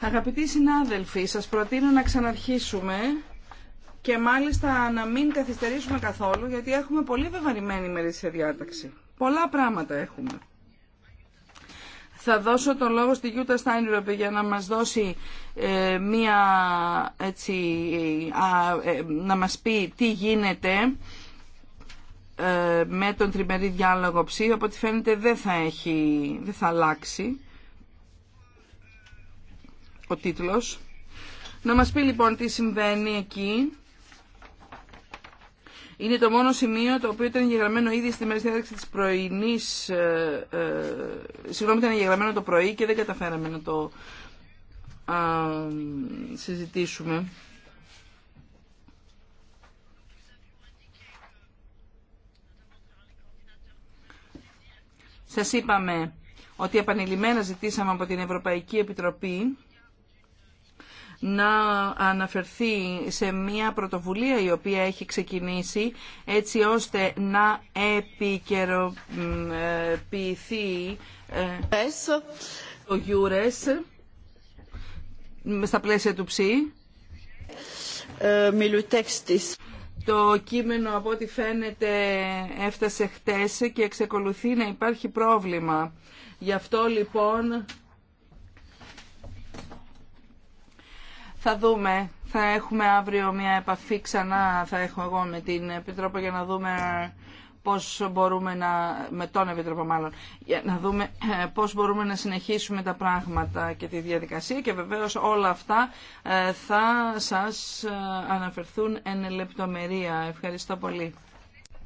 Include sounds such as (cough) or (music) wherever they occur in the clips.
Αγαπητοί συνάδελφοι, σας προτείνω να ξαναρχίσουμε και μάλιστα να μην καθυστερήσουμε καθόλου γιατί έχουμε πολύ βεβαρημένη ημερήσια διάταξη. Πολλά πράγματα έχουμε. Θα δώσω τον λόγο στη Γιούτα Στάινροπε για να μας δώσει ε, μία, έτσι, ε, ε, να μας πει τι γίνεται με τον τριμερή διάλογο ψή. Από ό,τι φαίνεται δεν θα, έχει, δεν θα αλλάξει ο τίτλος. Να μας πει λοιπόν τι συμβαίνει εκεί. Είναι το μόνο σημείο το οποίο ήταν εγγεγραμμένο ήδη στη μέρη διάταξη της πρωινής, ε, ε, συγγνώμη ήταν εγγεγραμμένο το πρωί και δεν καταφέραμε να το α, συζητήσουμε. Σας είπαμε ότι επανειλημμένα ζητήσαμε από την Ευρωπαϊκή Επιτροπή να αναφερθεί σε μια πρωτοβουλία η οποία έχει ξεκινήσει έτσι ώστε να επικαιροποιηθεί ε, το Γιούρες στα πλαίσια του ΨΥ. Ε, το κείμενο από ό,τι φαίνεται έφτασε χτες και εξεκολουθεί να υπάρχει πρόβλημα. Γι' αυτό λοιπόν Θα δούμε. Θα έχουμε αύριο μια επαφή ξανά, θα έχω εγώ με την Επιτρόπο για να δούμε πώς μπορούμε να, με τον Επιτρόπο μάλλον, για να δούμε ε, πώς μπορούμε να συνεχίσουμε τα πράγματα και τη διαδικασία και βεβαίως όλα αυτά ε, θα σας ε, αναφερθούν εν λεπτομερία. Ευχαριστώ πολύ.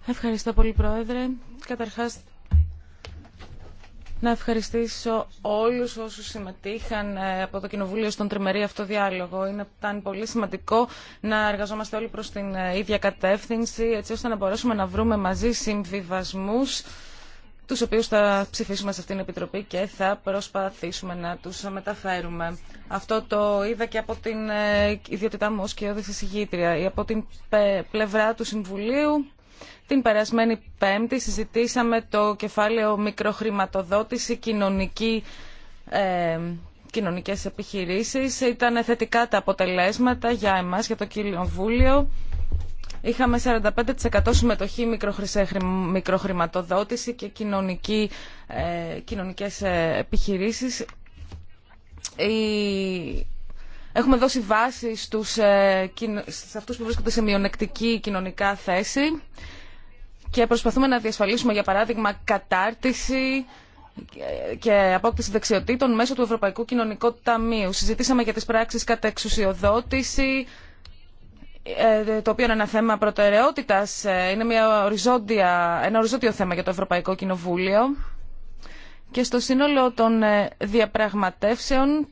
Ευχαριστώ πολύ Πρόεδρε. Καταρχάς να ευχαριστήσω όλους όσους συμμετείχαν ε, από το Κοινοβούλιο στον τριμερή αυτό διάλογο. Είναι, ήταν πολύ σημαντικό να εργαζόμαστε όλοι προς την ε, ίδια κατεύθυνση, έτσι ώστε να μπορέσουμε να βρούμε μαζί συμβιβασμού, τους οποίους θα ψηφίσουμε σε αυτήν την Επιτροπή και θα προσπαθήσουμε να τους μεταφέρουμε. Αυτό το είδα και από την ε, ιδιότητά μου ως κοιόδηση ή Από την πλευρά του Συμβουλίου την περασμένη Πέμπτη συζητήσαμε το κεφάλαιο μικροχρηματοδότηση κοινωνική ε, κοινωνικές επιχειρήσεις. Ήταν θετικά τα αποτελέσματα για εμάς, για το Κοινοβούλιο. Είχαμε 45% συμμετοχή μικροχρηματοδότηση και κοινωνική, ε, κοινωνικές ε, επιχειρήσεις. Έχουμε δώσει βάση στους, ε, σε αυτούς που βρίσκονται σε μειονεκτική κοινωνικά θέση και προσπαθούμε να διασφαλίσουμε, για παράδειγμα, κατάρτιση και απόκτηση δεξιοτήτων μέσω του Ευρωπαϊκού Κοινωνικού Ταμείου. Συζητήσαμε για τις πράξεις κατά εξουσιοδότηση, ε, το οποίο είναι ένα θέμα προτεραιότητας, ε, είναι μια οριζόντια, ένα οριζόντιο θέμα για το Ευρωπαϊκό Κοινοβούλιο. Και στο σύνολο των διαπραγματεύσεων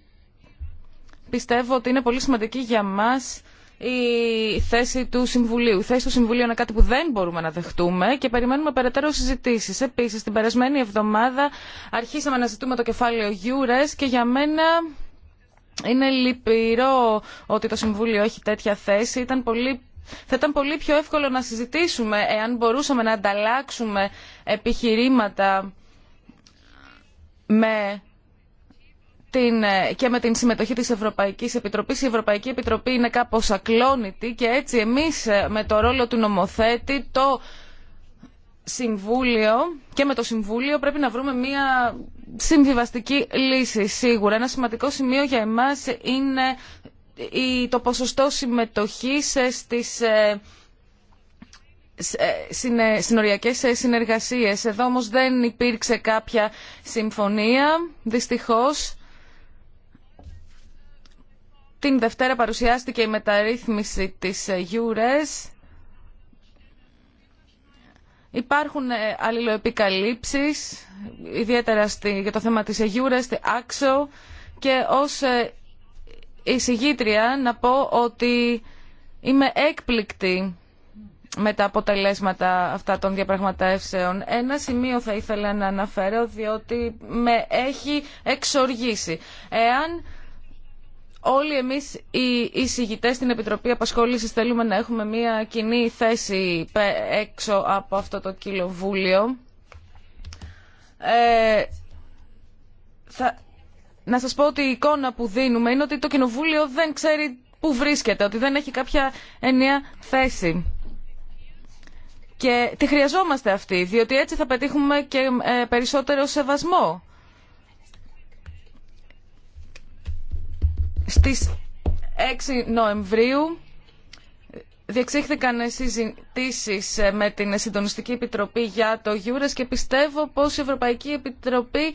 πιστεύω ότι είναι πολύ σημαντική για μας η θέση του Συμβουλίου. Η θέση του Συμβουλίου είναι κάτι που δεν μπορούμε να δεχτούμε και περιμένουμε περαιτέρω συζητήσει. Επίση, την περασμένη εβδομάδα αρχίσαμε να ζητούμε το κεφάλαιο Γιούρε και για μένα είναι λυπηρό ότι το Συμβούλιο έχει τέτοια θέση. Ήταν πολύ... Θα ήταν πολύ πιο εύκολο να συζητήσουμε εάν μπορούσαμε να ανταλλάξουμε επιχειρήματα με ε, και με την συμμετοχή της Ευρωπαϊκής Επιτροπής. Η Ευρωπαϊκή Επιτροπή είναι κάπως ακλόνητη και έτσι εμείς ε, με το ρόλο του νομοθέτη το Συμβούλιο και με το Συμβούλιο πρέπει να βρούμε μια συμβιβαστική λύση σίγουρα. Ένα σημαντικό σημείο για εμάς είναι το ποσοστό συμμετοχής ε, στις συνοριακές συνεργασίες. Εδώ όμως δεν υπήρξε κάποια συμφωνία, δυστυχώς. Την Δευτέρα παρουσιάστηκε η μεταρρύθμιση της Γιούρες. Υπάρχουν ε, αλληλοεπικαλύψεις, ιδιαίτερα για το θέμα της Γιούρες, τη Άξο και ως ε, εισηγήτρια να πω ότι είμαι έκπληκτη με τα αποτελέσματα αυτά των διαπραγματεύσεων. Ένα σημείο θα ήθελα να αναφέρω διότι με έχει εξοργήσει. Εάν όλοι εμείς οι εισηγητές στην Επιτροπή Απασχόλησης θέλουμε να έχουμε μια κοινή θέση έξω από αυτό το κοινοβούλιο. Ε, θα, να σας πω ότι η εικόνα που δίνουμε είναι ότι το κοινοβούλιο δεν ξέρει πού βρίσκεται, ότι δεν έχει κάποια ενιαία θέση. Και τη χρειαζόμαστε αυτή, διότι έτσι θα πετύχουμε και ε, περισσότερο σεβασμό Στις 6 Νοεμβρίου διεξήχθηκαν συζητήσει ε, με την Συντονιστική Επιτροπή για το Γιούρες και πιστεύω πως η Ευρωπαϊκή Επιτροπή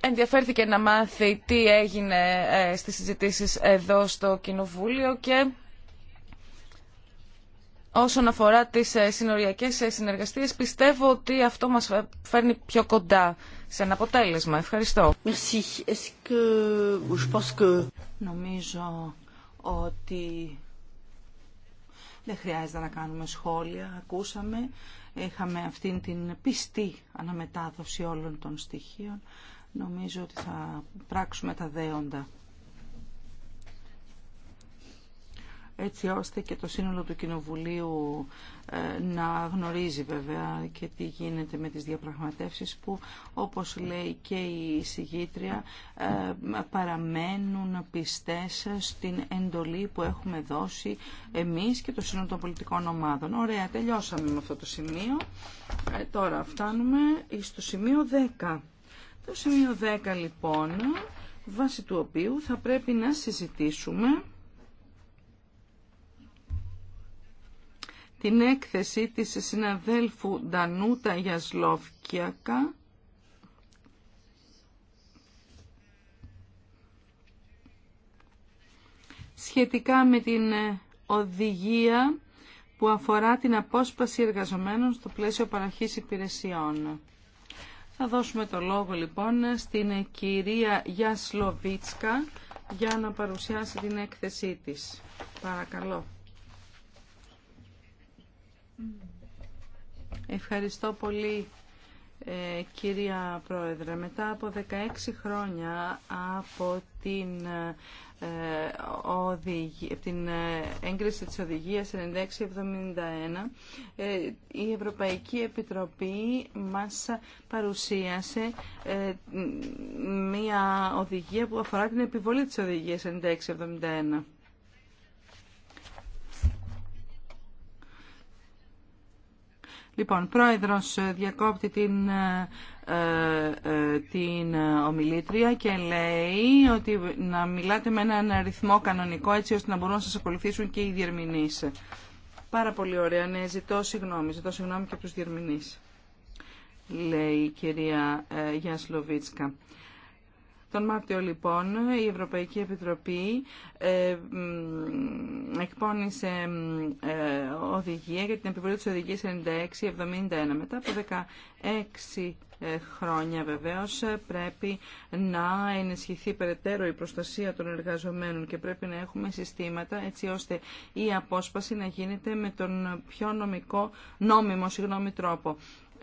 ενδιαφέρθηκε να μάθει τι έγινε ε, στις συζητήσεις εδώ στο Κοινοβούλιο και όσον αφορά τις ε, συνοριακές ε, συνεργασίες, πιστεύω ότι αυτό μας φέρνει πιο κοντά σε ένα αποτέλεσμα. Ευχαριστώ. Νομίζω ότι δεν χρειάζεται να κάνουμε σχόλια. Ακούσαμε, είχαμε αυτήν την πιστή αναμετάδοση όλων των στοιχείων. Νομίζω ότι θα πράξουμε τα δέοντα. έτσι ώστε και το σύνολο του Κοινοβουλίου ε, να γνωρίζει βέβαια και τι γίνεται με τις διαπραγματεύσεις που όπως λέει και η συγγήτρια ε, παραμένουν πιστές στην εντολή που έχουμε δώσει εμείς και το σύνολο των πολιτικών ομάδων. Ωραία, τελειώσαμε με αυτό το σημείο. Ε, τώρα φτάνουμε στο σημείο 10. Το σημείο 10 λοιπόν, βάσει του οποίου θα πρέπει να συζητήσουμε την έκθεση της συναδέλφου Ντανούτα Γιασλόφκιακα σχετικά με την οδηγία που αφορά την απόσπαση εργαζομένων στο πλαίσιο παραχής υπηρεσιών. Θα δώσουμε το λόγο λοιπόν στην κυρία Γιασλοβίτσκα για να παρουσιάσει την έκθεσή της. Παρακαλώ. Ευχαριστώ πολύ ε, κυρία Πρόεδρε. Μετά από 16 χρόνια από την, ε, την ε, έγκριση της οδηγίας 9671 η Ευρωπαϊκή Επιτροπή μας παρουσίασε μια οδηγία που αφορά την επιβολή της οδηγίας 9671. Λοιπόν, πρόεδρος ε, διακόπτει την, ε, ε, την ομιλήτρια και λέει ότι να μιλάτε με έναν αριθμό κανονικό έτσι ώστε να μπορούν να σας ακολουθήσουν και οι διερμηνείς. Πάρα πολύ ωραία. Ναι, ζητώ συγγνώμη. Ζητώ συγγνώμη και από τους διερμηνείς, λέει η κυρία Γιάνσλοβίτσκα. Τον Μάρτιο λοιπόν η Ευρωπαϊκή Επιτροπή ε, εκπώνησε ε, οδηγία για την επιβολή της οδηγίας 96-71. Μετά από 16 ε, χρόνια βεβαίως πρέπει να ενισχυθεί περαιτέρω η προστασία των εργαζομένων και πρέπει να έχουμε συστήματα έτσι ώστε η απόσπαση να γίνεται με τον πιο νομικό, νόμιμο συγγνώμη, τρόπο.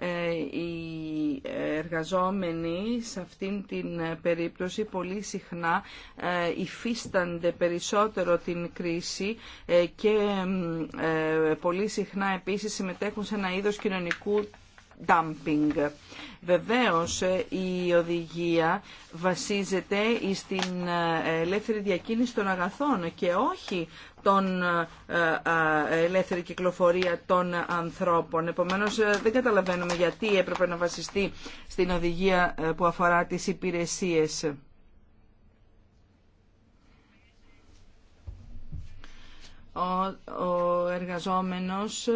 Ε, οι εργαζόμενοι σε αυτήν την περίπτωση πολύ συχνά ε, υφίστανται περισσότερο την κρίση ε, και πολύ συχνά επίσης συμμετέχουν σε ένα είδος κοινωνικού dumping. Βεβαίως η οδηγία βασίζεται στην ε, ελεύθερη διακίνηση των αγαθών και όχι των ε, ε, ελεύθερη κυκλοφορία των ανθρώπων. Επομένως δεν καταλαβαίνουμε γιατί έπρεπε να βασιστεί στην οδηγία που αφορά τις υπηρεσίες. Ο, ο εργαζόμενος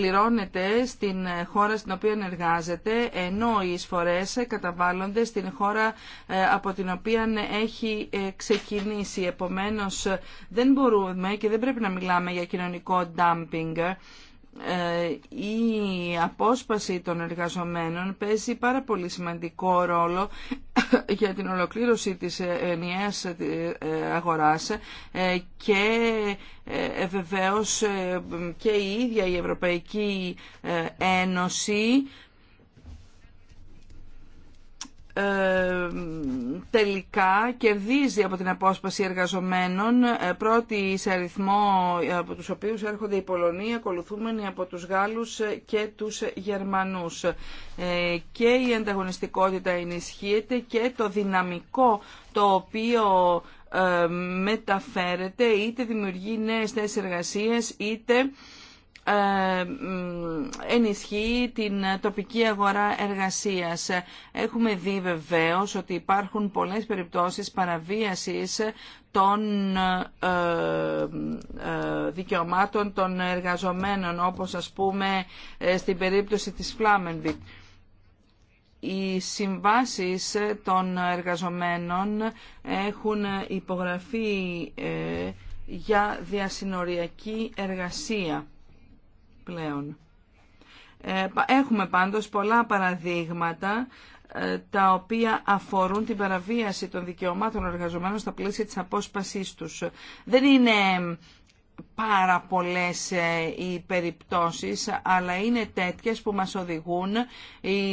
πληρώνεται στην χώρα στην οποία εργάζεται, ενώ οι εισφορές καταβάλλονται στην χώρα ε, από την οποία έχει ε, ξεκινήσει. Επομένως, δεν μπορούμε και δεν πρέπει να μιλάμε για κοινωνικό dumping ε, η απόσπαση των εργαζομένων παίζει πάρα πολύ σημαντικό ρόλο (coughs) για την ολοκλήρωση της ενιαίας ε, αγοράς ε, και βεβαίως και η ίδια η Ευρωπαϊκή Ένωση ε, τελικά κερδίζει από την απόσπαση εργαζομένων ε, πρώτη σε αριθμό ε, από τους οποίους έρχονται οι Πολωνοί ακολουθούμενοι από τους Γάλλους και τους Γερμανούς και η ανταγωνιστικότητα ενισχύεται και το δυναμικό το οποίο μεταφέρεται είτε δημιουργεί νέες θέσεις εργασίας είτε ε, ενισχύει την τοπική αγορά εργασίας. Έχουμε δει βεβαίως ότι υπάρχουν πολλές περιπτώσεις παραβίασης των ε, ε, δικαιωμάτων των εργαζομένων, όπως ας πούμε στην περίπτωση της Φλάμενβιτ οι συμβάσεις των εργαζομένων έχουν υπογραφεί για διασυνοριακή εργασία. Ε, έχουμε πάντως πολλά παραδείγματα ε, τα οποία αφορούν την παραβίαση των δικαιωμάτων εργαζομένων στα πλαίσια της απόσπασής τους. Δεν είναι πάρα πολλές ε, οι περιπτώσεις, αλλά είναι τέτοιες που μας οδηγούν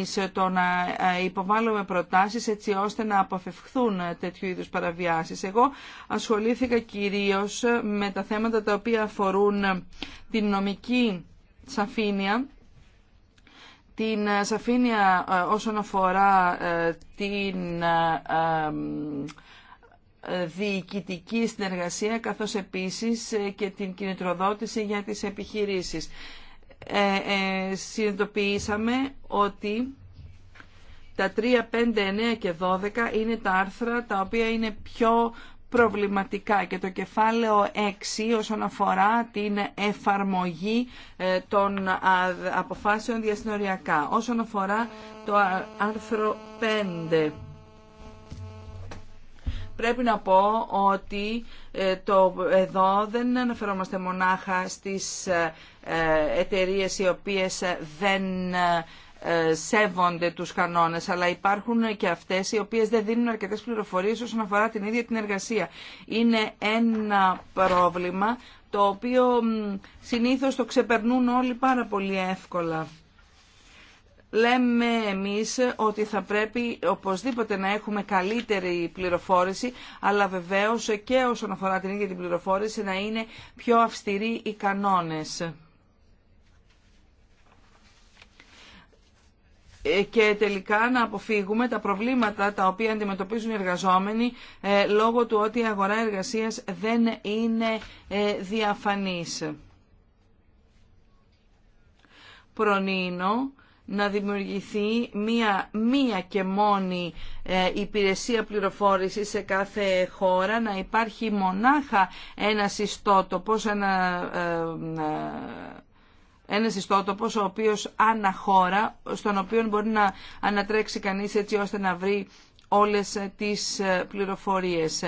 σε το να υποβάλλουμε προτάσεις έτσι ώστε να αποφευχθούν τέτοιου είδους παραβιάσεις. Εγώ ασχολήθηκα κυρίως με τα θέματα τα οποία αφορούν την νομική σαφήνεια την ε, σαφήνεια ε, όσον αφορά ε, την διοικητική συνεργασία καθώς επίσης και την κινητροδότηση για τις επιχειρήσεις. συνειδητοποιήσαμε ότι τα 3, 5, 9 και 12 είναι τα άρθρα τα οποία είναι πιο προβληματικά και το κεφάλαιο 6 όσον αφορά την εφαρμογή ε, των αποφάσεων διασυνοριακά. Όσον αφορά το άρθρο 5 πρέπει να πω ότι ε, το, εδώ δεν αναφερόμαστε μονάχα στις ε, εταιρείες οι οποίες δεν ε, σέβονται τους κανόνες, αλλά υπάρχουν και αυτές οι οποίες δεν δίνουν αρκετές πληροφορίες όσον αφορά την ίδια την εργασία. Είναι ένα πρόβλημα το οποίο συνήθως το ξεπερνούν όλοι πάρα πολύ εύκολα. Λέμε εμείς ότι θα πρέπει οπωσδήποτε να έχουμε καλύτερη πληροφόρηση, αλλά βεβαίως και όσον αφορά την ίδια την πληροφόρηση να είναι πιο αυστηροί οι κανόνες. Ε, και τελικά να αποφύγουμε τα προβλήματα τα οποία αντιμετωπίζουν οι εργαζόμενοι ε, λόγω του ότι η αγορά εργασίας δεν είναι ε, διαφανής. Προνείνω να δημιουργηθεί μία, μία και μόνη υπηρεσία πληροφόρηση σε κάθε χώρα, να υπάρχει μονάχα ένα ιστότοπος, ένα ε, ένας ιστότοπος ο οποίος αναχώρα, στον οποίο μπορεί να ανατρέξει κανείς έτσι ώστε να βρει όλες τις ε, πληροφορίες.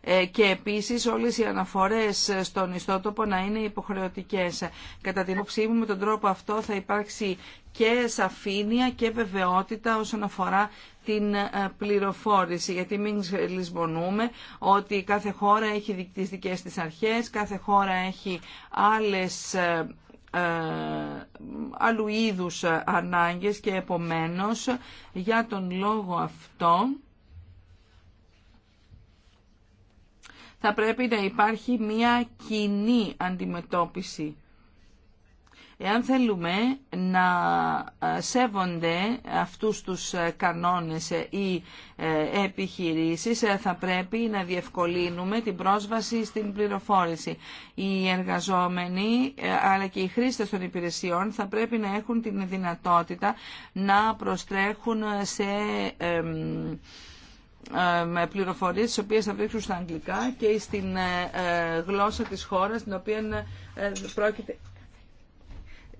Ε, και επίσης όλες οι αναφορές στον ιστότοπο να είναι υποχρεωτικές. Κατά την όψή μου με τον τρόπο αυτό θα υπάρξει και σαφήνεια και βεβαιότητα όσον αφορά την ε, πληροφόρηση. Γιατί μην λησμονούμε ότι κάθε χώρα έχει τις της αρχές, κάθε χώρα έχει άλλες ε, άλλου είδου ανάγκες και επομένως για τον λόγο αυτό θα πρέπει να υπάρχει μια κοινή αντιμετώπιση Εάν θέλουμε να ε, σέβονται αυτούς τους ε, κανόνες ή ε, επιχειρήσεις, θα πρέπει να διευκολύνουμε την πρόσβαση στην πληροφόρηση. Οι εργαζόμενοι, αλλά και οι χρήστες των υπηρεσιών, θα πρέπει να έχουν την δυνατότητα να προστρέχουν σε με πληροφορίες τις οποίες θα βρίσκουν στα αγγλικά και στην γλώσσα της χώρας την οποία πρόκειται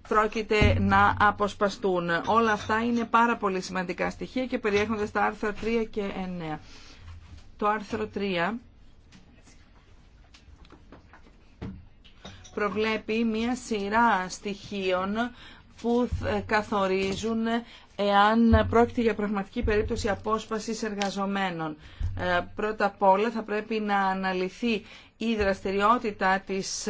πρόκειται να αποσπαστούν. Όλα αυτά είναι πάρα πολύ σημαντικά στοιχεία και περιέχονται στα άρθρα 3 και 9. Το άρθρο 3 προβλέπει μία σειρά στοιχείων που καθορίζουν εάν πρόκειται για πραγματική περίπτωση απόσπασης εργαζομένων. Ε, πρώτα απ' όλα θα πρέπει να αναλυθεί η δραστηριότητα της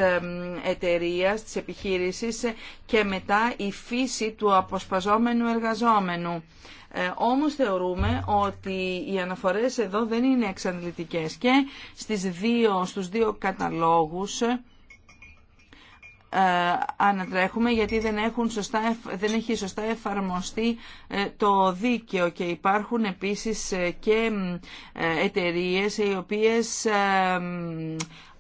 εταιρείας, της επιχείρησης και μετά η φύση του αποσπαζόμενου εργαζόμενου. Ε, όμως θεωρούμε ότι οι αναφορές εδώ δεν είναι εξαντλητικές και στις δύο, στους δύο καταλόγους ε, ανατρέχουμε γιατί δεν, έχουν σωστά, δεν έχει σωστά εφαρμοστεί ε, το δίκαιο και υπάρχουν επίσης ε, και εταιρείες οι οποίες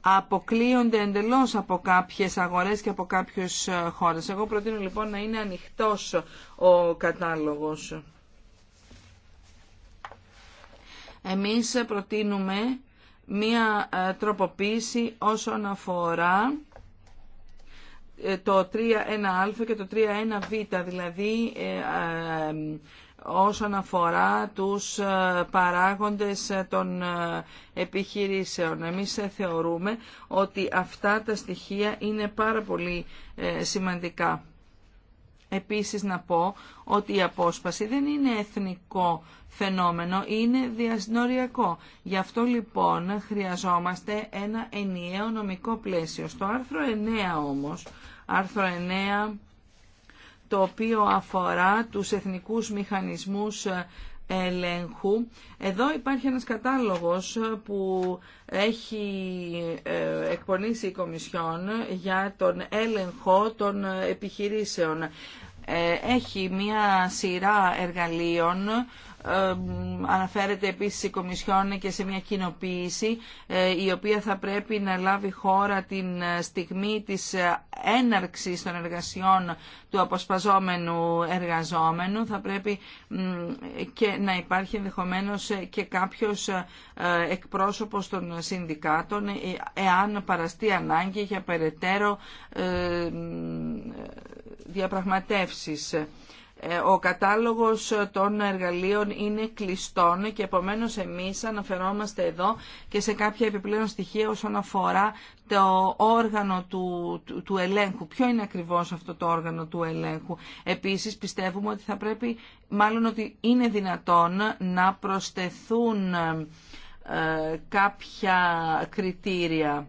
αποκλείονται εντελώς από κάποιες αγορές και από κάποιους χώρες. Εγώ προτείνω λοιπόν να είναι ανοιχτός ο κατάλογος. Εμείς προτείνουμε μία τροποποίηση όσον αφορά ε, το 3.1α και το 3.1β, δηλαδή ε, ε, όσον αφορά τους παράγοντες των επιχειρήσεων. Εμείς θεωρούμε ότι αυτά τα στοιχεία είναι πάρα πολύ σημαντικά. Επίσης να πω ότι η απόσπαση δεν είναι εθνικό φαινόμενο, είναι διασνοριακό. Γι' αυτό λοιπόν χρειαζόμαστε ένα ενιαίο νομικό πλαίσιο. Στο άρθρο 9 όμως άρθρο 9 το οποίο αφορά τους εθνικούς μηχανισμούς ε, ελέγχου. Εδώ υπάρχει ένας κατάλογος που έχει ε, εκπονήσει η Κομισιόν για τον έλεγχο των επιχειρήσεων. Ε, έχει μία σειρά εργαλείων αναφέρεται επίσης η Κομισιόν και σε μια κοινοποίηση ε, η οποία θα πρέπει να λάβει χώρα την ε, στιγμή της ε, έναρξης των εργασιών του αποσπαζόμενου εργαζόμενου. Θα πρέπει και να υπάρχει ενδεχομένω και κάποιος εκπρόσωπος των συνδικάτων εάν παραστεί ανάγκη για περαιτέρω διαπραγματεύσεις. Ε, ο κατάλογος των εργαλείων είναι κλειστών και επομένως εμείς αναφερόμαστε εδώ και σε κάποια επιπλέον στοιχεία όσον αφορά το όργανο του, του, ελέγχου. Ποιο είναι ακριβώς αυτό το όργανο του ελέγχου. Επίσης πιστεύουμε ότι θα πρέπει, μάλλον ότι είναι δυνατόν να προσθεθούν ε, κάποια κριτήρια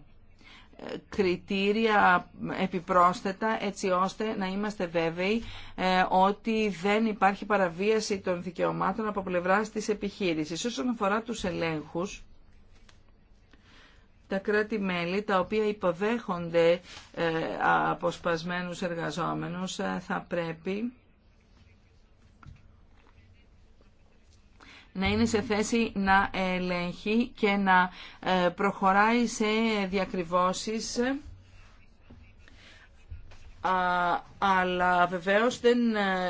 κριτήρια επιπρόσθετα έτσι ώστε να είμαστε βέβαιοι ε, ότι δεν υπάρχει παραβίαση των δικαιωμάτων από πλευράς της επιχείρησης. Όσον αφορά τους ελέγχους, τα κράτη-μέλη τα οποία υποδέχονται ε, αποσπασμένους εργαζόμενους ε, θα πρέπει να είναι σε θέση να ελέγχει και να ε, προχωράει σε διακριβώσεις αλλά βεβαίως δεν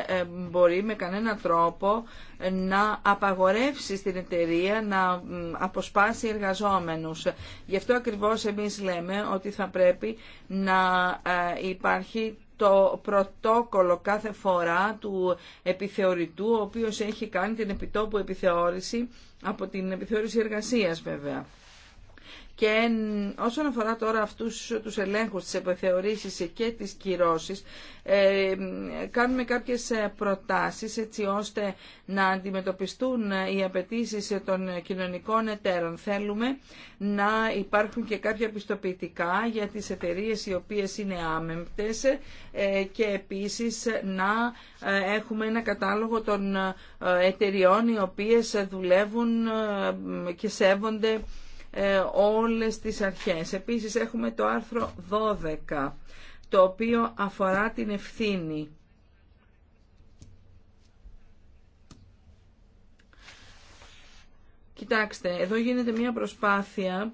ε, μπορεί με κανένα τρόπο να απαγορεύσει στην εταιρεία να αποσπάσει εργαζόμενους. Γι' αυτό ακριβώς εμείς λέμε ότι θα πρέπει να ε, υπάρχει το πρωτόκολλο κάθε φορά του επιθεωρητού, ο οποίος έχει κάνει την επιτόπου επιθεώρηση από την επιθεώρηση εργασίας βέβαια. Και όσον αφορά τώρα αυτούς τους ελέγχους, τις επιθεωρήσεις και τις κυρώσεις, ε, κάνουμε κάποιες ε, προτάσεις έτσι ώστε να αντιμετωπιστούν ε, οι απαιτήσει των κοινωνικών εταίρων. Θέλουμε να υπάρχουν και κάποια πιστοποιητικά για τις εταιρείες οι οποίες είναι άμεμπτες και επίσης να έχουμε ένα κατάλογο των εταιριών οι οποίες δουλεύουν και σέβονται ε, όλες τις αρχές. Επίσης έχουμε το άρθρο 12, το οποίο αφορά την ευθύνη. Κοιτάξτε, εδώ γίνεται μια προσπάθεια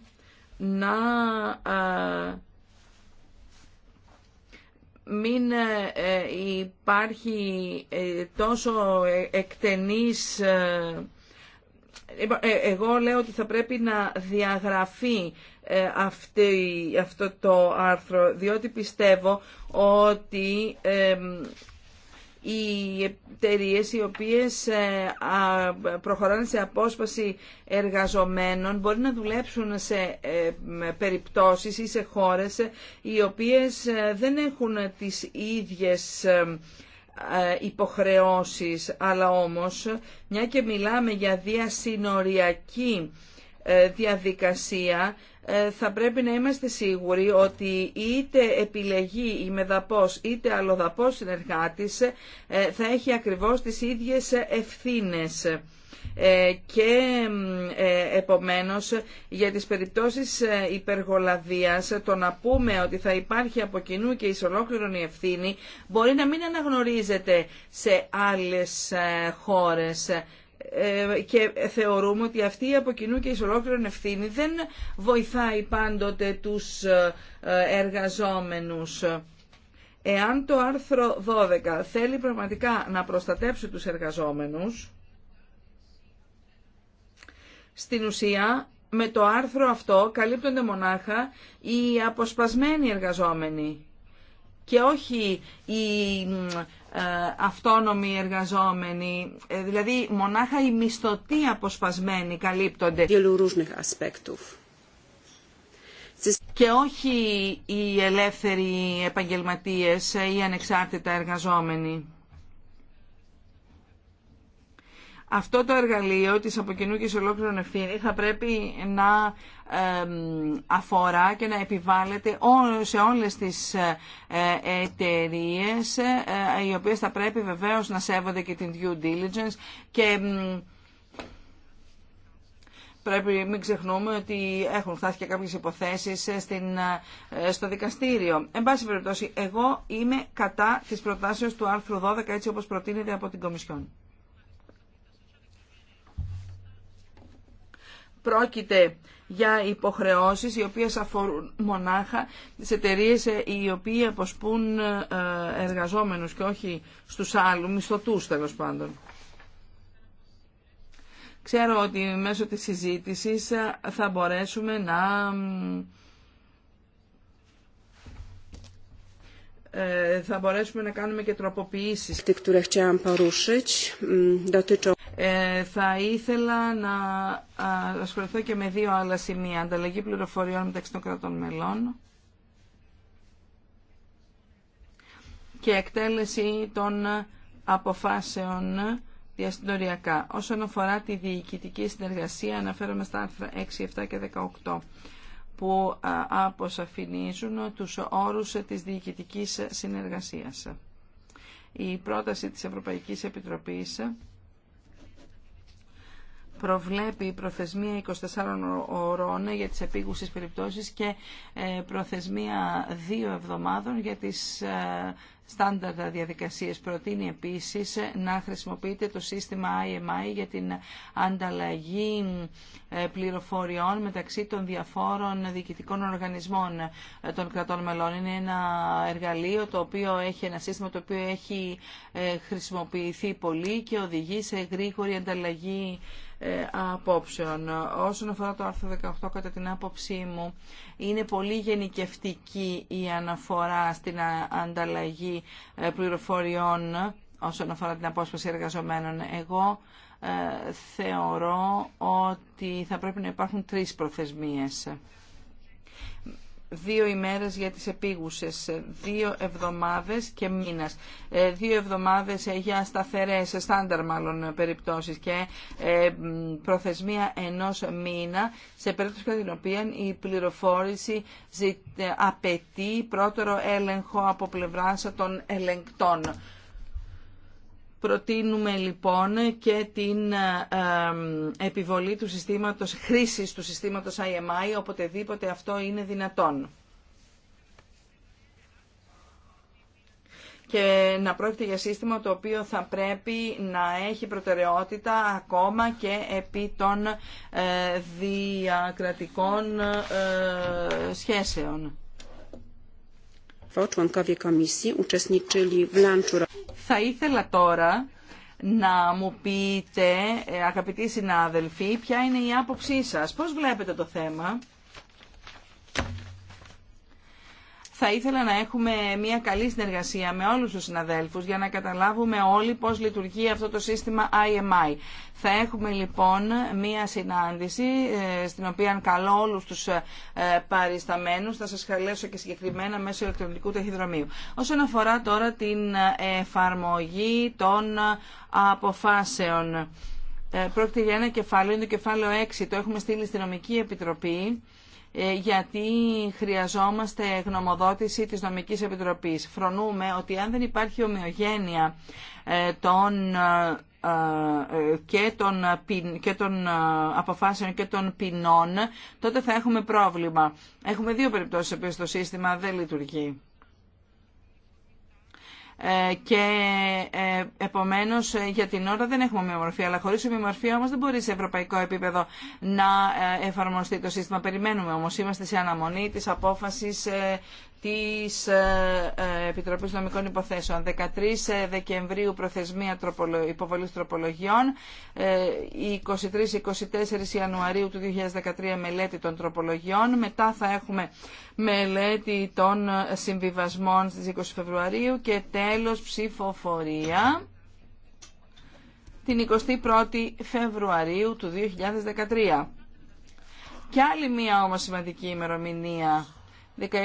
να μην ε, ε, υπάρχει τόσο εκτενής ε, εγώ λέω ότι θα πρέπει να διαγραφεί ε, αυτό το άρθρο, διότι πιστεύω ότι οι εταιρείε οι οποίες ε, προχωράνε σε απόσπαση εργαζομένων μπορεί να δουλέψουν σε περιπτώσεις ή σε χώρες οι οποίες δεν έχουν τις ίδιες ε, υποχρεώσεις, αλλά όμως, μια και μιλάμε για διασυνοριακή ε, διαδικασία, ε, θα πρέπει να είμαστε σίγουροι ότι είτε επιλεγεί η μεδαπός είτε αλλοδαπός συνεργάτης θα έχει ακριβώς τις ίδιες ευθύνες. Ε, και ε, επομένως για τις περιπτώσεις ε, υπεργολαδίας το να πούμε ότι θα υπάρχει από κοινού και εις η ευθύνη μπορεί να μην αναγνωρίζεται σε άλλες χώρες και θεωρούμε ότι αυτή η από κοινού και εις ευθύνη δεν βοηθάει πάντοτε τους εργαζόμενους. Εάν το άρθρο 12 θέλει πραγματικά να προστατέψει τους εργαζόμενους, στην ουσία, με το άρθρο αυτό καλύπτονται μονάχα οι αποσπασμένοι εργαζόμενοι και όχι οι ε, αυτόνομοι εργαζόμενοι, ε, δηλαδή μονάχα οι μισθωτοί αποσπασμένοι καλύπτονται. Και όχι οι ελεύθεροι επαγγελματίες ε, ή ανεξάρτητα εργαζόμενοι. Αυτό το εργαλείο της σε ολόκληρων ευθύνη θα πρέπει να αφορά και να επιβάλλεται σε όλες τις ε, εταιρείε, ε, οι οποίες θα πρέπει βεβαίως να σέβονται και την due diligence και Πρέπει μην ξεχνούμε ότι έχουν φτάσει και κάποιες υποθέσεις ε, στην, στο δικαστήριο. Εν πάση περιπτώσει, εγώ είμαι κατά της προτάσεως του άρθρου 12 έτσι όπως προτείνεται από την Κομισιόν. πρόκειται για υποχρεώσεις οι οποίες αφορούν μονάχα τις εταιρείε ε, οι οποίοι αποσπούν ε, εργαζόμενους και όχι στους άλλους, μισθωτούς τέλο πάντων. Ξέρω ότι μέσω της συζήτησης ε, θα μπορέσουμε να Ε, θα μπορέσουμε να κάνουμε και τροποποιήσεις. Ε, θα ήθελα να ασχοληθώ και με δύο άλλα σημεία. Ανταλλαγή πληροφοριών μεταξύ των κρατών μελών και εκτέλεση των αποφάσεων διασυνοριακά. Όσον αφορά τη διοικητική συνεργασία, αναφέρομαι στα άρθρα 6, 7 και 18 που αποσαφηνίζουν τους όρους της διοικητικής συνεργασίας. Η πρόταση της Ευρωπαϊκής Επιτροπής προβλέπει προθεσμία 24 ώρων για τις επίγουσες περιπτώσεις και ε, προθεσμία δύο εβδομάδων για τις ε, Στάνταρτα διαδικασίες. Προτείνει επίσης να χρησιμοποιείται το σύστημα IMI για την ανταλλαγή ε, πληροφοριών μεταξύ των διαφόρων διοικητικών οργανισμών ε, των κρατών μελών. Είναι ένα εργαλείο το οποίο έχει ένα σύστημα το οποίο έχει ε, χρησιμοποιηθεί πολύ και οδηγεί σε γρήγορη ανταλλαγή ε, απόψεων. Όσον αφορά το άρθρο 18, κατά την άποψή μου, είναι πολύ γενικευτική η αναφορά στην ανταλλαγή ε, πληροφοριών όσον αφορά την απόσπαση εργαζομένων. Εγώ ε, θεωρώ ότι θα πρέπει να υπάρχουν τρεις προθεσμίες δύο ημέρες για τις επίγουσες, δύο εβδομάδες και μήνας, ε, δύο εβδομάδες ε, για σταθερές, στάνταρ μάλλον ε, περιπτώσεις και προθεσμία ενός μήνα, σε περίπτωση κατά την οποία η πληροφόρηση απαιτεί πρώτερο έλεγχο από πλευράς των ελεγκτών. Προτείνουμε λοιπόν και την επιβολή του συστήματος, χρήσης του συστήματος IMI, οποτεδήποτε αυτό είναι δυνατόν. και να πρόκειται για σύστημα το οποίο θα πρέπει να έχει προτεραιότητα ακόμα και επί των ε, διακρατικών ε, σχέσεων. Θα ήθελα τώρα να μου πείτε, ε, αγαπητοί συνάδελφοι, ποια είναι η άποψή σας. Πώς βλέπετε το θέμα. θα ήθελα να έχουμε μια καλή συνεργασία με όλους τους συναδέλφους για να καταλάβουμε όλοι πώς λειτουργεί αυτό το σύστημα IMI. Θα έχουμε λοιπόν μια συνάντηση ε, στην οποία καλώ όλους τους ε, παρισταμένους. Θα σας καλέσω και συγκεκριμένα μέσω ηλεκτρονικού ταχυδρομείου. Όσον αφορά τώρα την ε, εφαρμογή των αποφάσεων. Πρόκειται για ένα κεφάλαιο, είναι το κεφάλαιο 6. Το έχουμε στείλει στην Νομική Επιτροπή ε, γιατί χρειαζόμαστε γνωμοδότηση της Νομικής Επιτροπής. Φρονούμε ότι αν δεν υπάρχει ομοιογένεια ε, των ε, και των, και των αποφάσεων και των ποινών, τότε θα έχουμε πρόβλημα. Έχουμε δύο περιπτώσεις που το σύστημα δεν λειτουργεί. Ε, και ε, επομένως ε, για την ώρα δεν έχουμε ομοιομορφία αλλά χωρίς ομοιομορφία όμω δεν μπορεί σε ευρωπαϊκό επίπεδο να εφαρμοστεί το σύστημα περιμένουμε όμως είμαστε σε αναμονή της απόφασης της ε, ε, Επιτροπής Νομικών Υποθέσεων. 13 ε, Δεκεμβρίου προθεσμία υποβολής τροπολογιών, 23-24 Ιανουαρίου του 2013 μελέτη των τροπολογιών, μετά θα έχουμε μελέτη των συμβιβασμών στις 20 Φεβρουαρίου και τέλος ψηφοφορία την 21η Φεβρουαρίου του 2013. Και άλλη μία όμως σημαντική ημερομηνία 16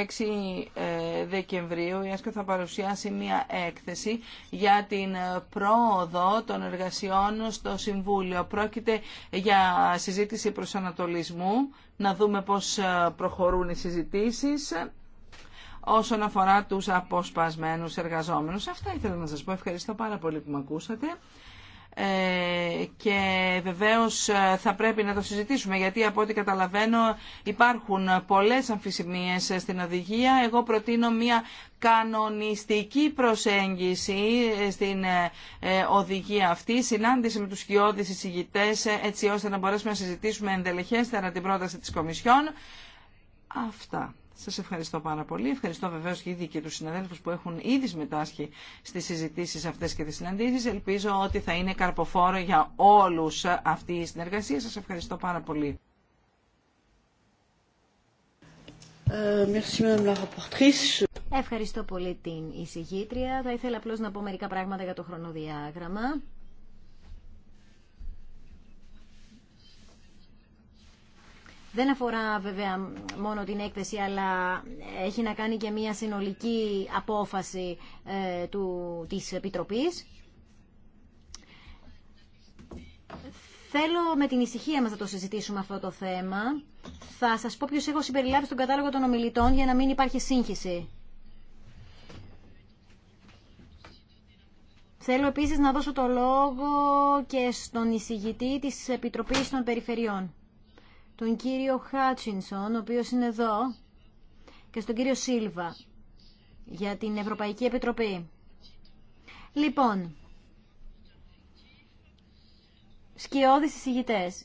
ε, Δεκεμβρίου η Έσκο θα παρουσιάσει μία έκθεση για την πρόοδο των εργασιών στο Συμβούλιο. Πρόκειται για συζήτηση προσανατολισμού, να δούμε πώς ε, προχωρούν οι συζητήσεις όσον αφορά τους αποσπασμένους εργαζόμενους. Αυτά ήθελα να σας πω. Ευχαριστώ πάρα πολύ που με ακούσατε. Ε, και βεβαίως ε, θα πρέπει να το συζητήσουμε γιατί από ό,τι καταλαβαίνω υπάρχουν πολλές αμφισημίες ε, στην οδηγία. Εγώ προτείνω μια κανονιστική προσέγγιση στην οδηγία αυτή, συνάντηση με τους κοιόδης εισηγητές έτσι ώστε να μπορέσουμε να συζητήσουμε εντελεχέστερα την πρόταση της Κομισιόν. Αυτά. Σας ευχαριστώ πάρα πολύ. Ευχαριστώ βεβαίω και ήδη και τους συναδέλφους που έχουν ήδη συμμετάσχει στις συζητήσει αυτές και τι συναντήσει. Ελπίζω ότι θα είναι καρποφόρο για όλους αυτή η συνεργασία. Σας ευχαριστώ πάρα πολύ. Ε, ευχαριστώ πολύ την εισηγήτρια. Θα ήθελα απλώ να πω μερικά πράγματα για το χρονοδιάγραμμα. δεν αφορά βέβαια μόνο την έκθεση, αλλά έχει να κάνει και μια συνολική απόφαση ε, του, της Επιτροπής. Θέλω με την ησυχία μας να το συζητήσουμε αυτό το θέμα. Θα σας πω ποιος έχω συμπεριλάβει στον κατάλογο των ομιλητών για να μην υπάρχει σύγχυση. Θέλω επίσης να δώσω το λόγο και στον εισηγητή της Επιτροπής των Περιφερειών τον κύριο Χάτσινσον, ο οποίος είναι εδώ, και στον κύριο Σίλβα για την Ευρωπαϊκή Επιτροπή. Λοιπόν, σκιώδεις εισηγητές.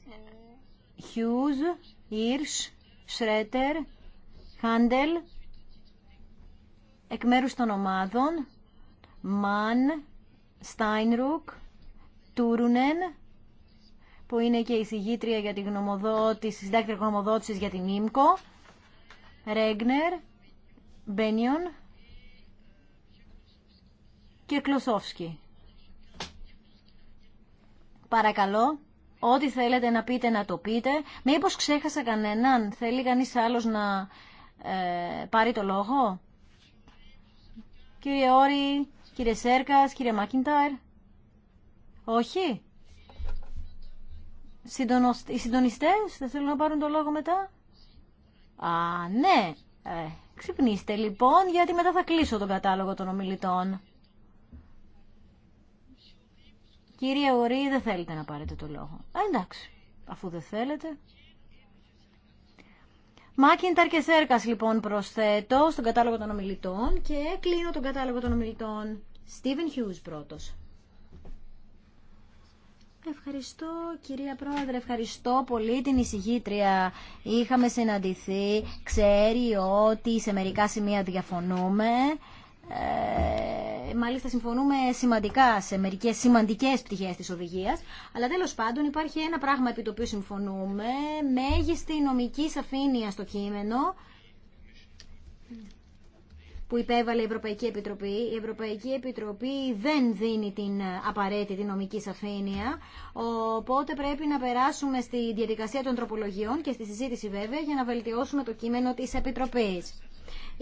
Χιούζ, Ιρς, Σρέτερ, Χάντελ, εκ μέρους των ομάδων, Μαν, Στάινρουκ, Τούρουνεν, που είναι και η συγγήτρια για την γνωμοδότηση, συντάκτρια γνωμοδότησης για την ΙΜΚΟ, Ρέγνερ, Μπένιον και Κλωσόφσκι. Παρακαλώ, ό,τι θέλετε να πείτε να το πείτε. Μήπως ξέχασα κανέναν, θέλει κανείς άλλος να ε, πάρει το λόγο. Κύριε Όρη, κύριε Σέρκας, κύριε Μάκιντάρ. Όχι οι συντονιστές δεν θέλουν να πάρουν το λόγο μετά. Α, ναι. Ε, ξυπνήστε λοιπόν, γιατί μετά θα κλείσω τον κατάλογο των ομιλητών. Κύριε Ορή, δεν θέλετε να πάρετε το λόγο. Ε, εντάξει, αφού δεν θέλετε. Μάκινταρ και Σέρκας λοιπόν προσθέτω στον κατάλογο των ομιλητών και κλείνω τον κατάλογο των ομιλητών. Στίβεν Χιούς πρώτος. Ευχαριστώ κυρία Πρόεδρε, ευχαριστώ πολύ την εισηγήτρια. Είχαμε συναντηθεί, ξέρει ότι σε μερικά σημεία διαφωνούμε. Ε, μάλιστα συμφωνούμε σημαντικά σε μερικές σημαντικές πτυχές της οδηγίας αλλά τέλος πάντων υπάρχει ένα πράγμα επί το οποίο συμφωνούμε μέγιστη νομική σαφήνεια στο κείμενο που υπέβαλε η Ευρωπαϊκή Επιτροπή. Η Ευρωπαϊκή Επιτροπή δεν δίνει την ε, απαραίτητη νομική σαφήνεια, οπότε πρέπει να περάσουμε στη διαδικασία των τροπολογιών και στη συζήτηση βέβαια για να βελτιώσουμε το κείμενο της Επιτροπής.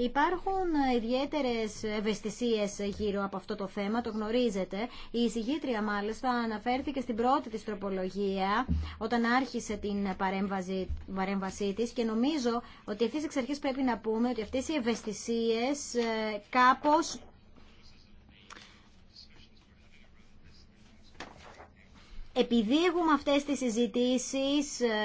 Υπάρχουν ε, ιδιαίτερε ευαισθησίε γύρω από αυτό το θέμα, το γνωρίζετε. Η εισηγήτρια μάλιστα αναφέρθηκε στην πρώτη τη τροπολογία όταν άρχισε την παρέμβασή τη και νομίζω ότι ευθύ εξ αρχή πρέπει να πούμε ότι αυτέ οι ευαισθησίε ε, κάπω επειδή έχουμε αυτές τις συζητήσεις, ε,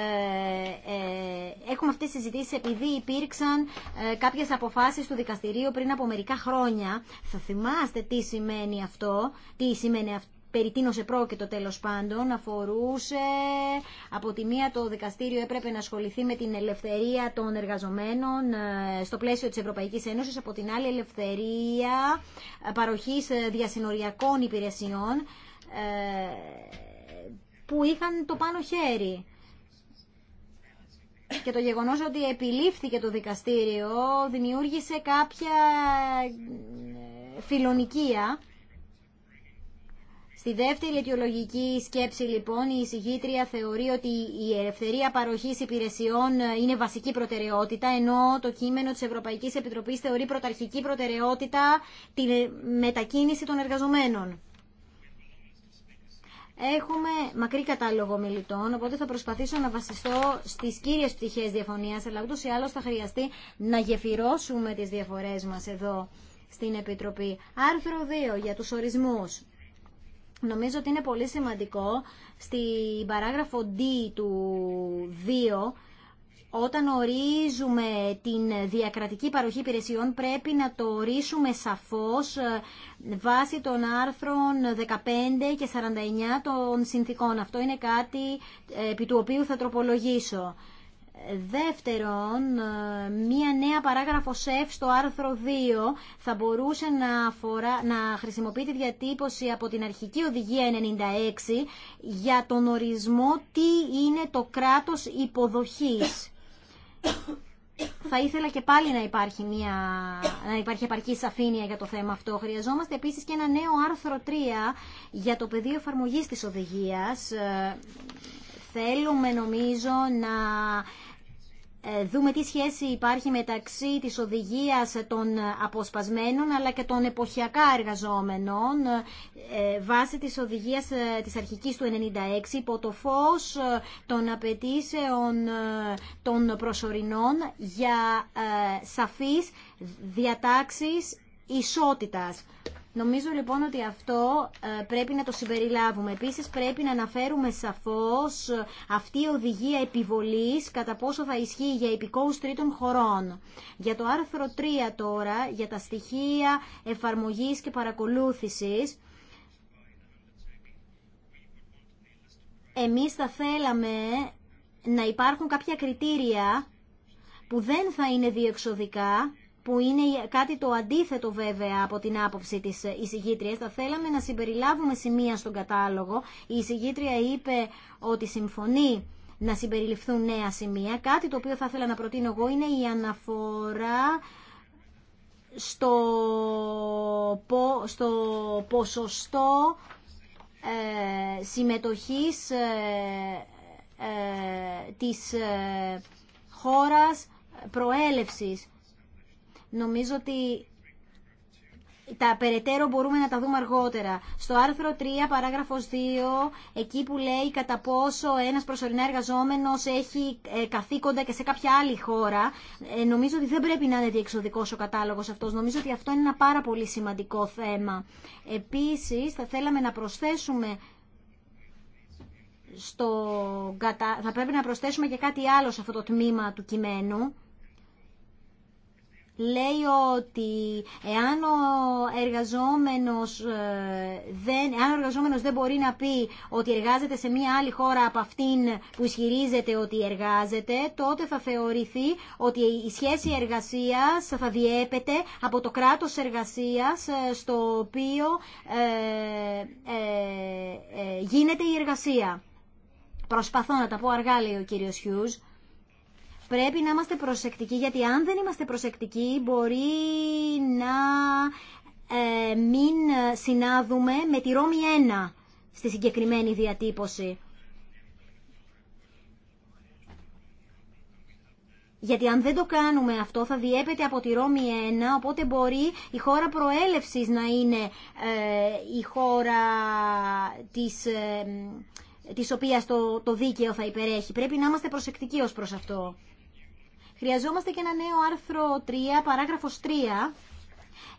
ε, έχουμε αυτές τις συζητήσεις επειδή υπήρξαν ε, κάποιες αποφάσεις του δικαστηρίου πριν από μερικά χρόνια. Θα θυμάστε τι σημαίνει αυτό, τι σημαίνει αυτό περί τίνος το τέλος πάντων αφορούσε από τη μία το δικαστήριο έπρεπε να ασχοληθεί με την ελευθερία των εργαζομένων στο πλαίσιο της Ευρωπαϊκής Ένωσης από την άλλη ελευθερία παροχής διασυνοριακών υπηρεσιών που είχαν το πάνω χέρι. Και το γεγονός ότι επιλήφθηκε το δικαστήριο δημιούργησε κάποια ε, φιλονικία. Στη δεύτερη αιτιολογική σκέψη λοιπόν η εισηγήτρια θεωρεί ότι η ελευθερία παροχής υπηρεσιών είναι βασική προτεραιότητα ενώ το κείμενο της Ευρωπαϊκής Επιτροπής θεωρεί πρωταρχική προτεραιότητα τη μετακίνηση των εργαζομένων. Έχουμε μακρύ κατάλογο μιλητών, οπότε θα προσπαθήσω να βασιστώ στι κύριε πτυχέ διαφωνία, αλλά ούτω ή άλλω θα χρειαστεί να γεφυρώσουμε τι διαφορέ μα εδώ στην Επιτροπή. Άρθρο 2 για του ορισμού. Νομίζω ότι είναι πολύ σημαντικό στην παράγραφο D του 2 όταν ορίζουμε την διακρατική παροχή υπηρεσιών πρέπει να το ορίσουμε σαφώς ε, βάσει των άρθρων 15 και 49 των συνθήκων. Αυτό είναι κάτι ε, επί του οποίου θα τροπολογήσω. Δεύτερον, ε, μία νέα παράγραφο ΣΕΦ στο άρθρο 2 θα μπορούσε να, αφορά, να χρησιμοποιεί τη διατύπωση από την αρχική οδηγία 96 για τον ορισμό τι είναι το κράτος υποδοχής θα ήθελα και πάλι να υπάρχει, μια, να υπάρχει επαρκή σαφήνεια για το θέμα αυτό. Χρειαζόμαστε επίσης και ένα νέο άρθρο 3 για το πεδίο εφαρμογή της οδηγίας. Ε, θέλουμε νομίζω να ε, δούμε τι σχέση υπάρχει μεταξύ της οδηγίας των αποσπασμένων αλλά και των εποχιακά εργαζόμενων ε, βάσει της οδηγίας ε, της αρχικής του 96 υπό το φως των απαιτήσεων των προσωρινών για σαφείς διατάξεις ισότητας. Νομίζω λοιπόν ότι αυτό ε, πρέπει να το συμπεριλάβουμε. Επίσης πρέπει να αναφέρουμε σαφώς ε, αυτή η οδηγία επιβολής κατά πόσο θα ισχύει για υπηκόους τρίτων χωρών. Για το άρθρο 3 τώρα, για τα στοιχεία εφαρμογής και παρακολούθησης, εμείς θα θέλαμε να υπάρχουν κάποια κριτήρια που δεν θα είναι διεξοδικά που είναι κάτι το αντίθετο βέβαια από την άποψη της εισηγήτριας. Θα θέλαμε να συμπεριλάβουμε σημεία στον κατάλογο. Η εισηγήτρια είπε ότι συμφωνεί να συμπεριληφθούν νέα σημεία. Κάτι το οποίο θα ήθελα να προτείνω εγώ είναι η αναφορά στο, στο ποσοστό ε, συμμετοχής ε, ε, της ε, χώρας προέλευσης Νομίζω ότι τα περαιτέρω μπορούμε να τα δούμε αργότερα. Στο άρθρο 3, παράγραφος 2, εκεί που λέει κατά πόσο ένας προσωρινά εργαζόμενος έχει ε, καθήκοντα και σε κάποια άλλη χώρα, ε, νομίζω ότι δεν πρέπει να είναι διεξοδικός ο κατάλογος αυτός. Νομίζω ότι αυτό είναι ένα πάρα πολύ σημαντικό θέμα. Επίσης, θα θέλαμε να προσθέσουμε θα πρέπει να προσθέσουμε και κάτι άλλο σε αυτό το τμήμα του κειμένου λέει ότι εάν ο εργαζόμενος ε, δεν, εάν ο εργαζόμενος δεν μπορεί να πει ότι εργάζεται σε μια άλλη χώρα από αυτήν που ισχυρίζεται ότι εργάζεται, τότε θα θεωρηθεί ότι η σχέση εργασίας θα διέπεται από το κράτος εργασίας ε, στο οποίο ε, ε, γίνεται η εργασία. Προσπαθώ να τα πω αργά, λέει ο κύριος Χιούς πρέπει να είμαστε προσεκτικοί, γιατί αν δεν είμαστε προσεκτικοί μπορεί να ε, μην συνάδουμε με τη Ρώμη 1 στη συγκεκριμένη διατύπωση. Γιατί αν δεν το κάνουμε αυτό θα διέπεται από τη Ρώμη 1, οπότε μπορεί η χώρα προέλευσης να είναι ε, η χώρα της, ε, της οποίας το, το δίκαιο θα υπερέχει. Πρέπει να είμαστε προσεκτικοί ως προς αυτό. Χρειαζόμαστε και ένα νέο άρθρο 3, παράγραφος 3,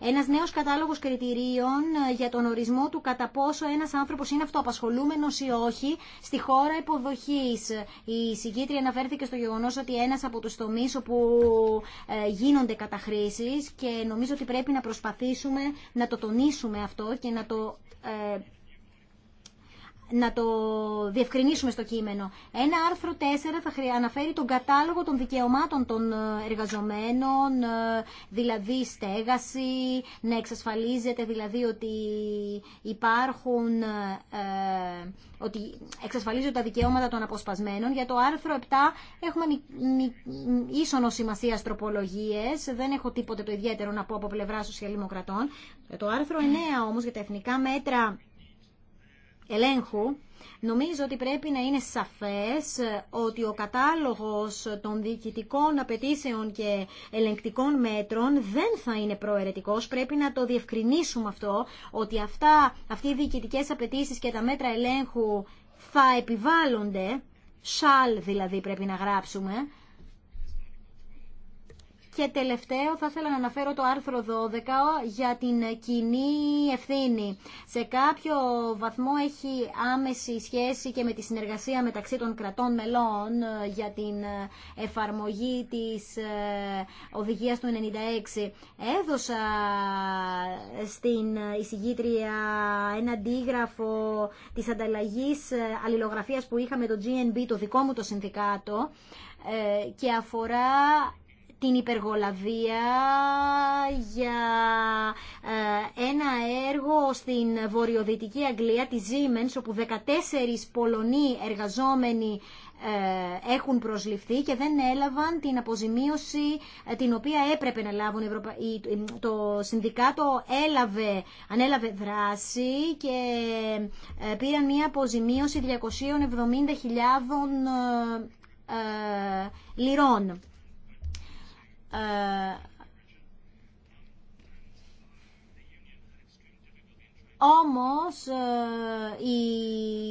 ένα νέο κατάλογο κριτηρίων ε, για τον ορισμό του κατά πόσο ένα άνθρωπο είναι αυτοαπασχολούμενο ή όχι στη χώρα υποδοχή. Η συγκήτρια αναφέρθηκε στο γεγονό ότι ένα από του τομεί όπου ε, γίνονται καταχρήσει και νομίζω ότι πρέπει να προσπαθήσουμε να το τονίσουμε αυτό και να το ε, να το διευκρινίσουμε στο κείμενο. Ένα άρθρο 4 θα αναφέρει τον κατάλογο των δικαιωμάτων των ε, εργαζομένων, ε, δηλαδή στέγαση, να εξασφαλίζεται δηλαδή ότι υπάρχουν, ε, ότι εξασφαλίζονται τα δικαιώματα των αποσπασμένων. Για το άρθρο 7 έχουμε ίσονο σημασία τροπολογίε. δεν έχω τίποτε το ιδιαίτερο να πω από πλευρά σοσιαλδημοκρατών. Το άρθρο 9 όμω για τα εθνικά μέτρα ελέγχου, νομίζω ότι πρέπει να είναι σαφές ε, ότι ο κατάλογος των διοικητικών απαιτήσεων και ελεγκτικών μέτρων δεν θα είναι προαιρετικός. Πρέπει να το διευκρινίσουμε αυτό, ότι αυτά, αυτοί οι διοικητικές απαιτήσει και τα μέτρα ελέγχου θα επιβάλλονται, σαλ δηλαδή πρέπει να γράψουμε, και τελευταίο θα ήθελα να αναφέρω το άρθρο 12 για την κοινή ευθύνη. Σε κάποιο βαθμό έχει άμεση σχέση και με τη συνεργασία μεταξύ των κρατών μελών ε, για την ε, εφαρμογή της ε, οδηγίας του 96. Έδωσα στην εισηγήτρια ένα αντίγραφο της ανταλλαγής αλληλογραφίας που είχα με το GNB, το δικό μου το συνδικάτο, και αφορά την υπεργολαβία για ε, ένα έργο στην βορειοδυτική Αγγλία, τη Siemens, όπου 14 Πολωνοί εργαζόμενοι ε, έχουν προσληφθεί και δεν έλαβαν την αποζημίωση ε, την οποία έπρεπε να λάβουν. Το συνδικάτο έλαβε, ανέλαβε δράση και πήραν μια αποζημίωση 270.000 λιρών. Ε, όμως ε, η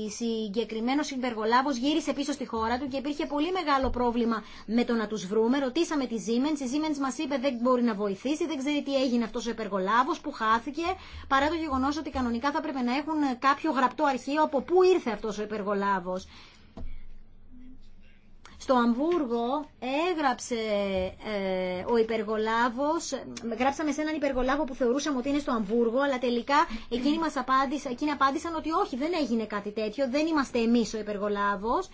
συγκεκριμένο υπεργολάβος γύρισε πίσω στη χώρα του και υπήρχε πολύ μεγάλο πρόβλημα με το να τους βρούμε. Ρωτήσαμε τη Siemens, η Siemens μας είπε δεν μπορεί να βοηθήσει, δεν ξέρει τι έγινε αυτός ο υπεργολάβος που χάθηκε, παρά το γεγονός ότι κανονικά θα πρέπει να έχουν κάποιο γραπτό αρχείο από πού ήρθε αυτός ο υπεργολάβος στο Αμβούργο έγραψε ε, ο υπεργολάβος, γράψαμε σε έναν υπεργολάβο που θεωρούσαμε ότι είναι στο Αμβούργο, αλλά τελικά εκείνοι μας απάντησαν, απάντησαν ότι όχι, δεν έγινε κάτι τέτοιο, δεν είμαστε εμείς ο υπεργολάβος.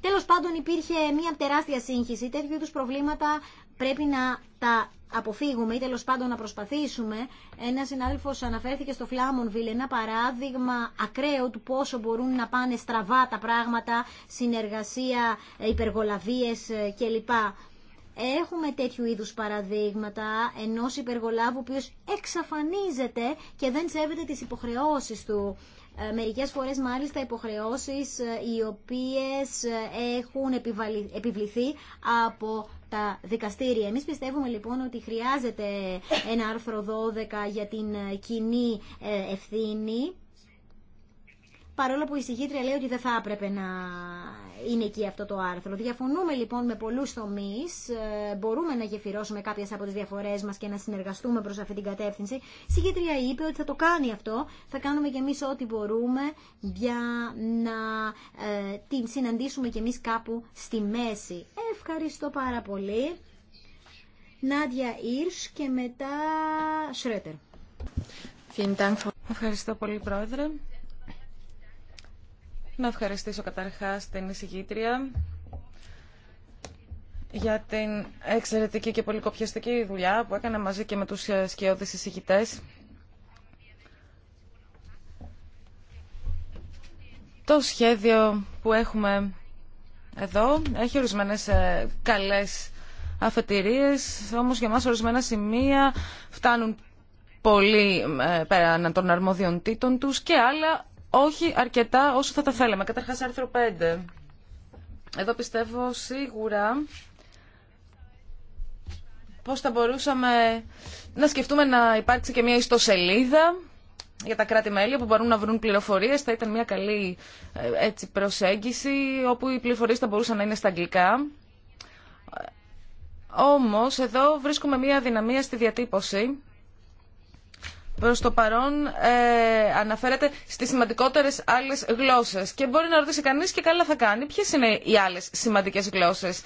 Τέλο πάντων, υπήρχε μια τεράστια σύγχυση. Τέτοιου είδου προβλήματα πρέπει να τα αποφύγουμε ή τέλο πάντων να προσπαθήσουμε. Ένα συνάδελφο αναφέρθηκε στο Φλάμονβιλ, ένα παράδειγμα ακραίο του πόσο μπορούν να πάνε στραβά τα πράγματα, συνεργασία, υπεργολαβίε ε, κλπ. Έχουμε τέτοιου είδους παραδείγματα ενός υπεργολάβου ο οποίος εξαφανίζεται και δεν σέβεται τις υποχρεώσεις του. Ε, μερικές φορές μάλιστα υποχρεώσεις ε, οι οποίες ε, έχουν επιβληθεί από τα δικαστήρια. Εμείς πιστεύουμε λοιπόν ότι χρειάζεται ένα άρθρο 12 για την κοινή ευθύνη παρόλο που η συγχύτρια λέει ότι δεν θα έπρεπε να είναι εκεί αυτό το άρθρο. Διαφωνούμε λοιπόν με πολλούς τομεί. Ε, μπορούμε να γεφυρώσουμε κάποιες από τι διαφορές μας και να συνεργαστούμε προς αυτή την κατεύθυνση. Η συγχύτρια είπε ότι θα το κάνει αυτό, θα κάνουμε κι εμεί ό,τι μπορούμε για να ε, την συναντήσουμε κι εμεί κάπου στη μέση. Ευχαριστώ πάρα πολύ. Νάντια Ήρς και μετά Σρέτερ. Ευχαριστώ πολύ Πρόεδρε. Να ευχαριστήσω καταρχάς την εισηγήτρια για την εξαιρετική και πολυκοπιαστική δουλειά που έκανα μαζί και με τους σκιώδεις εισηγητές. Το σχέδιο που έχουμε εδώ έχει ορισμένες ε, καλές αφετηρίες, όμως για μας ορισμένα σημεία φτάνουν πολύ ε, πέραν των αρμοδιοντήτων τους και άλλα όχι αρκετά όσο θα τα θέλαμε. Καταρχάς άρθρο 5. Εδώ πιστεύω σίγουρα πώς θα μπορούσαμε να σκεφτούμε να υπάρξει και μια ιστοσελίδα για τα κράτη-μέλη που μπορούν να βρουν πληροφορίες. Θα ήταν μια καλή ε, έτσι, προσέγγιση όπου οι πληροφορίες θα μπορούσαν να είναι στα αγγλικά. Όμως εδώ βρίσκουμε μια δυναμία στη διατύπωση προς το παρόν ε, αναφέρεται στις σημαντικότερες άλλες γλώσσες. Και μπορεί να ρωτήσει κανείς και καλά θα κάνει ποιες είναι οι άλλες σημαντικές γλώσσες.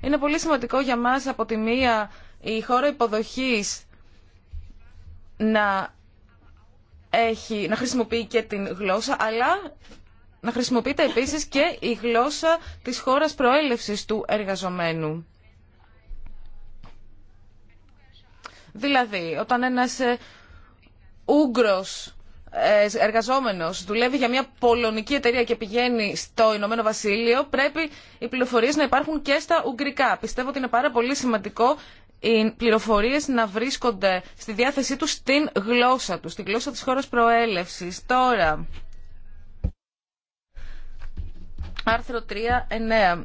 Είναι πολύ σημαντικό για μας από τη μία η χώρα υποδοχής να, έχει, να χρησιμοποιεί και την γλώσσα, αλλά να χρησιμοποιείται επίσης και η γλώσσα της χώρας προέλευσης του εργαζομένου. Δηλαδή, όταν ένας ε, Ούγγρο ε, εργαζόμενο, δουλεύει για μια πολωνική εταιρεία και πηγαίνει στο Ηνωμένο Βασίλειο, πρέπει οι πληροφορίε να υπάρχουν και στα ουγγρικά. Πιστεύω ότι είναι πάρα πολύ σημαντικό οι πληροφορίε να βρίσκονται στη διάθεσή του στην γλώσσα του, στην γλώσσα τη χώρα προέλευση. Τώρα, άρθρο 3.9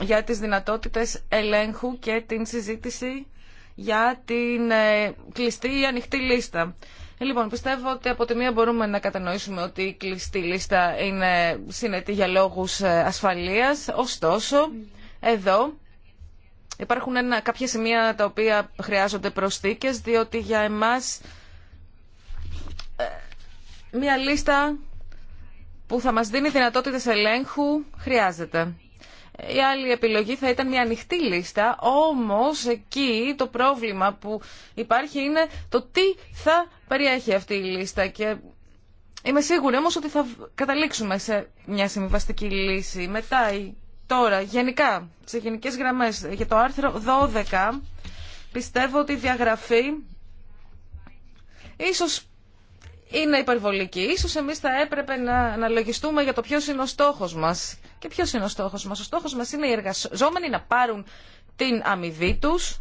για τις δυνατότητες ελέγχου και την συζήτηση για την ε, κλειστή ή ανοιχτή λίστα. Ε, λοιπόν, πιστεύω ότι από τη μία μπορούμε να κατανοήσουμε ότι η κλειστή λίστα είναι συνετή για λόγους ε, ασφαλείας. Ωστόσο, εδώ υπάρχουν ένα, κάποια σημεία τα οποία χρειάζονται προσθήκες, διότι για εμάς ε, μία λίστα που θα μας δίνει δυνατότητες ελέγχου χρειάζεται. Η άλλη επιλογή θα ήταν μια ανοιχτή λίστα, όμως εκεί το πρόβλημα που υπάρχει είναι το τι θα περιέχει αυτή η λίστα και είμαι σίγουρη όμως ότι θα καταλήξουμε σε μια συμβιβαστική λύση. Μετά ή τώρα, γενικά, σε γενικές γραμμές, για το άρθρο 12, πιστεύω ότι η διαγραφή ίσως είναι υπερβολική. Ίσως εμείς θα έπρεπε να αναλογιστούμε για το ποιος είναι ο στόχος μας. Και ποιος είναι ο στόχος μας. Ο στόχος μας είναι οι εργαζόμενοι να πάρουν την αμοιβή τους,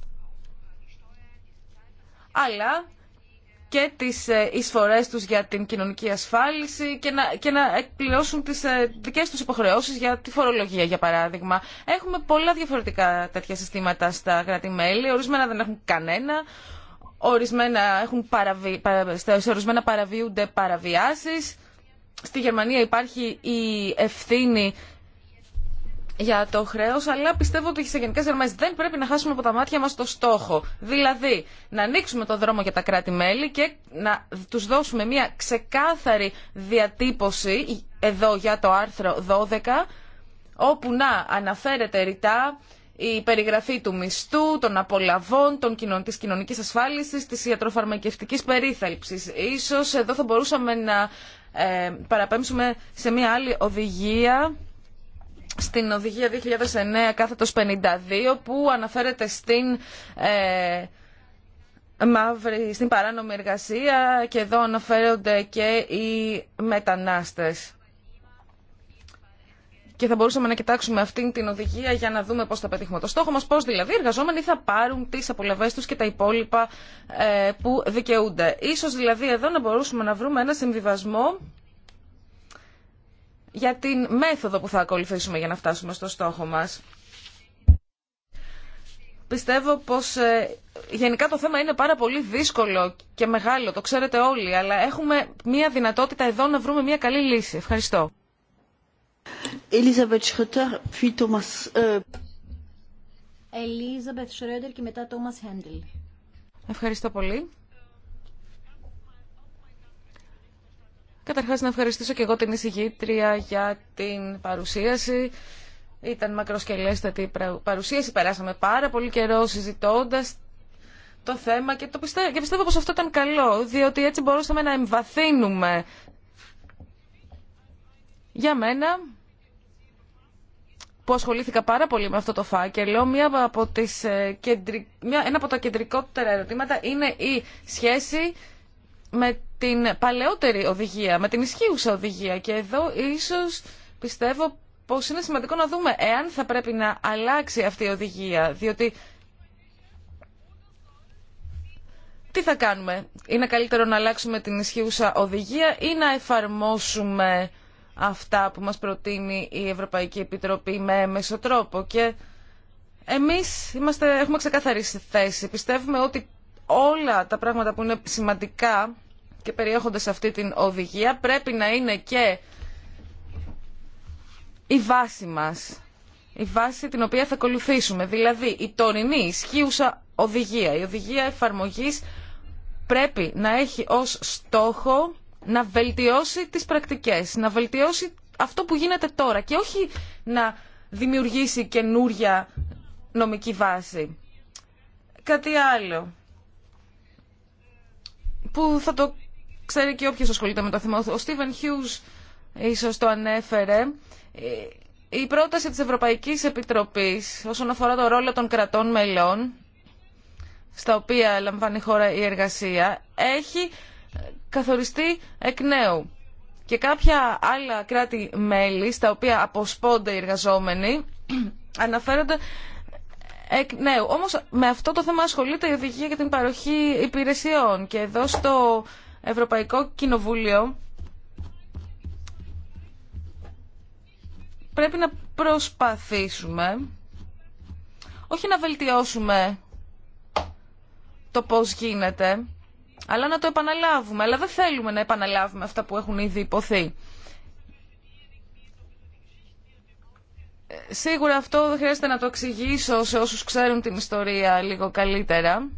αλλά και τις ε, εισφορές τους για την κοινωνική ασφάλιση και να, και εκπληρώσουν τις ε, δικές τους υποχρεώσεις για τη φορολογία, για παράδειγμα. Έχουμε πολλά διαφορετικά τέτοια συστήματα στα κράτη-μέλη, ορισμένα δεν έχουν κανένα, ορισμένα έχουν παραβι... σε ορισμένα παραβιούνται παραβιάσεις. Στη Γερμανία υπάρχει η ευθύνη για το χρέο, αλλά πιστεύω ότι σε γενικέ γραμμέ δεν πρέπει να χάσουμε από τα μάτια μας το στόχο. Δηλαδή, να ανοίξουμε το δρόμο για τα κράτη-μέλη και να τους δώσουμε μια ξεκάθαρη διατύπωση εδώ για το άρθρο 12, όπου να αναφέρεται ρητά η περιγραφή του μισθού, των απολαβών, των κοινων... της κοινωνικής ασφάλισης, της ιατροφαρμακευτικής περίθαλψης. Ίσως εδώ θα μπορούσαμε να ε, παραπέμψουμε σε μια άλλη οδηγία στην Οδηγία 2009 κάθετος 52 που αναφέρεται στην, ε, μαύρη, στην παράνομη εργασία και εδώ αναφέρονται και οι μετανάστες. Και θα μπορούσαμε να κοιτάξουμε αυτήν την οδηγία για να δούμε πώς θα πετύχουμε το στόχο μας, πώς δηλαδή οι εργαζόμενοι θα πάρουν τις απολαυές τους και τα υπόλοιπα ε, που δικαιούνται. Ίσως δηλαδή εδώ να μπορούσαμε να βρούμε ένα συμβιβασμό για την μέθοδο που θα ακολουθήσουμε για να φτάσουμε στο στόχο μας. Πιστεύω πως ε, γενικά το θέμα είναι πάρα πολύ δύσκολο και μεγάλο, το ξέρετε όλοι, αλλά έχουμε μια δυνατότητα εδώ να βρούμε μια καλή λύση. Ευχαριστώ. Elizabeth puis Thomas. Ε, Elizabeth και μετά Thomas Handel. Ευχαριστώ πολύ. Καταρχά να ευχαριστήσω και εγώ την εισηγήτρια για την παρουσίαση. Ήταν μακροσκελέστατη παρουσίαση, περάσαμε πάρα πολύ καιρό συζητώντα το θέμα και, το πιστεύω, και πιστεύω πως αυτό ήταν καλό, διότι έτσι μπορούσαμε να εμβαθύνουμε. Για μένα, που ασχολήθηκα πάρα πολύ με αυτό το φάκελο, μία από τις, ε, μία, ένα από τα κεντρικότερα ερωτήματα είναι η σχέση με την παλαιότερη οδηγία, με την ισχύουσα οδηγία και εδώ ίσως πιστεύω πως είναι σημαντικό να δούμε εάν θα πρέπει να αλλάξει αυτή η οδηγία, διότι τι θα κάνουμε, είναι καλύτερο να αλλάξουμε την ισχύουσα οδηγία ή να εφαρμόσουμε αυτά που μας προτείνει η Ευρωπαϊκή Επιτροπή με έμεσο τρόπο και εμείς είμαστε, έχουμε ξεκαθαρίσει θέση. Πιστεύουμε ότι όλα τα πράγματα που είναι σημαντικά και περιέχονται σε αυτή την οδηγία πρέπει να είναι και η βάση μας, η βάση την οποία θα ακολουθήσουμε. Δηλαδή η τωρινή ισχύουσα οδηγία, η οδηγία εφαρμογής πρέπει να έχει ως στόχο να βελτιώσει τις πρακτικές, να βελτιώσει αυτό που γίνεται τώρα και όχι να δημιουργήσει καινούρια νομική βάση. Κάτι άλλο που θα το ξέρει και όποιος ασχολείται με το θέμα. Ο Στίβεν Χιούς ίσως το ανέφερε. Η πρόταση της Ευρωπαϊκής Επιτροπής όσον αφορά το ρόλο των κρατών μελών στα οποία λαμβάνει η χώρα η εργασία έχει καθοριστεί εκ νέου. Και κάποια άλλα κράτη-μέλη στα οποία αποσπώνται οι εργαζόμενοι (clears throat) αναφέρονται Εκ ναι, Όμως με αυτό το θέμα ασχολείται η Οδηγία για την παροχή υπηρεσιών και εδώ στο Ευρωπαϊκό Κοινοβούλιο πρέπει να προσπαθήσουμε όχι να βελτιώσουμε το πώς γίνεται αλλά να το επαναλάβουμε. Αλλά δεν θέλουμε να επαναλάβουμε αυτά που έχουν ήδη υποθεί. Σίγουρα αυτό δεν χρειάζεται να το εξηγήσω σε όσους ξέρουν την ιστορία λίγο καλύτερα.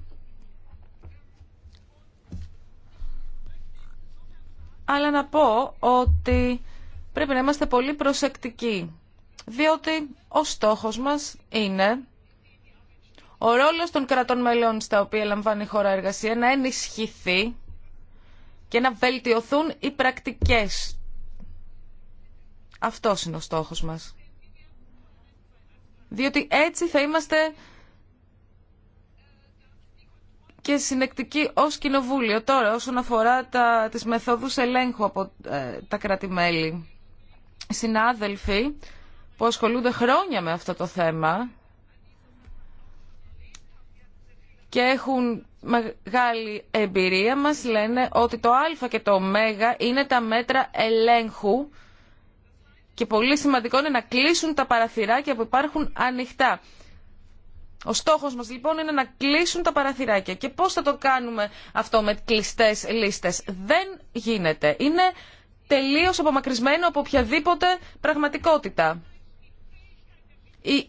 Αλλά να πω ότι πρέπει να είμαστε πολύ προσεκτικοί, διότι ο στόχος μας είναι ο ρόλος των κρατών μελών στα οποία λαμβάνει η χώρα εργασία να ενισχυθεί και να βελτιωθούν οι πρακτικές. Αυτός είναι ο στόχος μας διότι έτσι θα είμαστε και συνεκτικοί ως κοινοβούλιο. Τώρα, όσον αφορά τα, τις μεθόδους ελέγχου από ε, τα κρατη συνάδελφοι που ασχολούνται χρόνια με αυτό το θέμα και έχουν μεγάλη εμπειρία μας λένε ότι το α και το ω είναι τα μέτρα ελέγχου και πολύ σημαντικό είναι να κλείσουν τα παραθυράκια που υπάρχουν ανοιχτά. Ο στόχος μας λοιπόν είναι να κλείσουν τα παραθυράκια. Και πώς θα το κάνουμε αυτό με κλειστές λίστες. Δεν γίνεται. Είναι τελείως απομακρυσμένο από οποιαδήποτε πραγματικότητα. Η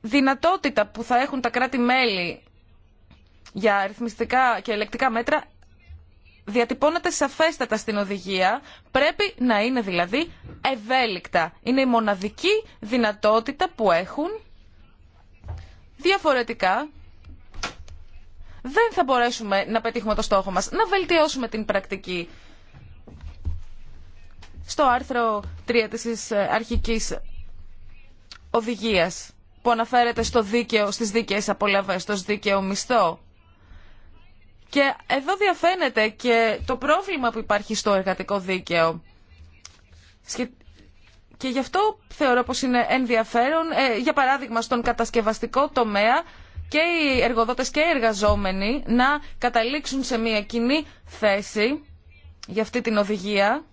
δυνατότητα που θα έχουν τα κράτη-μέλη για αριθμιστικά και ελεκτικά μέτρα διατυπώνεται σαφέστατα στην οδηγία. Πρέπει να είναι δηλαδή ευέλικτα. Είναι η μοναδική δυνατότητα που έχουν. Διαφορετικά, δεν θα μπορέσουμε να πετύχουμε το στόχο μας, να βελτιώσουμε την πρακτική. Στο άρθρο 3 της αρχικής οδηγίας που αναφέρεται στο δίκαιο, στις δίκαιες απολαύες, στο δίκαιο μισθό. Και εδώ διαφαίνεται και το πρόβλημα που υπάρχει στο εργατικό δίκαιο. Και γι' αυτό θεωρώ πως είναι ενδιαφέρον, ε, για παράδειγμα στον κατασκευαστικό τομέα, και οι εργοδότες και οι εργαζόμενοι να καταλήξουν σε μια κοινή θέση για αυτή την οδηγία,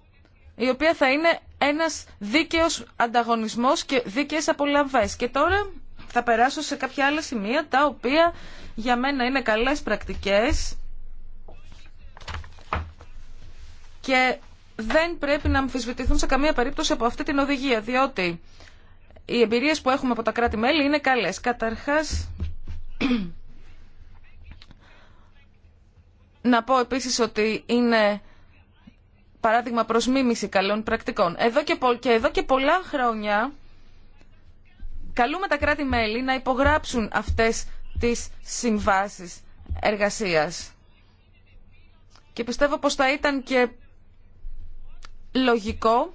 η οποία θα είναι ένας δίκαιος ανταγωνισμός και δίκαιες απολαμβές. Και τώρα θα περάσω σε κάποια άλλα σημεία, τα οποία για μένα είναι καλές πρακτικές δεν πρέπει να αμφισβητηθούν σε καμία περίπτωση από αυτή την οδηγία, διότι οι εμπειρίες που έχουμε από τα κράτη-μέλη είναι καλές. Καταρχάς, (clears throat) να πω επίσης ότι είναι παράδειγμα προς μίμηση καλών πρακτικών. Εδώ και, πο και εδώ και πολλά χρόνια καλούμε τα κράτη-μέλη να υπογράψουν αυτές τις συμβάσεις εργασίας. Και πιστεύω πως θα ήταν και λογικό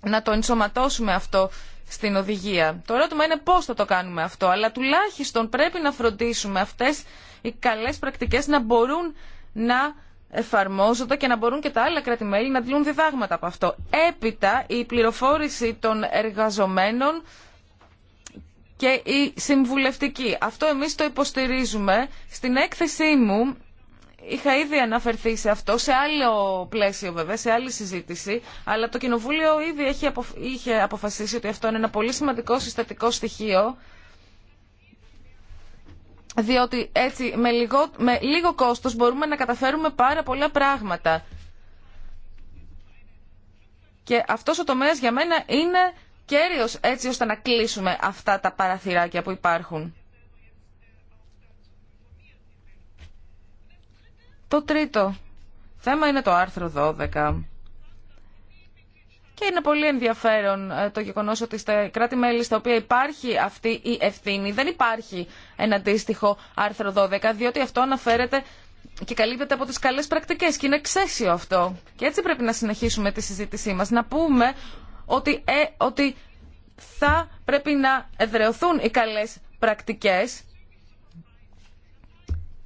να το ενσωματώσουμε αυτό στην οδηγία. Το ερώτημα είναι πώς θα το κάνουμε αυτό, αλλά τουλάχιστον πρέπει να φροντίσουμε αυτές οι καλές πρακτικές να μπορούν να εφαρμόζονται και να μπορούν και τα άλλα κράτη-μέλη να δίνουν διδάγματα από αυτό. Έπειτα, η πληροφόρηση των εργαζομένων και η συμβουλευτική. Αυτό εμείς το υποστηρίζουμε. Στην έκθεσή μου Είχα ήδη αναφερθεί σε αυτό, σε άλλο πλαίσιο βέβαια, σε άλλη συζήτηση, αλλά το Κοινοβούλιο ήδη έχει είχε αποφασίσει ότι αυτό είναι ένα πολύ σημαντικό συστατικό στοιχείο, διότι έτσι με λίγο, με λίγο κόστος μπορούμε να καταφέρουμε πάρα πολλά πράγματα. Και αυτός ο τομέας για μένα είναι κέριος έτσι ώστε να κλείσουμε αυτά τα παραθυράκια που υπάρχουν. Το τρίτο θέμα είναι το άρθρο 12. Και είναι πολύ ενδιαφέρον ε, το γεγονός ότι στα κράτη-μέλη στα οποία υπάρχει αυτή η ευθύνη δεν υπάρχει ένα αντίστοιχο άρθρο 12, διότι αυτό αναφέρεται και καλύπτεται από τις καλές πρακτικές και είναι εξαίσιο αυτό. Και έτσι πρέπει να συνεχίσουμε τη συζήτησή μας, να πούμε ότι, ε, ότι θα πρέπει να εδρεωθούν οι καλές πρακτικές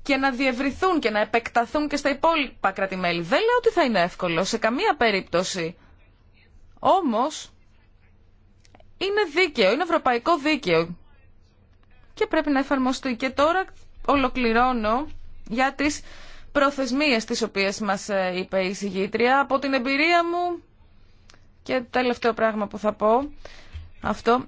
και να διευρυθούν και να επεκταθούν και στα υπόλοιπα κράτη-μέλη. Δεν λέω ότι θα είναι εύκολο, σε καμία περίπτωση. Όμως, είναι δίκαιο, είναι ευρωπαϊκό δίκαιο και πρέπει να εφαρμοστεί. Και τώρα ολοκληρώνω για τις προθεσμίες τις οποίες μας ε, είπε η συγγήτρια. Από την εμπειρία μου και το τελευταίο πράγμα που θα πω αυτό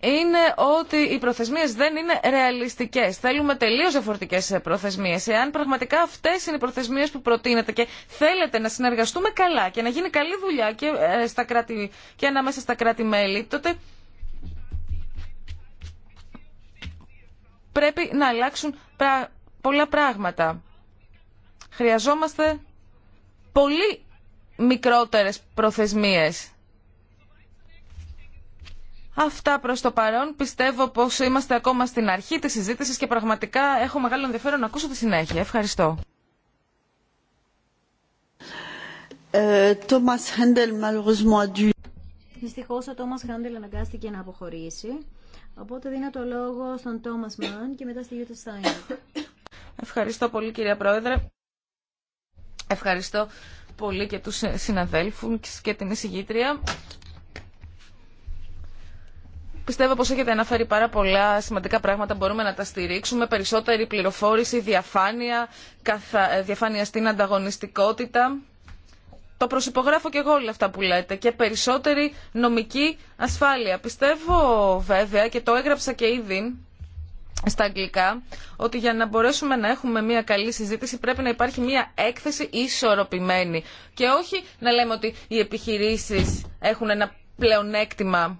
είναι ότι οι προθεσμίε δεν είναι ρεαλιστικέ. Θέλουμε τελείω διαφορετικέ ε, προθεσμίε. Εάν πραγματικά αυτέ είναι οι προθεσμίε που προτείνετε και θέλετε να συνεργαστούμε καλά και να γίνει καλή δουλειά και, ε, στα κράτη, και ανάμεσα στα κράτη-μέλη, τότε πρέπει να αλλάξουν πολλά πράγματα. Χρειαζόμαστε πολύ μικρότερες προθεσμίες Αυτά προς το παρόν. Πιστεύω πως είμαστε ακόμα στην αρχή της συζήτησης και πραγματικά έχω μεγάλο ενδιαφέρον να ακούσω τη συνέχεια. Ευχαριστώ. Ε, Δυστυχώ, ο Τόμα Χάντελ αναγκάστηκε να αποχωρήσει. Οπότε δίνω το λόγο στον Τόμας Μαν και μετά στη Γιούτα Στάιν. Ευχαριστώ πολύ κυρία Πρόεδρε. Ευχαριστώ πολύ και τους συναδέλφους και την εισηγήτρια. Πιστεύω πως έχετε αναφέρει πάρα πολλά σημαντικά πράγματα, μπορούμε να τα στηρίξουμε. Περισσότερη πληροφόρηση, διαφάνεια, καθα... Ε, διαφάνεια στην ανταγωνιστικότητα. Το προσυπογράφω και εγώ όλα αυτά που λέτε και περισσότερη νομική ασφάλεια. Πιστεύω βέβαια και το έγραψα και ήδη στα αγγλικά ότι για να μπορέσουμε να έχουμε μια καλή συζήτηση πρέπει να υπάρχει μια έκθεση ισορροπημένη και όχι να λέμε ότι οι επιχειρήσεις έχουν ένα πλεονέκτημα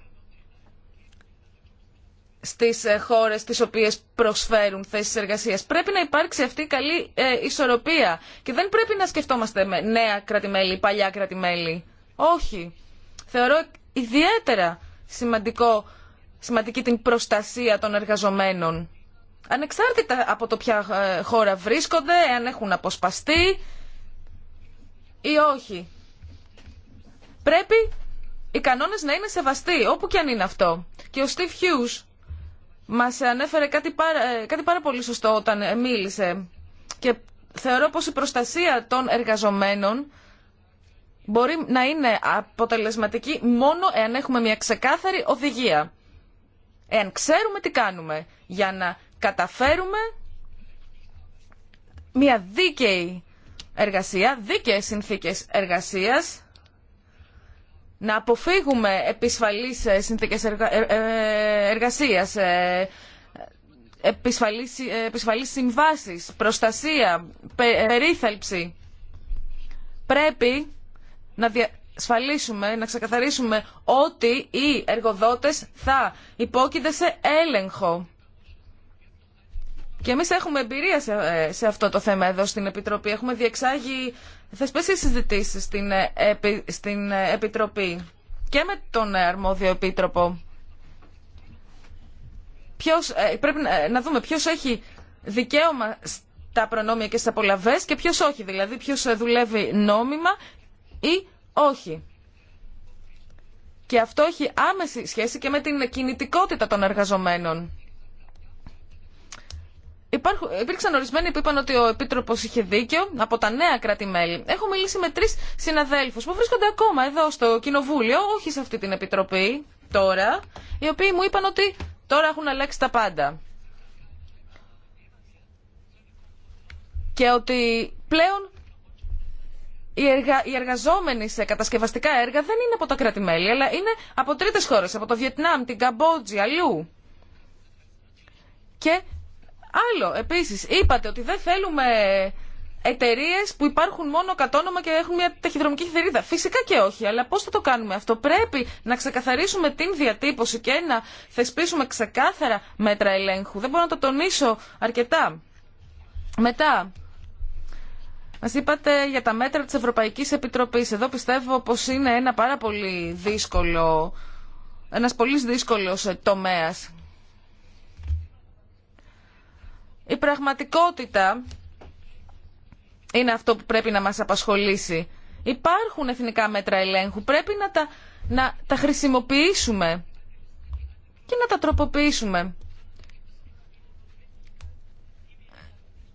στις ε, χώρες τις οποίες προσφέρουν θέσεις εργασίας. Πρέπει να υπάρξει αυτή η καλή ε, ισορροπία και δεν πρέπει να σκεφτόμαστε με νέα κρατημέλη, παλιά κρατημέλη. Όχι. Θεωρώ ιδιαίτερα σημαντικό, σημαντική την προστασία των εργαζομένων. Ανεξάρτητα από το ποια ε, χώρα βρίσκονται, αν έχουν αποσπαστεί ή όχι. Πρέπει οι κανόνες να είναι σεβαστοί, όπου και αν είναι αυτό. Και ο Steve Hughes μας ανέφερε κάτι πάρα, ε, κάτι πάρα πολύ σωστό όταν ε, μίλησε και θεωρώ πως η προστασία των εργαζομένων μπορεί να είναι αποτελεσματική μόνο εάν έχουμε μια ξεκάθαρη οδηγία. Εάν ξέρουμε τι κάνουμε για να καταφέρουμε μια δίκαιη εργασία, δίκαιες συνθήκες εργασίας να αποφύγουμε επισφαλείς ε, συνθήκες ε, ε, εργασίας, επισφαλείς, συμβάσεις, προστασία, περίθαλψη. Πρέπει να διασφαλίσουμε, να ξεκαθαρίσουμε ότι οι εργοδότες θα υπόκεινται σε έλεγχο. Και εμεί έχουμε εμπειρία ε, σε, αυτό το θέμα εδώ στην Επιτροπή. Έχουμε διεξάγει θεσπέσει συζητήσει στην, ε, Επι, στην ε, Επιτροπή και με τον αρμόδιο επίτροπο. Ποιος, πρέπει να δούμε ποιος έχει δικαίωμα στα προνόμια και στις απολαβές και ποιος όχι. Δηλαδή ποιος δουλεύει νόμιμα ή όχι. Και αυτό έχει άμεση σχέση και με την κινητικότητα των εργαζομένων υπήρξαν ορισμένοι που είπαν ότι ο Επίτροπο είχε δίκιο από τα νέα κράτη-μέλη. Έχω μιλήσει με τρει συναδέλφου που βρίσκονται ακόμα εδώ στο Κοινοβούλιο, όχι σε αυτή την Επιτροπή τώρα, οι οποίοι μου είπαν ότι τώρα έχουν αλλάξει τα πάντα. Και ότι πλέον οι, εργα... οι εργαζόμενοι σε κατασκευαστικά έργα δεν είναι από τα κράτη-μέλη, αλλά είναι από τρίτες χώρε, από το Βιετνάμ, την Καμπότζη, αλλού. Και Άλλο, επίσης, είπατε ότι δεν θέλουμε εταιρείε που υπάρχουν μόνο κατ' όνομα και έχουν μια ταχυδρομική θηρίδα. Φυσικά και όχι, αλλά πώ θα το κάνουμε αυτό. Πρέπει να ξεκαθαρίσουμε την διατύπωση και να θεσπίσουμε ξεκάθαρα μέτρα ελέγχου. Δεν μπορώ να το τονίσω αρκετά. Μετά. Μα είπατε για τα μέτρα της Ευρωπαϊκής Επιτροπής. Εδώ πιστεύω πως είναι ένα πάρα πολύ δύσκολο, ένα πολύ δύσκολο τομέα. Η πραγματικότητα είναι αυτό που πρέπει να μας απασχολήσει. Υπάρχουν εθνικά μέτρα ελέγχου, πρέπει να τα, να τα χρησιμοποιήσουμε και να τα τροποποιήσουμε.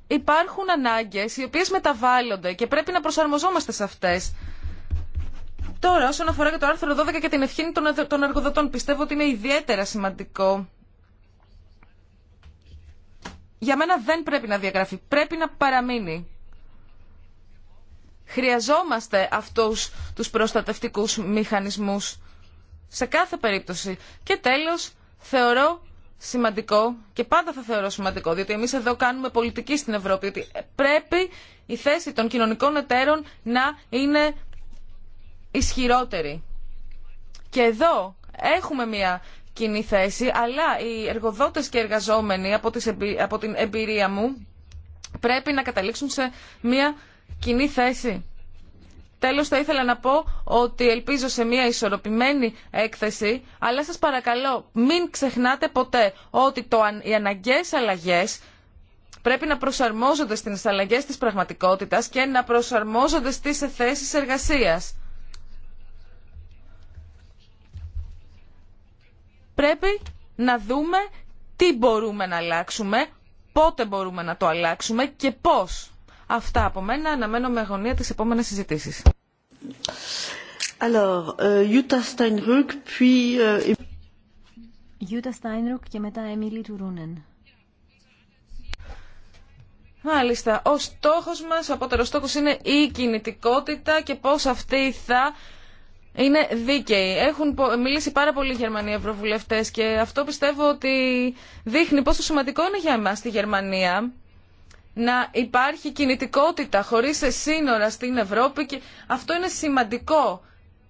Υπάρχουν ανάγκες οι οποίες μεταβάλλονται και πρέπει να προσαρμοζόμαστε σε αυτές. Τώρα, όσον αφορά και το άρθρο 12 και την ευχήνη των εργοδοτών, πιστεύω ότι είναι ιδιαίτερα σημαντικό για μένα δεν πρέπει να διαγραφεί, πρέπει να παραμείνει. Χρειαζόμαστε αυτούς τους προστατευτικούς μηχανισμούς σε κάθε περίπτωση. Και τέλος, θεωρώ σημαντικό και πάντα θα θεωρώ σημαντικό, διότι εμείς εδώ κάνουμε πολιτική στην Ευρώπη, ότι πρέπει η θέση των κοινωνικών εταίρων να είναι ισχυρότερη. Και εδώ έχουμε μια κοινή θέση, αλλά οι εργοδότες και οι εργαζόμενοι από την εμπειρία μου πρέπει να καταλήξουν σε μια κοινή θέση. Τέλος θα ήθελα να πω ότι ελπίζω σε μια ισορροπημένη έκθεση, αλλά σας παρακαλώ μην ξεχνάτε ποτέ ότι το, οι αναγκαίες αλλαγές πρέπει να προσαρμόζονται στις αλλαγές της πραγματικότητας και να προσαρμόζονται στις θέσεις εργασίας. πρέπει να δούμε τι μπορούμε να αλλάξουμε, πότε μπορούμε να το αλλάξουμε και πώς. Αυτά από μένα. Αναμένω με αγωνία τις επόμενες συζητήσεις. Alors, euh, Steinruck, puis... Euh, Steinruck και μετά Emily Turunen. Μάλιστα. Ο στόχος μας, ο απότερος στόχος είναι η κινητικότητα και πώς αυτή θα είναι δίκαιοι. Έχουν μιλήσει πάρα πολλοί Γερμανοί ευρωβουλευτέ και αυτό πιστεύω ότι δείχνει πόσο σημαντικό είναι για εμά στη Γερμανία να υπάρχει κινητικότητα χωρίς σύνορα στην Ευρώπη και αυτό είναι σημαντικό.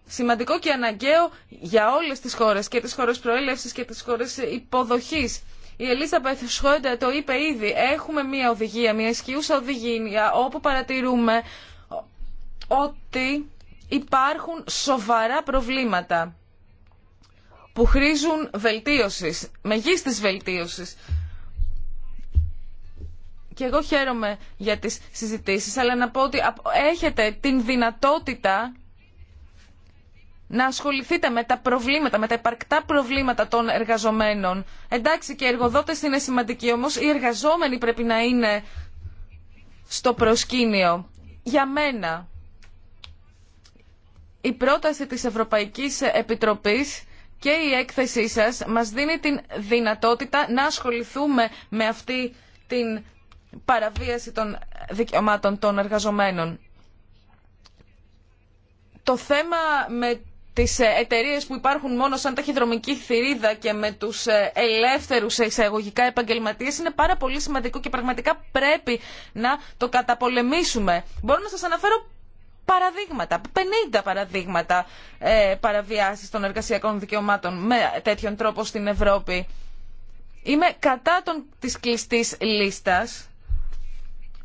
Σημαντικό και αναγκαίο για όλες τις χώρες και τις χώρε προέλευση και τις χώρες υποδοχής. Η Ελίζα Πεθυσχόντα το είπε ήδη. Έχουμε μια οδηγία, μια ισχυούσα οδηγία όπου παρατηρούμε ότι υπάρχουν σοβαρά προβλήματα που χρήζουν βελτίωσης, μεγίστης βελτίωσης. Και εγώ χαίρομαι για τις συζητήσεις, αλλά να πω ότι έχετε την δυνατότητα να ασχοληθείτε με τα προβλήματα, με τα υπαρκτά προβλήματα των εργαζομένων. Εντάξει και οι εργοδότες είναι σημαντικοί, όμως οι εργαζόμενοι πρέπει να είναι στο προσκήνιο. Για μένα, η πρόταση της Ευρωπαϊκής Επιτροπής και η έκθεσή σας μας δίνει την δυνατότητα να ασχοληθούμε με αυτή την παραβίαση των δικαιωμάτων των εργαζομένων. Το θέμα με τις εταιρείε που υπάρχουν μόνο σαν ταχυδρομική θηρίδα και με τους ελεύθερους εισαγωγικά επαγγελματίες είναι πάρα πολύ σημαντικό και πραγματικά πρέπει να το καταπολεμήσουμε. Μπορώ να σας αναφέρω παραδείγματα, 50 παραδείγματα ε, των εργασιακών δικαιωμάτων με τέτοιον τρόπο στην Ευρώπη. Είμαι κατά των, της κλειστής λίστας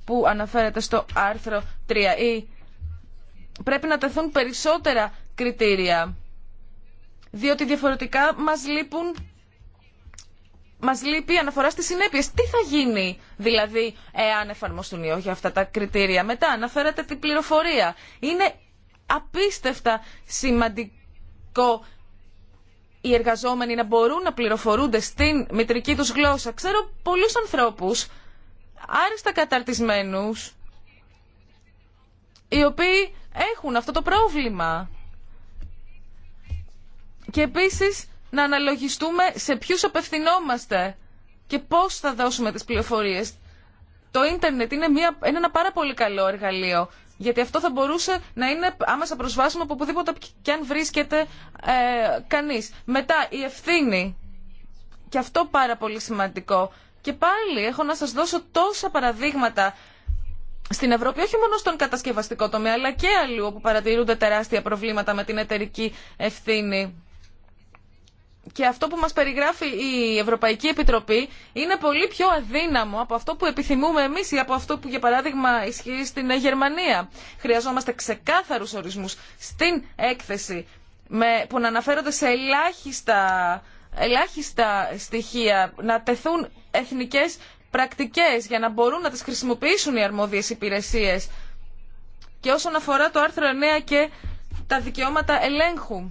που αναφέρεται στο άρθρο 3 ή πρέπει να τεθούν περισσότερα κριτήρια διότι διαφορετικά μας λείπουν μας λείπει αναφορά στις συνέπειε. Τι θα γίνει δηλαδή εάν εφαρμοστούν ή όχι αυτά τα κριτήρια. Μετά αναφέρατε την πληροφορία. Είναι απίστευτα σημαντικό οι εργαζόμενοι να μπορούν να πληροφορούνται στην μητρική τους γλώσσα. Ξέρω πολλούς ανθρώπους, άριστα καταρτισμένους, οι οποίοι έχουν αυτό το πρόβλημα. Και επίσης να αναλογιστούμε σε ποιους απευθυνόμαστε και πώς θα δώσουμε τις πληροφορίες. Το ίντερνετ είναι, μια, είναι ένα πάρα πολύ καλό εργαλείο, γιατί αυτό θα μπορούσε να είναι άμεσα προσβάσιμο από οπουδήποτε και αν βρίσκεται ε, κανείς. Μετά, η ευθύνη, και αυτό πάρα πολύ σημαντικό. Και πάλι έχω να σας δώσω τόσα παραδείγματα στην Ευρώπη, όχι μόνο στον κατασκευαστικό τομέα, αλλά και αλλού, όπου παρατηρούνται τεράστια προβλήματα με την εταιρική ευθύνη και αυτό που μας περιγράφει η Ευρωπαϊκή Επιτροπή είναι πολύ πιο αδύναμο από αυτό που επιθυμούμε εμείς ή από αυτό που για παράδειγμα ισχύει στην Γερμανία. Χρειαζόμαστε ξεκάθαρους ορισμούς στην έκθεση με, που να αναφέρονται σε ελάχιστα, ελάχιστα στοιχεία, να τεθούν εθνικές πρακτικές για να μπορούν να τις χρησιμοποιήσουν οι αρμόδιες υπηρεσίες. Και όσον αφορά το άρθρο 9 και τα δικαιώματα ελέγχου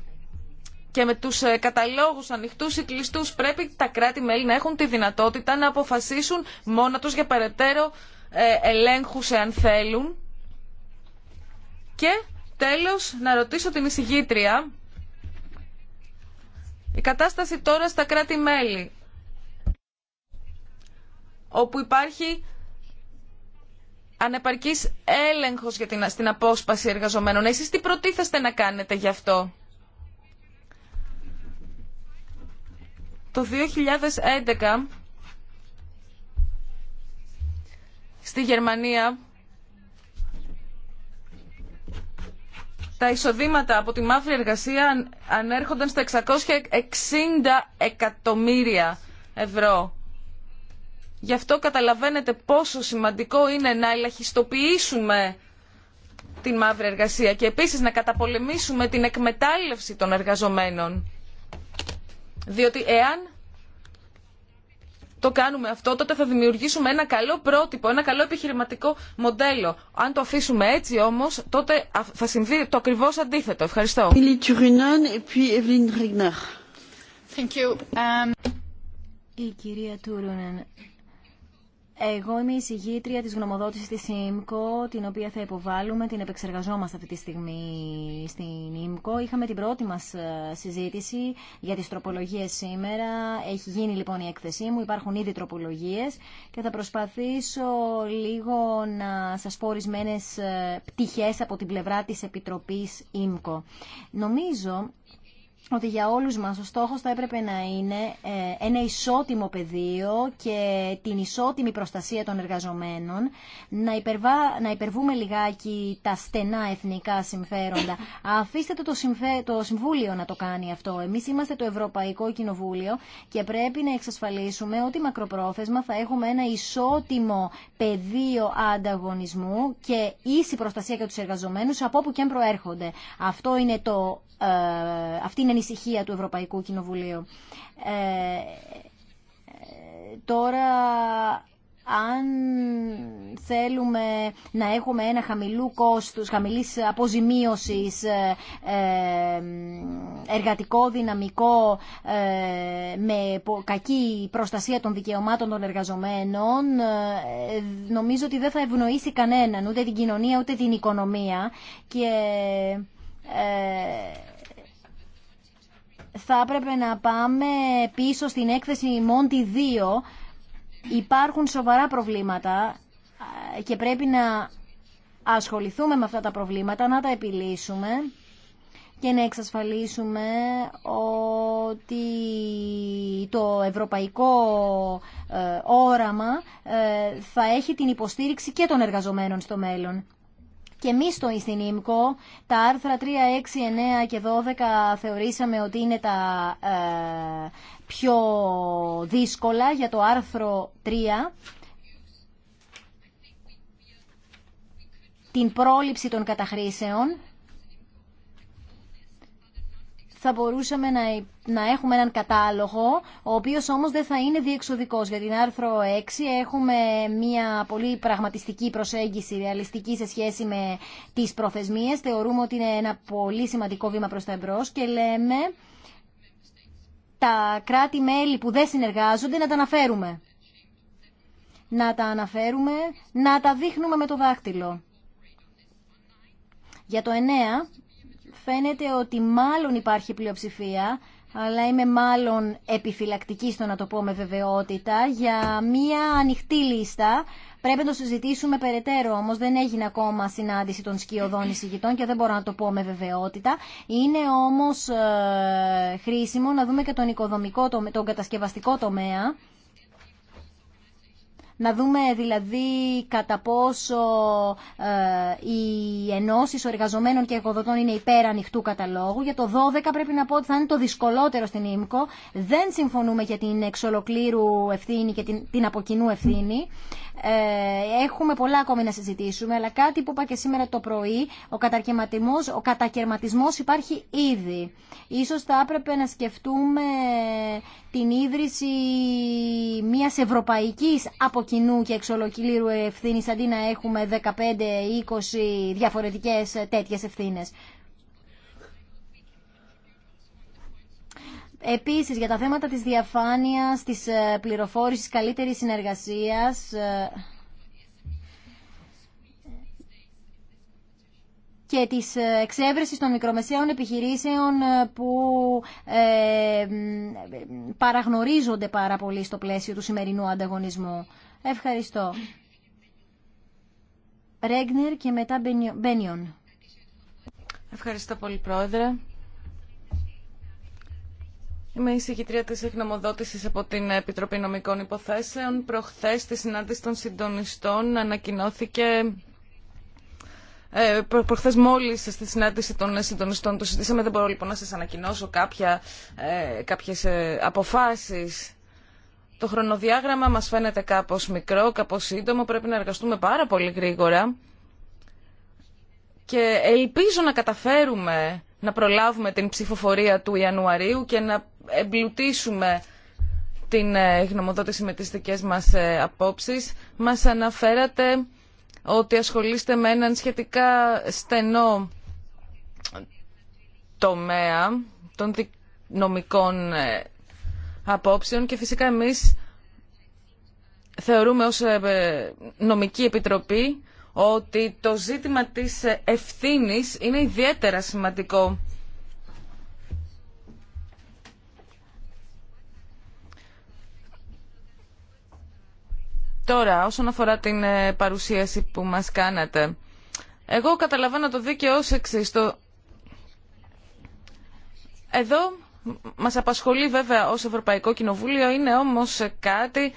και με τους ε, καταλόγους ανοιχτούς ή κλειστούς πρέπει τα κράτη-μέλη να έχουν τη δυνατότητα να αποφασίσουν μόνα τους για περαιτέρω ε, ελέγχους εάν θέλουν. Και τέλος να ρωτήσω την εισηγήτρια η κατάσταση τώρα στα κράτη-μέλη όπου υπάρχει ανεπαρκής έλεγχος για την, στην απόσπαση εργαζομένων. Εσείς τι προτίθεστε να κάνετε γι' αυτό. Το 2011 στη Γερμανία τα εισοδήματα από τη μαύρη εργασία ανέρχονταν στα 660 εκατομμύρια ευρώ. Γι' αυτό καταλαβαίνετε πόσο σημαντικό είναι να ελαχιστοποιήσουμε την μαύρη εργασία και επίσης να καταπολεμήσουμε την εκμετάλλευση των εργαζομένων. Διότι εάν το κάνουμε αυτό, τότε θα δημιουργήσουμε ένα καλό πρότυπο, ένα καλό επιχειρηματικό μοντέλο. Αν το αφήσουμε έτσι όμως, τότε θα συμβεί το ακριβώ αντίθετο. Ευχαριστώ. Um, Η κυρία Τούρουνεν, εγώ είμαι η συγγήτρια της γνωμοδότησης της ΙΜΚΟ, την οποία θα υποβάλουμε, την επεξεργαζόμαστε αυτή τη στιγμή στην ΙΜΚΟ. Είχαμε την πρώτη μας ε, συζήτηση για τις τροπολογίες σήμερα. Έχει γίνει λοιπόν η έκθεσή μου, υπάρχουν ήδη τροπολογίες και θα προσπαθήσω λίγο να σας πω ορισμένε ε, πτυχές από την πλευρά της Επιτροπής ΙΜΚΟ. Νομίζω ότι για όλους μας ο στόχος θα έπρεπε να είναι ε, ένα ισότιμο πεδίο και την ισότιμη προστασία των εργαζομένων, να, υπερβα, να υπερβούμε λιγάκι τα στενά εθνικά συμφέροντα. (laughs) Αφήστε το, το, το Συμβούλιο να το κάνει αυτό. Εμείς είμαστε το Ευρωπαϊκό Κοινοβούλιο και πρέπει να εξασφαλίσουμε ότι μακροπρόθεσμα θα έχουμε ένα ισότιμο πεδίο ανταγωνισμού και ίση προστασία για τους εργαζομένους από όπου και αν προέρχονται. Αυτό είναι το ε, αυτή είναι η ανησυχία του Ευρωπαϊκού Κοινοβουλίου. Ε, τώρα αν θέλουμε να έχουμε ένα χαμηλού κόστους, χαμηλής αποζημίωσης, ε, εργατικό δυναμικό με κακή προστασία των δικαιωμάτων των εργαζομένων, νομίζω ότι δεν θα ευνοήσει κανέναν, ούτε την κοινωνία, ούτε την οικονομία και... Ε, θα έπρεπε να πάμε πίσω στην έκθεση Μόντι 2. Υπάρχουν σοβαρά προβλήματα ε, και πρέπει να ασχοληθούμε με αυτά τα προβλήματα, να τα επιλύσουμε και να εξασφαλίσουμε ότι το ευρωπαϊκό ε, όραμα θα έχει την υποστήριξη και των εργαζομένων στο μέλλον. Και εμεί στο Ιστινίμκο τα άρθρα 3, 6, 9 και 12 θεωρήσαμε ότι είναι τα ε, πιο δύσκολα για το άρθρο 3. την πρόληψη των καταχρήσεων θα μπορούσαμε να, έχουμε έναν κατάλογο, ο οποίος όμως δεν θα είναι διεξοδικός. Για την άρθρο 6 έχουμε μια πολύ πραγματιστική προσέγγιση, ρεαλιστική σε σχέση με τις προθεσμίες. Θεωρούμε ότι είναι ένα πολύ σημαντικό βήμα προς τα εμπρός και λέμε τα κράτη-μέλη που δεν συνεργάζονται να τα αναφέρουμε. Να τα αναφέρουμε, να τα δείχνουμε με το δάχτυλο. Για το 9 φαίνεται ότι μάλλον υπάρχει πλειοψηφία, αλλά είμαι μάλλον επιφυλακτική στο να το πω με βεβαιότητα, για μία ανοιχτή λίστα. Πρέπει να το συζητήσουμε περαιτέρω, όμω δεν έγινε ακόμα συνάντηση των σκιωδών εισηγητών και δεν μπορώ να το πω με βεβαιότητα. Είναι όμω ε, χρήσιμο να δούμε και τον, οικοδομικό, τον κατασκευαστικό τομέα να δούμε δηλαδή κατά πόσο ε, οι ενώσεις εργαζομένων και εργοδοτών είναι υπέρ ανοιχτού καταλόγου. Για το 12 πρέπει να πω ότι θα είναι το δυσκολότερο στην ΙΜΚΟ. Δεν συμφωνούμε για την εξολοκλήρου ευθύνη και την, την αποκοινού ευθύνη. Ε, έχουμε πολλά ακόμη να συζητήσουμε, αλλά κάτι που είπα και σήμερα το πρωί, ο κατακαιρματισμός, ο κατακαιρματισμός υπάρχει ήδη. Ίσως θα έπρεπε να σκεφτούμε την ίδρυση μιας ευρωπαϊκής από κοινού και εξολοκλήρου ευθύνης, αντί να έχουμε 15-20 διαφορετικές τέτοιες ευθύνες. Επίσης, για τα θέματα της διαφάνειας, της ε, πληροφόρησης, καλύτερης συνεργασίας... Ε, και της ε, εξέβρεσης των μικρομεσαίων επιχειρήσεων που παραγνωρίζονται πάρα πολύ στο πλαίσιο του σημερινού ανταγωνισμού. Ευχαριστώ. Ρέγνερ και μετά Μπένιον. Ευχαριστώ πολύ, Πρόεδρε. Είμαι η συγκητρία της εκνομοδότησης από την Επιτροπή Νομικών Υποθέσεων. Προχθές στη συνάντηση των συντονιστών ανακοινώθηκε ε, προχθές μόλις στη συνάντηση των συντονιστών το συζητήσαμε, δεν μπορώ λοιπόν να σας ανακοινώσω κάποια, ε, κάποιες ε, αποφάσεις. Το χρονοδιάγραμμα μας φαίνεται κάπως μικρό, κάπως σύντομο, πρέπει να εργαστούμε πάρα πολύ γρήγορα και ελπίζω να καταφέρουμε να προλάβουμε την ψηφοφορία του Ιανουαρίου και να εμπλουτίσουμε την ε, γνωμοδότηση με τις δικές μας ε, απόψεις. Μας αναφέρατε ότι ασχολείστε με έναν σχετικά στενό τομέα των νομικών ε, απόψεων και φυσικά εμείς θεωρούμε ως νομική επιτροπή ότι το ζήτημα της ευθύνης είναι ιδιαίτερα σημαντικό Τώρα, όσον αφορά την ε, παρουσίαση που μας κάνατε, εγώ καταλαβαίνω το δίκαιο ως εξής. Εδώ μας απασχολεί βέβαια ως Ευρωπαϊκό Κοινοβούλιο, είναι όμως κάτι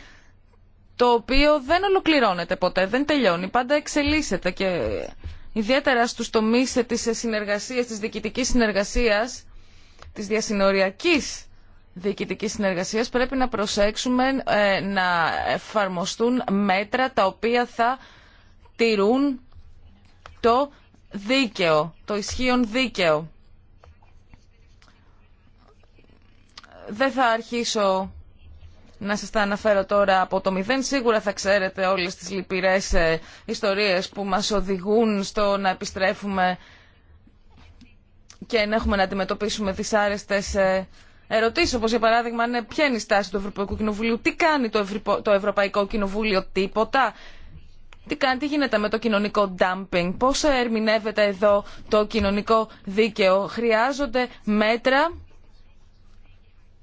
το οποίο δεν ολοκληρώνεται ποτέ, δεν τελειώνει, πάντα εξελίσσεται και ιδιαίτερα στους τομείς της συνεργασίας, της διοικητικής συνεργασίας, της διασυνοριακής Διοικητική συνεργασία, πρέπει να προσέξουμε ε, να εφαρμοστούν μέτρα τα οποία θα τηρούν το δίκαιο, το ισχύον δίκαιο. Δεν θα αρχίσω να σας τα αναφέρω τώρα από το μηδέν. Σίγουρα θα ξέρετε όλες τις λυπηρές ε, ιστορίες που μας οδηγούν στο να επιστρέφουμε και να έχουμε να αντιμετωπίσουμε δυσάρεστες ε, Ερωτήσω, όπω για παράδειγμα είναι ποια είναι η στάση του Ευρωπαϊκού Κοινοβουλίου, τι κάνει το, το Ευρωπαϊκό Κοινοβούλιο, τίποτα. Τι κάνει, τι γίνεται με το κοινωνικό dumping, πώς ερμηνεύεται εδώ το κοινωνικό δίκαιο. Χρειάζονται μέτρα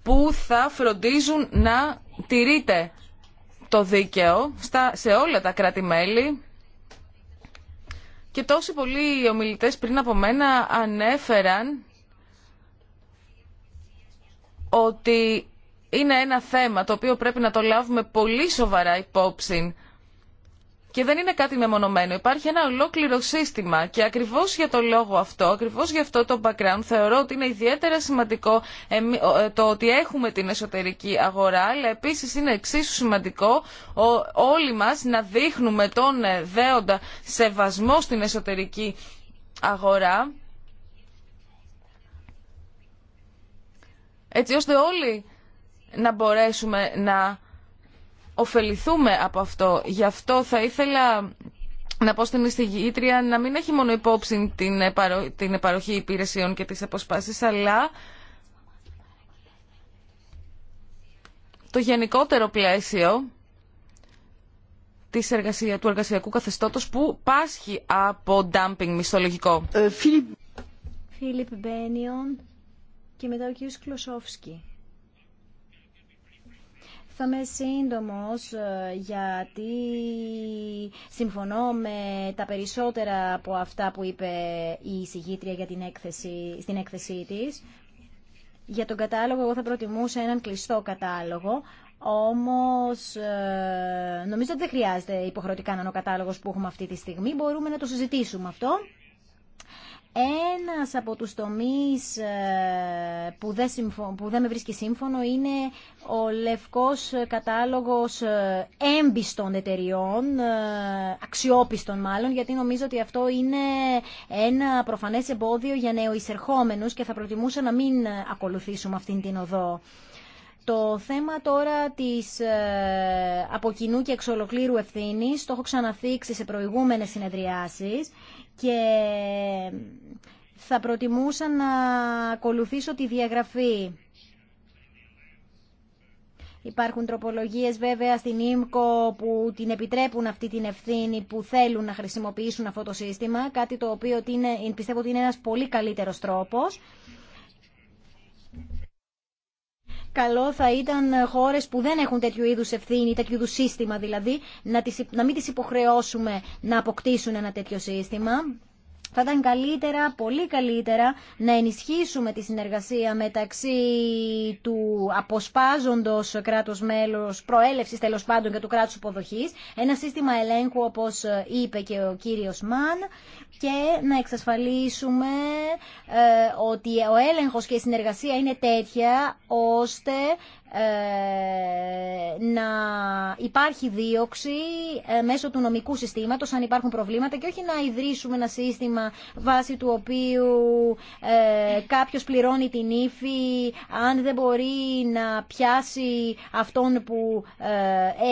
που θα φροντίζουν να τηρείται το δίκαιο στα, σε όλα τα κράτη-μέλη. Και τόσοι πολλοί ομιλητές πριν από μένα ανέφεραν ότι είναι ένα θέμα το οποίο πρέπει να το λάβουμε πολύ σοβαρά υπόψη και δεν είναι κάτι μεμονωμένο. Υπάρχει ένα ολόκληρο σύστημα και ακριβώ για το λόγο αυτό, ακριβώ για αυτό το background, θεωρώ ότι είναι ιδιαίτερα σημαντικό ε, το ότι έχουμε την εσωτερική αγορά, αλλά επίση είναι εξίσου σημαντικό όλοι μα να δείχνουμε τον ε, δέοντα σεβασμό στην εσωτερική αγορά έτσι ώστε όλοι να μπορέσουμε να ωφεληθούμε από αυτό. Γι' αυτό θα ήθελα να πω στην εισηγήτρια να μην έχει μόνο υπόψη την, την παροχή υπηρεσιών και τις αποσπάσεις, αλλά το γενικότερο πλαίσιο της εργασία... του εργασιακού καθεστώτος που πάσχει από dumping μισθολογικό. Ε, και μετά ο κ. Κλωσόφσκι. Θα είμαι σύντομο ε, γιατί συμφωνώ με τα περισσότερα από αυτά που είπε η εισηγήτρια για την έκθεση, στην έκθεσή της. Για τον κατάλογο εγώ θα προτιμούσα έναν κλειστό κατάλογο, όμως ε, νομίζω ότι δεν χρειάζεται υποχρεωτικά να είναι ο κατάλογος που έχουμε αυτή τη στιγμή. Μπορούμε να το συζητήσουμε αυτό. Ένας από τους τομείς ε, που δεν, με βρίσκει σύμφωνο είναι ο λευκός κατάλογος ε, έμπιστων εταιριών, ε, αξιόπιστων μάλλον, γιατί νομίζω ότι αυτό είναι ένα προφανές εμπόδιο για νεοεισερχόμενους και θα προτιμούσα να μην ακολουθήσουμε αυτήν την οδό. Το θέμα τώρα της από και εξολοκλήρου ευθύνης το έχω ξαναθήξει σε προηγούμενες συνεδριάσεις και θα προτιμούσα να ακολουθήσω τη διαγραφή. Υπάρχουν τροπολογίες βέβαια στην ΙΜΚΟ που την επιτρέπουν αυτή την ευθύνη που θέλουν να χρησιμοποιήσουν αυτό το σύστημα, κάτι το οποίο είναι, πιστεύω ότι είναι ένας πολύ καλύτερος τρόπος καλό θα ήταν χώρες που δεν έχουν τέτοιου είδους ευθύνη, τέτοιου είδους σύστημα δηλαδή, να, τις, να μην τις υποχρεώσουμε να αποκτήσουν ένα τέτοιο σύστημα θα ήταν καλύτερα, πολύ καλύτερα, να ενισχύσουμε τη συνεργασία μεταξύ του αποσπάζοντος κράτους μέλους, προέλευσης τέλος πάντων και του κράτους υποδοχής, ένα σύστημα ελέγχου όπως είπε και ο κύριος Μαν και να εξασφαλίσουμε ε, ότι ο έλεγχος και η συνεργασία είναι τέτοια ώστε ε, να υπάρχει δίωξη ε, μέσω του νομικού συστήματος αν υπάρχουν προβλήματα και όχι να ιδρύσουμε ένα σύστημα βάσει του οποίου ε, κάποιος πληρώνει την ύφη αν δεν μπορεί να πιάσει αυτόν που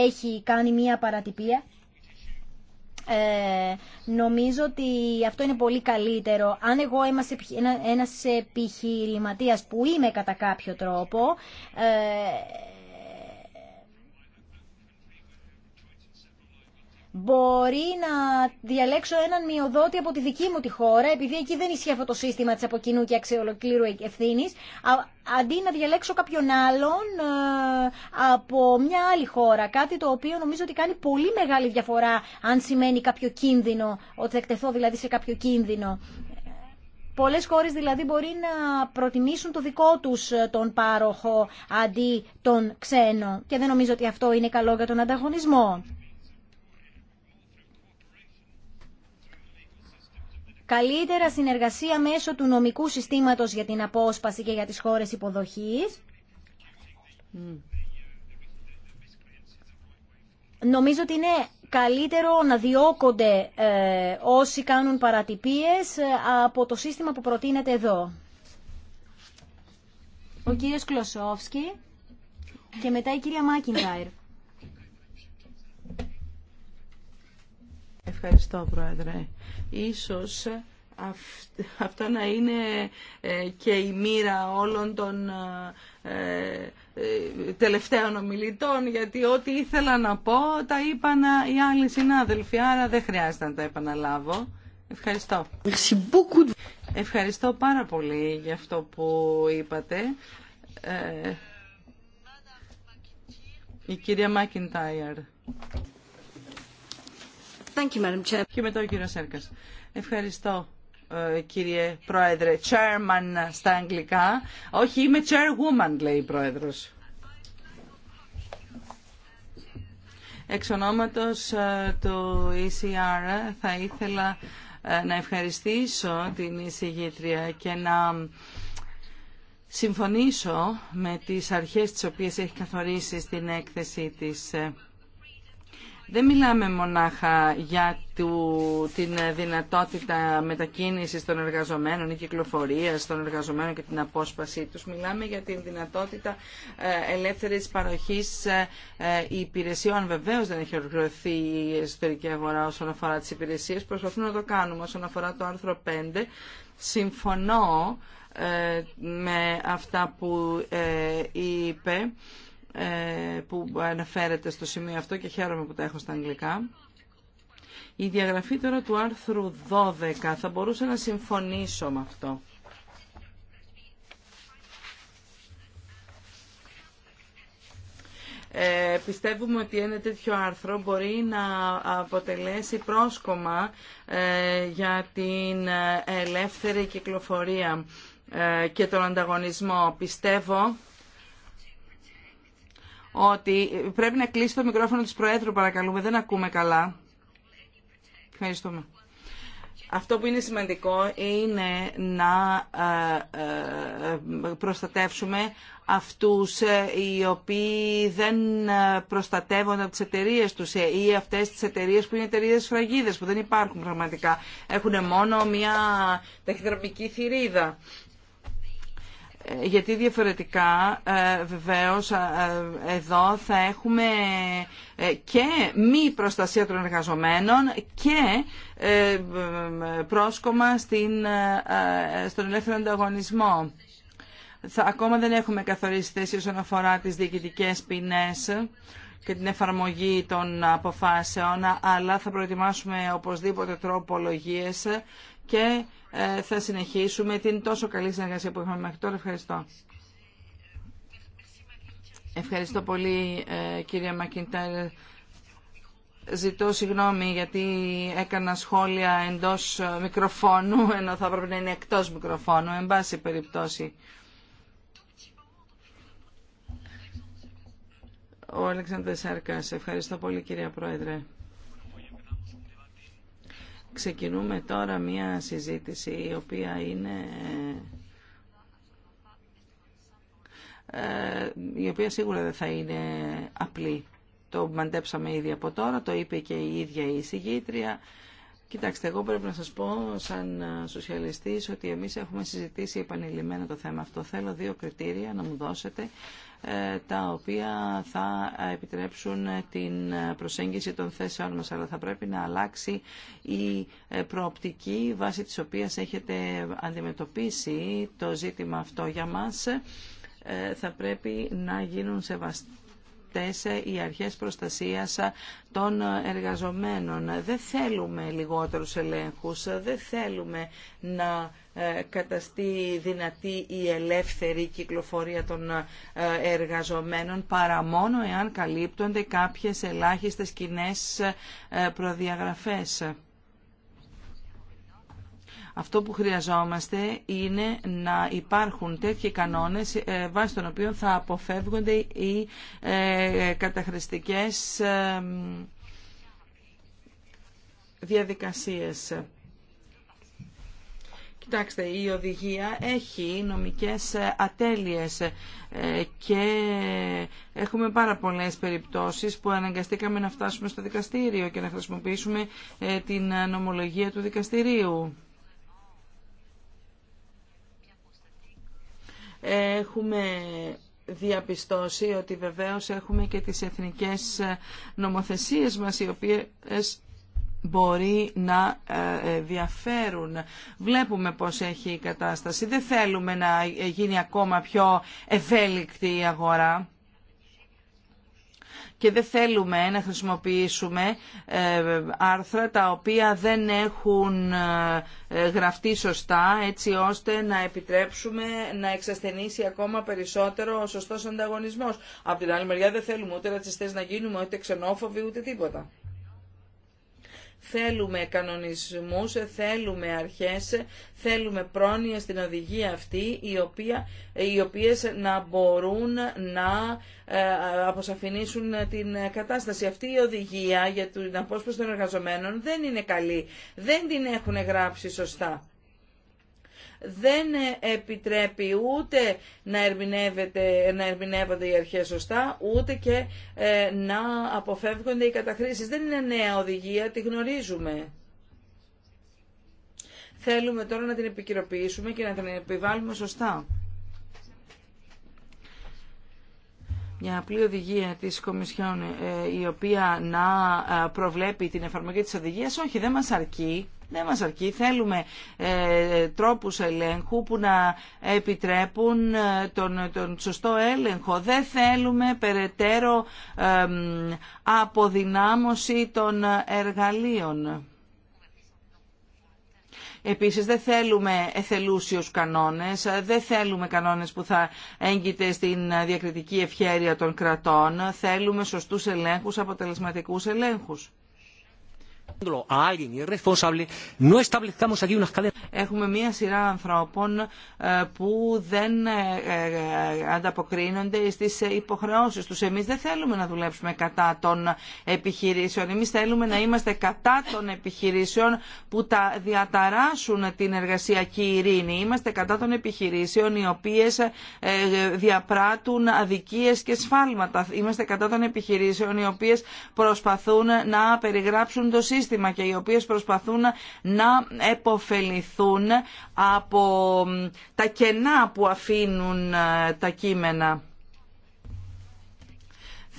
έχει κάνει μία παρατυπία. Ε, νομίζω ότι αυτό είναι πολύ καλύτερο. Αν εγώ είμαι ένας επιχειρηματίας που είμαι κατά κάποιο τρόπο, ε, μπορεί να διαλέξω έναν μειοδότη από τη δική μου τη χώρα, επειδή εκεί δεν ισχύει αυτό το σύστημα της από και αξιολοκλήρου ευθύνης, αντί να διαλέξω κάποιον άλλον ε, από μια άλλη χώρα. Κάτι το οποίο νομίζω ότι κάνει πολύ μεγάλη διαφορά αν σημαίνει κάποιο κίνδυνο, ότι θα εκτεθώ δηλαδή σε κάποιο κίνδυνο. Πολλέ χώρε δηλαδή μπορεί να προτιμήσουν το δικό του ε, τον πάροχο αντί τον ξένο. Και δεν νομίζω ότι αυτό είναι καλό για τον ανταγωνισμό. καλύτερα συνεργασία μέσω του νομικού συστήματος για την απόσπαση και για τις χώρες υποδοχής. Νομίζω ότι είναι καλύτερο να διώκονται ε, όσοι κάνουν παρατυπίες ε, από το σύστημα που προτείνεται εδώ. Ο κύριος Κλωσόφσκι και μετά η κυρία Μάκιντάιρ. Ευχαριστώ, Πρόεδρε. Ίσως αυτό να είναι ε, και η μοίρα όλων των ε, ε, τελευταίων ομιλητών, γιατί ό,τι ήθελα να πω τα είπαν οι άλλοι συνάδελφοι, άρα δεν χρειάζεται να τα επαναλάβω. Ευχαριστώ. Ευχαριστώ πάρα πολύ για αυτό που είπατε. Η κυρία Μάκιντάιρ. Ευχαριστώ ε, κύριε Πρόεδρε. Chairman στα αγγλικά. Όχι, είμαι chairwoman, λέει η Πρόεδρος. Εξ ονόματος ε, του ECR θα ήθελα ε, να ευχαριστήσω την εισηγήτρια και να συμφωνήσω με τις αρχές τις οποίες έχει καθορίσει στην έκθεσή της. Δεν μιλάμε μονάχα για την δυνατότητα μετακίνησης των εργαζομένων ή κυκλοφορίας των εργαζομένων και την απόσπασή τους. Μιλάμε για την δυνατότητα ε, ελεύθερης παροχής ε, ε, υπηρεσιών. Βεβαίως δεν έχει οργανωθεί η εσωτερική αγορά όσον αφορά τις υπηρεσίες. Προσπαθούμε να το κάνουμε όσον αφορά το άρθρο 5. Συμφωνώ με αυτά που είπε ε, που αναφέρεται στο σημείο αυτό και χαίρομαι που τα έχω στα αγγλικά. Η διαγραφή τώρα του άρθρου 12 θα μπορούσα να συμφωνήσω με αυτό. Ε, πιστεύουμε ότι ένα τέτοιο άρθρο μπορεί να αποτελέσει πρόσκομα ε, για την ελεύθερη κυκλοφορία ε, και τον ανταγωνισμό. Πιστεύω ότι πρέπει να κλείσει το μικρόφωνο της Προέδρου παρακαλούμε, δεν ακούμε καλά. Ευχαριστούμε. Αυτό που είναι σημαντικό είναι να ε, ε, προστατεύσουμε αυτούς ε, οι οποίοι δεν προστατεύονται από τις εταιρείες τους ή αυτές τις εταιρείες που είναι εταιρείες φραγίδες που δεν υπάρχουν πραγματικά. Έχουν μόνο μια ταχυδρομική θηρίδα. Ε, γιατί διαφορετικά ε, βεβαίως ε, εδώ θα έχουμε και μη προστασία των εργαζομένων και πρόσκομα στην, στον ελεύθερο ανταγωνισμό. Θα, ακόμα δεν έχουμε καθορίσει θέση όσον αφορά τις διοικητικές ποινές και την εφαρμογή των αποφάσεων, αλλά θα προετοιμάσουμε οπωσδήποτε τροπολογίες και ε, θα συνεχίσουμε την τόσο καλή συνεργασία που είχαμε μέχρι τώρα. Ευχαριστώ. Ευχαριστώ πολύ ε, κυρία Μακιντάρ. Ζητώ συγγνώμη γιατί έκανα σχόλια εντός ε, μικροφώνου, (laughs) ενώ θα έπρεπε να είναι εκτός μικροφώνου, εν πάση περιπτώσει. Ο Αλεξάνδρος Σάρκας. Ευχαριστώ πολύ κυρία Πρόεδρε. Ξεκινούμε τώρα μία συζήτηση η οποία είναι ε, η οποία σίγουρα δεν θα είναι απλή. Το μαντέψαμε ήδη από τώρα, το είπε και η ίδια η συγγήτρια. Κοιτάξτε, εγώ πρέπει να σας πω σαν σοσιαλιστής ότι εμείς έχουμε συζητήσει επανειλημμένα το θέμα αυτό. Θέλω δύο κριτήρια να μου δώσετε τα οποία θα επιτρέψουν την προσέγγιση των θέσεων μας, αλλά θα πρέπει να αλλάξει η ε, προοπτική βάσει της οποίας έχετε αντιμετωπίσει το ζήτημα αυτό για μας. Ε, θα πρέπει να γίνουν σεβαστοί οι αρχές προστασίας των εργαζομένων. Δεν θέλουμε λιγότερους ελέγχους, δεν θέλουμε να ε, καταστεί δυνατή η ελεύθερη κυκλοφορία των ε, εργαζομένων παρά μόνο εάν καλύπτονται κάποιες ελάχιστες κοινέ ε, προδιαγραφές. Αυτό που χρειαζόμαστε είναι να υπάρχουν τέτοιοι κανόνες βάσει των οποίων θα αποφεύγονται οι καταχρηστικές διαδικασίες. Κοιτάξτε, η οδηγία έχει νομικές ε, ατέλειες ε, και έχουμε πάρα πολλές περιπτώσεις που αναγκαστήκαμε να φτάσουμε στο δικαστήριο και να χρησιμοποιήσουμε ε, την νομολογία του δικαστηρίου. Έχουμε διαπιστώσει ότι βεβαίως έχουμε και τις εθνικές νομοθεσίες μας οι οποίες μπορεί να ε, ε, διαφέρουν. Βλέπουμε πώς έχει η κατάσταση. Δεν θέλουμε να γίνει ακόμα πιο ευέλικτη η αγορά και δεν θέλουμε να χρησιμοποιήσουμε ε, άρθρα τα οποία δεν έχουν γραφτεί σωστά έτσι ώστε να επιτρέψουμε να εξασθενήσει ακόμα περισσότερο ο σωστός ανταγωνισμός. Από την άλλη μεριά δεν θέλουμε ούτε ρατσιστές να γίνουμε, ούτε ξενόφοβοι, ούτε τίποτα. Θέλουμε κανονισμούς, θέλουμε αρχές, θέλουμε πρόνοια στην οδηγία αυτή, η οποία, οι οποίες να μπορούν να ε, αποσαφηνίσουν την κατάσταση. Αυτή η οδηγία για την απόσπαση των εργαζομένων δεν είναι καλή. Δεν την έχουν γράψει σωστά δεν επιτρέπει ούτε να, να ερμηνεύονται οι αρχές σωστά, ούτε και ε, να αποφεύγονται οι καταχρήσεις. Δεν είναι νέα οδηγία, τη γνωρίζουμε. Θέλουμε τώρα να την επικυροποιήσουμε και να την επιβάλλουμε σωστά. μια απλή οδηγία της Κομισιόν ε, η οποία να ε, προβλέπει την εφαρμογή της οδηγίας, όχι δεν μας αρκεί δεν ναι, μας αρκεί. Θέλουμε ε, τρόπους ελέγχου που να επιτρέπουν ε, τον, τον σωστό έλεγχο. Δεν θέλουμε περαιτέρω ε, αποδυνάμωση των εργαλείων. Επίσης δεν θέλουμε εθελούσιους κανόνες, δεν θέλουμε κανόνες που θα έγκυται στην διακριτική ευχέρεια των κρατών, θέλουμε σωστούς ελέγχους, αποτελεσματικούς ελέγχους. Έχουμε μία σειρά ανθρώπων ε, που δεν ε, ε, ανταποκρίνονται στις υποχρεώσεις τους. Εμείς δεν θέλουμε να δουλέψουμε κατά των επιχειρήσεων. Εμείς θέλουμε να είμαστε κατά των επιχειρήσεων που τα διαταράσουν την εργασιακή ειρήνη. Είμαστε κατά των επιχειρήσεων οι οποίες διαπράττουν αδικίες και σφάλματα. Είμαστε κατά των επιχειρήσεων οι οποίες προσπαθούν να περιγράψουν το σύστημα σύστημα και οι οποίες προσπαθούν να επωφεληθούν από τα κενά που αφήνουν ε, τα κείμενα.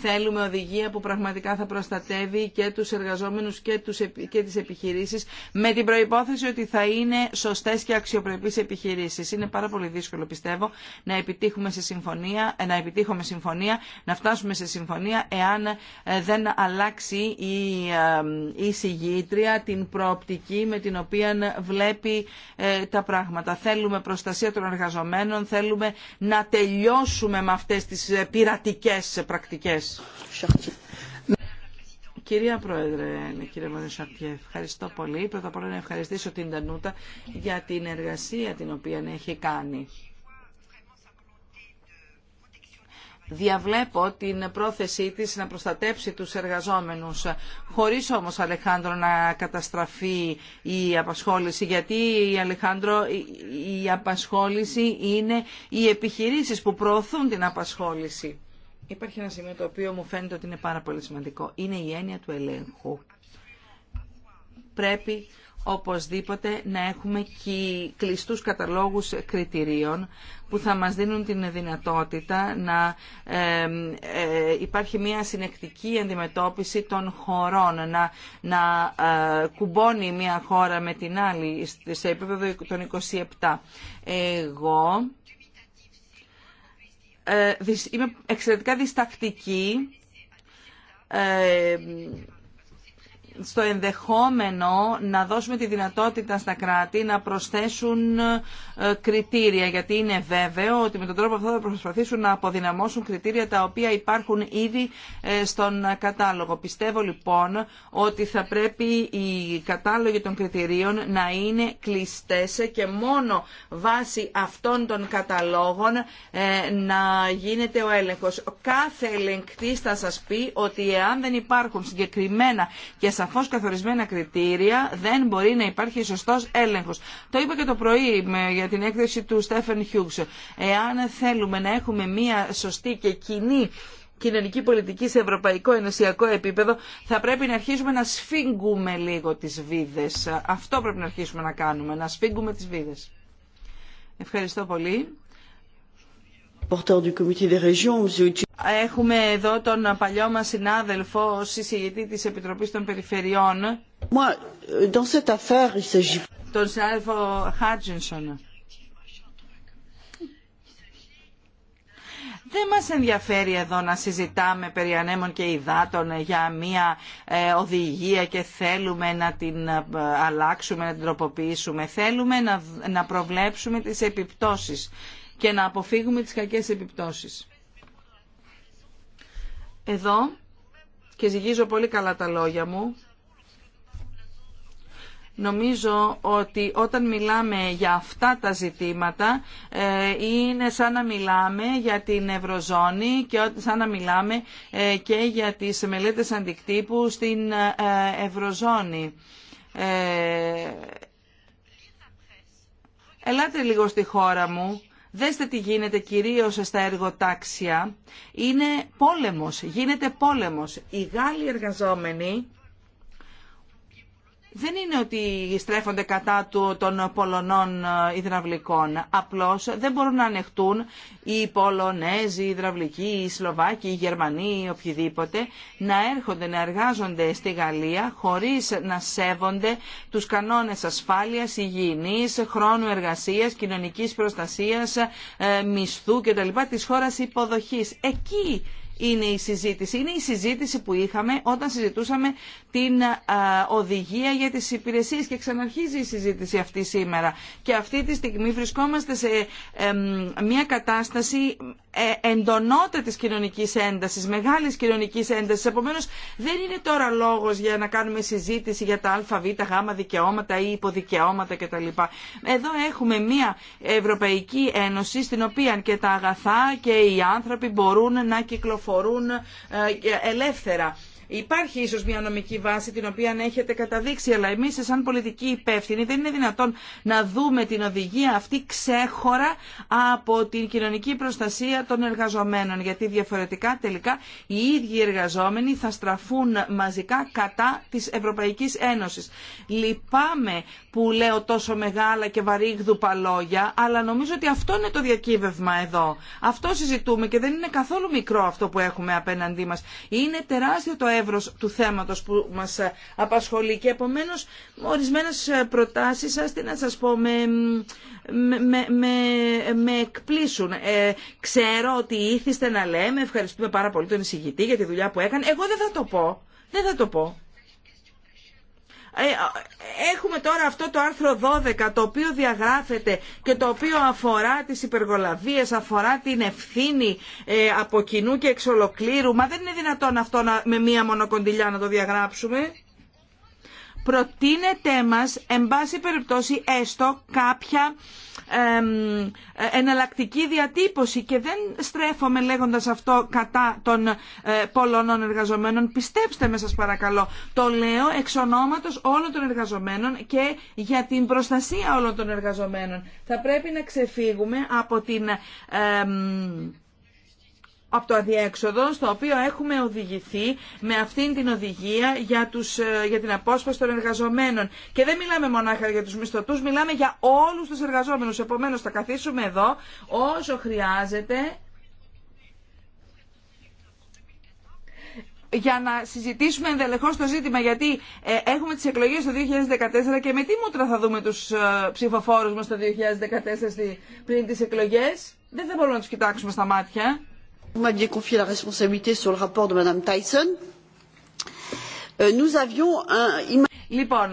Θέλουμε οδηγία που πραγματικά θα προστατεύει και τους εργαζόμενους και, τους, και τις επιχειρήσεις με την προϋπόθεση ότι θα είναι σωστές και αξιοπρεπείς επιχειρήσεις. Είναι πάρα πολύ δύσκολο πιστεύω να επιτύχουμε σε συμφωνία, ε, να επιτύχουμε συμφωνία, να φτάσουμε σε συμφωνία εάν ε, δεν αλλάξει η, ε, η συγγήτρια την προοπτική με την οποία βλέπει τα πράγματα. Θέλουμε προστασία των εργαζομένων, θέλουμε να τελειώσουμε με αυτές τις πειρατικές πρακτικές. Κυρία Πρόεδρε, κύριε Μαδεσσαρτιέ, ευχαριστώ πολύ. Πρώτα απ' όλα να ευχαριστήσω την Τανούτα για την εργασία την οποία έχει κάνει. Διαβλέπω την πρόθεσή της να προστατέψει τους εργαζόμενους, χωρίς όμως, Αλεχάνδρο, να καταστραφεί η απασχόληση, γιατί, Αλεχάνδρο, η απασχόληση είναι οι επιχειρήσεις που προωθούν την απασχόληση. Υπάρχει ένα σημείο το οποίο μου φαίνεται ότι είναι πάρα πολύ σημαντικό. Είναι η έννοια του ελέγχου. Πρέπει οπωσδήποτε να έχουμε και κλειστούς καταλόγους κριτηρίων που θα μας δίνουν την δυνατότητα να ε, υπάρχει μια συνεκτική αντιμετώπιση των χωρών, να, να ε, κουμπώνει μια χώρα με την άλλη σε επίπεδο των 27. Εγώ ε, είμαι εξαιρετικά διστακτική ε, στο ενδεχόμενο να δώσουμε τη δυνατότητα στα κράτη να προσθέσουν ε, κριτήρια, γιατί είναι βέβαιο ότι με τον τρόπο αυτό θα προσπαθήσουν να αποδυναμώσουν κριτήρια τα οποία υπάρχουν ήδη ε, στον κατάλογο. Πιστεύω λοιπόν ότι θα πρέπει οι κατάλογοι των κριτηρίων να είναι κλειστές και μόνο βάσει αυτών των καταλόγων ε, να γίνεται ο έλεγχος. κάθε ελεγκτής θα σας πει ότι εάν δεν υπάρχουν συγκεκριμένα και Σαφώ καθορισμένα κριτήρια δεν μπορεί να υπάρχει σωστός έλεγχος. Το είπα και το πρωί για την έκθεση του Στέφεν Χιούξ. Εάν θέλουμε να έχουμε μία σωστή και κοινή κοινωνική πολιτική σε ευρωπαϊκό ενωσιακό επίπεδο θα πρέπει να αρχίσουμε να σφίγγουμε λίγο τις βίδες. Αυτό πρέπει να αρχίσουμε να κάνουμε, να σφίγγουμε τι βίδες. Ευχαριστώ πολύ. Έχουμε εδώ τον παλιό μα συνάδελφο συζητητή της Επιτροπής των Περιφερειών. τον συνάδελφο Χάτζινσον. Δεν μας ενδιαφέρει εδώ να συζητάμε περί ανέμων και υδάτων για μια ε, οδηγία και θέλουμε να την ε, αλλάξουμε, να την τροποποιήσουμε. Θέλουμε να προβλέψουμε τις επιπτώσεις και να αποφύγουμε τις κακές επιπτώσεις. Εδώ, και ζυγίζω πολύ καλά τα λόγια μου, Νομίζω ότι όταν μιλάμε για αυτά τα ζητήματα ε, είναι σαν να μιλάμε για την Ευρωζώνη και σαν να μιλάμε ε, και για τις μελέτες αντικτύπου στην ε, Ευρωζώνη. Ελάτε λίγο στη χώρα μου δέστε τι γίνεται κυρίως στα εργοτάξια, είναι πόλεμος, γίνεται πόλεμος. Οι Γάλλοι εργαζόμενοι δεν είναι ότι στρέφονται κατά του των Πολωνών ε, υδραυλικών. Απλώς δεν μπορούν να ανεχτούν οι Πολωνέζοι, οι Ιδραυλικοί, οι Σλοβάκοι, οι Γερμανοί οποιοδήποτε να έρχονται να εργάζονται στη Γαλλία χωρίς να σέβονται τους κανόνες ασφάλειας, υγιεινής, χρόνου εργασίας, κοινωνικής προστασίας, ε, μισθού κτλ. της χώρας υποδοχής. Εκεί είναι η συζήτηση. η συζήτηση που είχαμε όταν συζητούσαμε την οδηγία για τις υπηρεσίες και ξαναρχίζει η συζήτηση αυτή σήμερα. Και αυτή τη στιγμή βρισκόμαστε σε μια κατάσταση ε, εντονότητα της κοινωνικής έντασης, μεγάλης κοινωνικής έντασης. Επομένως δεν είναι τώρα λόγος για να κάνουμε συζήτηση για τα α, β, γ δικαιώματα ή υποδικαιώματα κτλ. Εδώ έχουμε μια Ευρωπαϊκή Ένωση στην οποία και τα αγαθά και οι άνθρωποι μπορούν να κυκλοφορούν ε, ελεύθερα. Υπάρχει ίσω μια νομική βάση την οποία έχετε καταδείξει, αλλά εμεί σαν πολιτικοί υπεύθυνοι δεν είναι δυνατόν να δούμε την οδηγία αυτή ξέχωρα από την κοινωνική προστασία των εργαζομένων, γιατί διαφορετικά τελικά οι ίδιοι εργαζόμενοι θα στραφούν μαζικά κατά τη Ευρωπαϊκή Ένωση. Λυπάμαι που λέω τόσο μεγάλα και βαρύγδουπα λόγια, αλλά νομίζω ότι αυτό είναι το διακύβευμα εδώ. Αυτό συζητούμε και δεν είναι καθόλου μικρό αυτό που έχουμε απέναντί μα. Είναι τεράστιο το εύρο του θέματος που μας απασχολεί και επομένως ορισμένες προτάσεις σα, τι να σα πω, με, με, με, με εκπλήσουν. Ε, ξέρω ότι ήθιστε να λέμε, ευχαριστούμε πάρα πολύ τον εισηγητή για τη δουλειά που έκανε. Εγώ δεν θα το πω, δεν θα το πω. Ε, ε, έχουμε τώρα αυτό το άρθρο 12 το οποίο διαγράφεται και το οποίο αφορά τις υπεργολαβίες, αφορά την ευθύνη ε, από κοινού και εξ ολοκλήρου. Μα δεν είναι δυνατόν αυτό να, με μία μονοκοντιλιά να το διαγράψουμε προτείνετε μας, εν πάση περιπτώσει, έστω κάποια εναλλακτική διατύπωση και δεν στρέφομαι λέγοντας αυτό κατά των ε, εργαζομένων. Πιστέψτε με σας παρακαλώ. Το λέω εξ ονόματος όλων των εργαζομένων και για την προστασία όλων των εργαζομένων. Θα πρέπει να ξεφύγουμε από την από το αδιέξοδο στο οποίο έχουμε οδηγηθεί με αυτήν την οδηγία για, τους, ε, για την απόσπαση των εργαζομένων. Και δεν μιλάμε μονάχα για τους μισθωτούς, μιλάμε για όλους τους εργαζόμενους. Επομένως θα καθίσουμε εδώ όσο χρειάζεται για να συζητήσουμε ενδελεχώς το ζήτημα, γιατί ε, έχουμε τις εκλογές το 2014 και με τι μούτρα θα δούμε τους ε, ψηφοφόρους μας το 2014 πριν τις εκλογές. Δεν θα μπορούμε να τους κοιτάξουμε στα μάτια. Λοιπόν,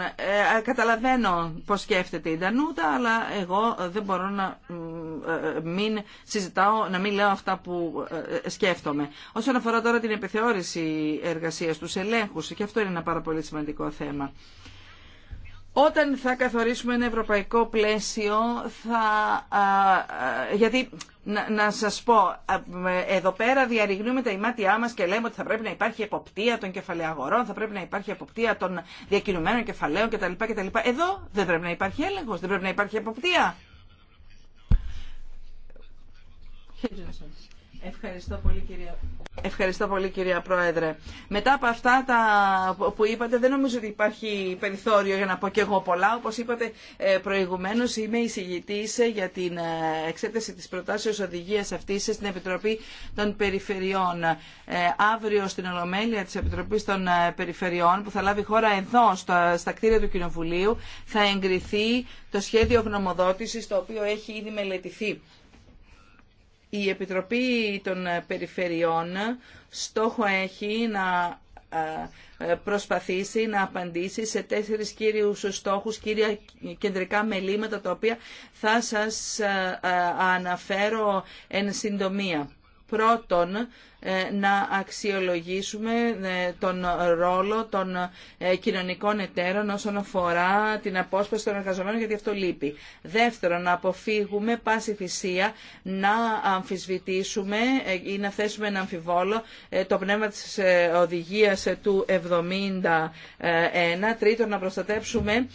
καταλαβαίνω πώς σκέφτεται η Ντανούτα, αλλά εγώ ε, δεν μπορώ να ε, ε, μην συζητάω, να μην λέω αυτά που σκέφτομαι. Όσον αφορά τώρα την επιθεώρηση εργασίας, τους ελέγχους, και αυτό είναι ένα πάρα πολύ σημαντικό θέμα. Όταν θα καθορίσουμε ένα ευρωπαϊκό πλαίσιο, θα, α, γιατί να, να σας πω, εδώ πέρα διαρριγνούμε τα ημάτια μας και λέμε ότι θα πρέπει να υπάρχει εποπτεία των κεφαλαίων θα πρέπει να υπάρχει εποπτεία των διακινουμένων κεφαλαίων κτλ. κτλ. Εδώ δεν πρέπει να υπάρχει έλεγχος, δεν πρέπει να υπάρχει εποπτεία. Ευχαριστώ πολύ κυρία Ευχαριστώ πολύ κυρία Πρόεδρε. Μετά από αυτά τα που είπατε δεν νομίζω ότι υπάρχει περιθώριο για να πω και εγώ πολλά. Όπως είπατε ε, προηγουμένως είμαι εισηγητής για την ε, εξέταση της προτάσεως οδηγίας αυτής στην Επιτροπή των Περιφερειών. Ε, αύριο στην Ολομέλεια της Επιτροπής των Περιφερειών που θα λάβει χώρα εδώ στα κτίρια του Κοινοβουλίου θα εγκριθεί το σχέδιο γνωμοδότησης το οποίο έχει ήδη μελετηθεί η Επιτροπή των Περιφερειών στόχο έχει να ε, ε, προσπαθήσει να απαντήσει σε τέσσερις κύριους στόχους, κύρια κεντρικά μελήματα, τα οποία θα σας ε, αναφέρω εν συντομία. Πρώτον, ε, να αξιολογήσουμε ε, τον ρόλο των ε, κοινωνικών εταίρων όσον αφορά την απόσπαση των εργαζομένων, γιατί αυτό λείπει. Δεύτερον, να αποφύγουμε πάση θυσία να αμφισβητήσουμε ή να θέσουμε ένα αμφιβόλο το πνεύμα της οδηγίας του 71. Τρίτον, να προστατέψουμε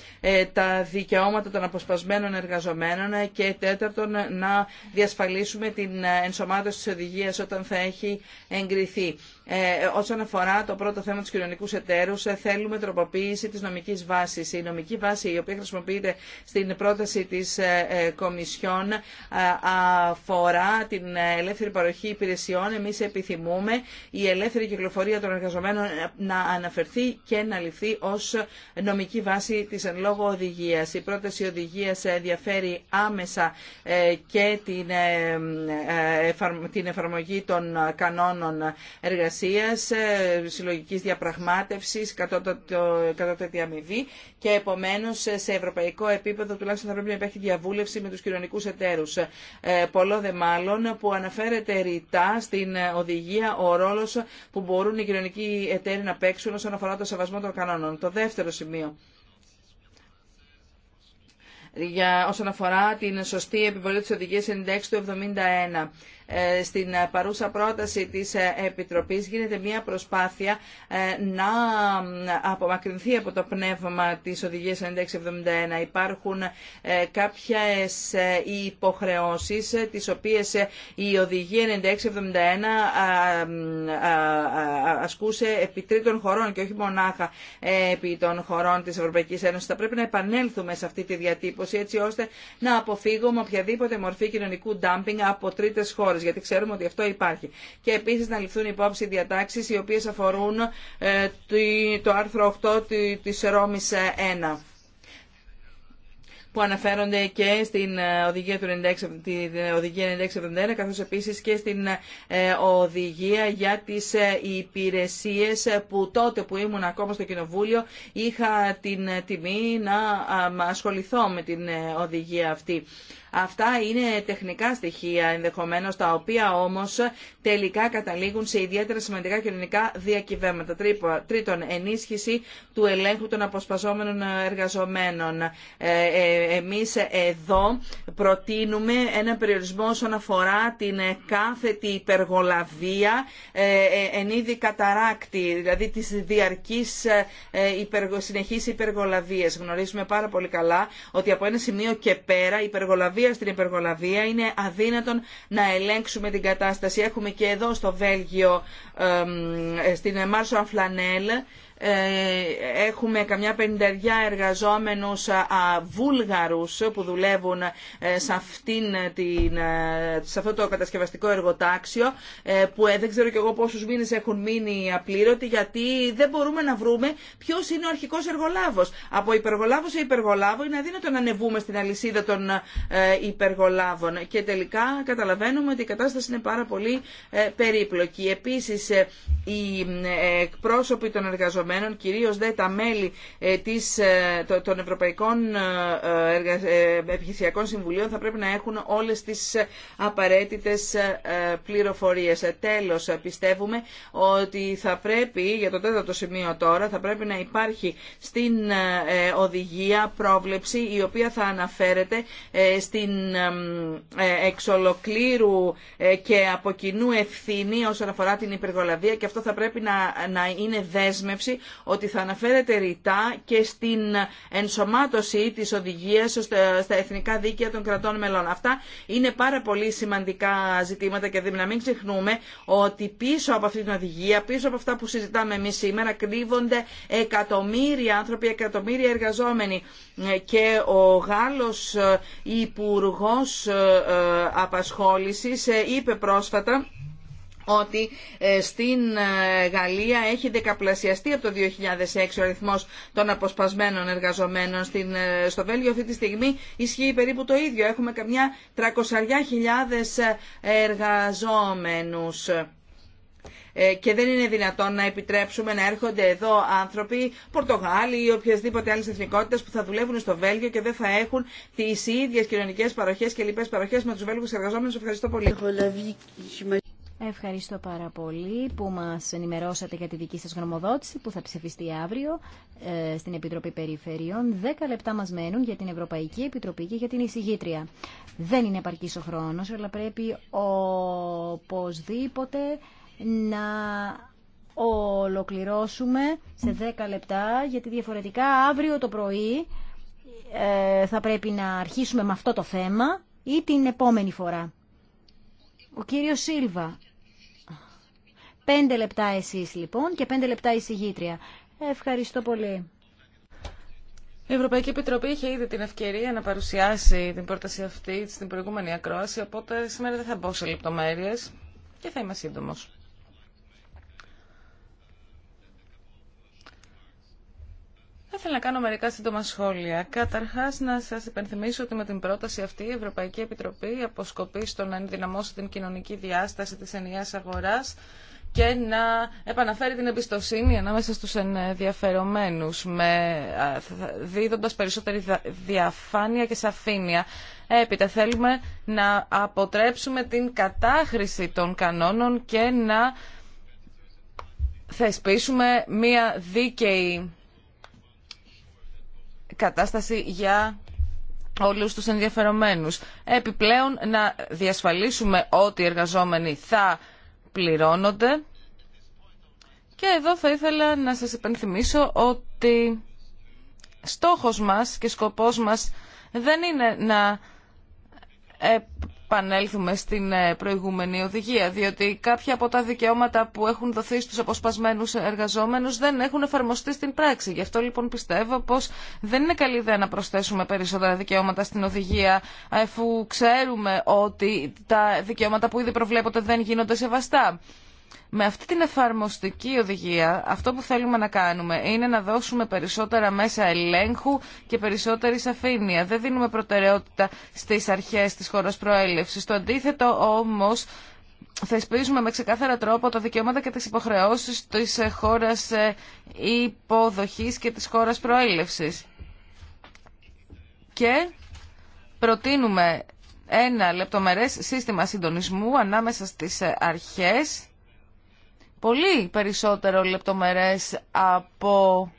τα δικαιώματα των αποσπασμένων εργαζομένων και τέταρτον, να διασφαλίσουμε την ενσωμάτωση της οδηγίας όταν θα έχει εγκριθεί. Ε, όσον αφορά το πρώτο θέμα του κοινωνικού εταίρους, ε, θέλουμε τροποποίηση τη νομική βάση. Η νομική βάση η οποία χρησιμοποιείται στην πρόταση της ε, Κομισιόν αφορά την ελεύθερη παροχή υπηρεσιών. Εμεί επιθυμούμε η ελεύθερη κυκλοφορία των εργαζομένων να αναφερθεί και να ληφθεί ως νομική βάση τη εν λόγω οδηγία. Η πρόταση οδηγίας ενδιαφέρει άμεσα και την εφαρμογή των κανόνων εργασία ε, Συλλογική διαπραγμάτευση διαπραγμάτευσης, κατώτατη αμοιβή και επομένως ε, σε ευρωπαϊκό επίπεδο τουλάχιστον θα πρέπει να υπάρχει διαβούλευση με τους κοινωνικούς εταίρους. Ε, πολλό δε μάλλον που αναφέρεται ρητά στην οδηγία ο ρόλος που μπορούν οι κοινωνικοί εταίροι να παίξουν όσον αφορά το σεβασμό των κανόνων. Το δεύτερο σημείο για, όσον αφορά την σωστή επιβολή της οδηγίας 96 του 71. Ε, στην παρούσα πρόταση της ε, Επιτροπής γίνεται μια προσπάθεια ε, να απομακρυνθεί από το πνεύμα της Οδηγίας 9671. Υπάρχουν κάποιες υποχρεώσεις τις οποίες η Οδηγία 9671 ασκούσε επί τρίτων χωρών και όχι μονάχα επί των χωρών της Ευρωπαϊκής Ένωσης. Θα πρέπει να επανέλθουμε σε αυτή τη διατύπωση έτσι ώστε να αποφύγουμε οποιαδήποτε μορφή κοινωνικού ντάμπινγκ από τρίτες χώρες γιατί ξέρουμε ότι αυτό υπάρχει. Και επίσης να ληφθούν υπόψη διατάξεις οι οποίες αφορούν ε, το άρθρο 8 της Ρώμη 1 ε, που αναφέρονται και στην ε, οδηγία του 96, την οδηγία 9671 καθώς επίσης και στην οδηγία για τις υπηρεσίες που τότε που ήμουν ακόμα στο Κοινοβούλιο είχα την τιμή να ασχοληθώ με την οδηγία αυτή. Αυτά είναι τεχνικά στοιχεία ενδεχομένως, τα οποία όμως τελικά καταλήγουν σε ιδιαίτερα σημαντικά κοινωνικά διακυβέρματα. Τρίτον, ενίσχυση του ελέγχου των αποσπαζόμενων εργαζομένων. Ε, ε, εμείς εδώ προτείνουμε ένα περιορισμό όσον αφορά την κάθετη υπεργολαβία ε, εν είδη καταράκτη, δηλαδή της διαρκής συνεχής Γνωρίζουμε πάρα πολύ καλά ότι από ένα σημείο και πέρα υπεργολαβία βία στην υπεργολαβία. Είναι αδύνατον να ελέγξουμε την κατάσταση. Έχουμε και εδώ στο Βέλγιο, στην Μάρσο Αμφλανέλ, ε, έχουμε καμιά πενταριά εργαζόμενους βούλγαρους που δουλεύουν ε, σε, αυτήν την, ε, σε αυτό το κατασκευαστικό εργοτάξιο που δεν ξέρω κι εγώ πόσους μήνες έχουν μείνει απλήρωτοι γιατί δεν μπορούμε να βρούμε ποιος είναι ο αρχικός εργολάβος. Από υπεργολάβο σε υπεργολάβο είναι αδύνατο να ανεβούμε στην αλυσίδα των υπεργολάβων και τελικά καταλαβαίνουμε ότι η κατάσταση είναι πάρα πολύ περίπλοκη. Επίσης οι εκπρόσωποι των εργαζομένων εργαζομένων, κυρίως δε τα μέλη ε, της, ε, των Ευρωπαϊκών ε, Επιχειρησιακών Συμβουλίων θα πρέπει να έχουν όλες τις απαραίτητες πληροφορίες. Τέλος, πιστεύουμε ότι θα πρέπει, για το τέταρτο σημείο τώρα, θα πρέπει να υπάρχει στην οδηγία πρόβλεψη η οποία θα αναφέρεται στην εξολοκλήρου και από κοινού ευθύνη όσον αφορά την υπεργολαβία και αυτό θα πρέπει να είναι δέσμευση ότι θα αναφέρεται ρητά και στην ενσωμάτωση της οδηγίας στα εθνικά δίκαια των κρατών μελών. Αυτά είναι πάρα πολύ σημαντικά ζητήματα και να μην ξεχνούμε ότι πίσω από αυτή την οδηγία, πίσω από αυτά που συζητάμε εμείς σήμερα, κρύβονται εκατομμύρια άνθρωποι, εκατομμύρια εργαζόμενοι. Και ο Γάλλος ε, Υπουργός ε, ε, Απασχόλησης είπε πρόσφατα ότι ε, στην ε, Γαλλία έχει δεκαπλασιαστεί από το 2006 ο αριθμός των αποσπασμένων εργαζομένων. Στην, ε, στο Βέλγιο αυτή τη στιγμή ισχύει περίπου το ίδιο. Έχουμε καμιά 300.000 εργαζόμενους και δεν είναι δυνατόν να επιτρέψουμε να έρχονται εδώ άνθρωποι, Πορτογάλοι ή οποιασδήποτε άλλη εθνικότητα που θα δουλεύουν στο Βέλγιο και δεν θα έχουν τι ίδιε κοινωνικέ παροχέ και λοιπέ παροχέ με του Βέλγου εργαζόμενου. Ευχαριστώ πολύ. Ευχαριστώ πάρα πολύ που μας ενημερώσατε για τη δική σας γνωμοδότηση που θα ψηφιστεί αύριο ε, στην Επιτροπή Περιφερειών. Δέκα λεπτά μας μένουν για την Ευρωπαϊκή Επιτροπή και για την εισηγήτρια. Δεν είναι επαρκής ο χρόνος, αλλά πρέπει οπωσδήποτε να ολοκληρώσουμε σε δέκα λεπτά, γιατί διαφορετικά αύριο το πρωί ε, θα πρέπει να αρχίσουμε με αυτό το θέμα ή την επόμενη φορά. Ο κύριος Σίλβα Πέντε λεπτά εσείς λοιπόν και πέντε λεπτά η συγγήτρια. Ευχαριστώ πολύ. Η Ευρωπαϊκή Επιτροπή είχε ήδη την ευκαιρία να παρουσιάσει την πρόταση αυτή στην προηγούμενη ακρόαση, οπότε σήμερα δεν θα μπω σε λεπτομέρειες και θα είμαι σύντομος. Θα ήθελα να κάνω μερικά σύντομα σχόλια. Καταρχά, να σα υπενθυμίσω ότι με την πρόταση αυτή η Ευρωπαϊκή Επιτροπή αποσκοπεί στο να ενδυναμώσει την κοινωνική διάσταση τη ενιαία αγορά και να επαναφέρει την εμπιστοσύνη ανάμεσα στους ενδιαφερομένους με, δίδοντας περισσότερη διαφάνεια και σαφήνεια. Έπειτα θέλουμε να αποτρέψουμε την κατάχρηση των κανόνων και να θεσπίσουμε μία δίκαιη κατάσταση για όλους τους ενδιαφερομένους. Επιπλέον να διασφαλίσουμε ότι οι εργαζόμενοι θα πληρώνονται. Και εδώ θα ήθελα να σας υπενθυμίσω ότι στόχος μας και σκοπός μας δεν είναι να επανέλθουμε στην ε, προηγούμενη οδηγία, διότι κάποια από τα δικαιώματα που έχουν δοθεί στους αποσπασμένους εργαζόμενους δεν έχουν εφαρμοστεί στην πράξη. Γι' αυτό λοιπόν πιστεύω πως δεν είναι καλή ιδέα να προσθέσουμε περισσότερα δικαιώματα στην οδηγία, αφού ξέρουμε ότι τα δικαιώματα που ήδη προβλέπονται δεν γίνονται σεβαστά. Με αυτή την εφαρμοστική οδηγία αυτό που θέλουμε να κάνουμε είναι να δώσουμε περισσότερα μέσα ελέγχου και περισσότερη σαφήνεια. Δεν δίνουμε προτεραιότητα στις αρχές της χώρας προέλευσης. Το αντίθετο όμως θεσπίζουμε με ξεκάθαρα τρόπο τα δικαιώματα και τις υποχρεώσεις της χώρας ε, υποδοχής και της χώρας προέλευσης. Και προτείνουμε ένα λεπτομερές σύστημα συντονισμού ανάμεσα στις αρχές πολύ περισσότερο λεπτομερές από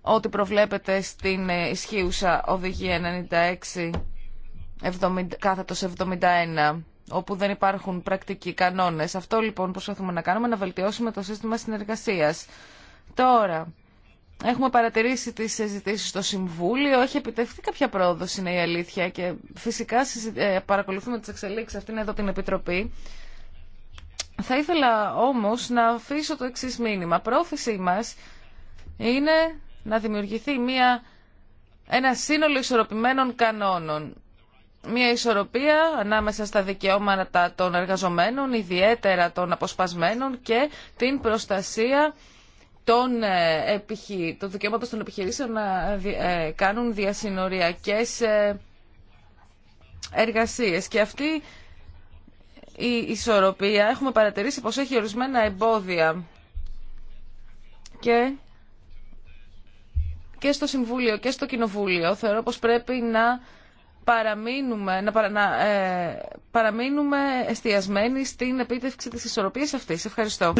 ό,τι προβλέπεται στην ισχύουσα οδηγία 96 71 όπου δεν υπάρχουν πρακτικοί κανόνες. Αυτό λοιπόν προσπαθούμε να κάνουμε, να βελτιώσουμε το σύστημα συνεργασίας. Τώρα, έχουμε παρατηρήσει τις συζητήσεις στο Συμβούλιο, έχει επιτευχθεί κάποια πρόοδος είναι η αλήθεια και φυσικά ε, παρακολουθούμε τις εξελίξεις αυτήν εδώ την Επιτροπή θα ήθελα όμως να αφήσω το εξή μήνυμα. Πρόθεσή μας είναι να δημιουργηθεί μια, ένα σύνολο ισορροπημένων κανόνων. Μια ισορροπία ανάμεσα στα δικαιώματα των εργαζομένων, ιδιαίτερα των αποσπασμένων και την προστασία των, ε, επιχει... των των επιχειρήσεων να ε, ε, κάνουν διασυνοριακές εργασίες. Και αυτή η ισορροπία έχουμε παρατηρήσει πως έχει ορισμένα εμπόδια και, και στο Συμβούλιο και στο Κοινοβούλιο θεωρώ πως πρέπει να παραμείνουμε, να, παρα, να ε, παραμείνουμε εστιασμένοι στην επίτευξη της ισορροπίας αυτής. Ευχαριστώ.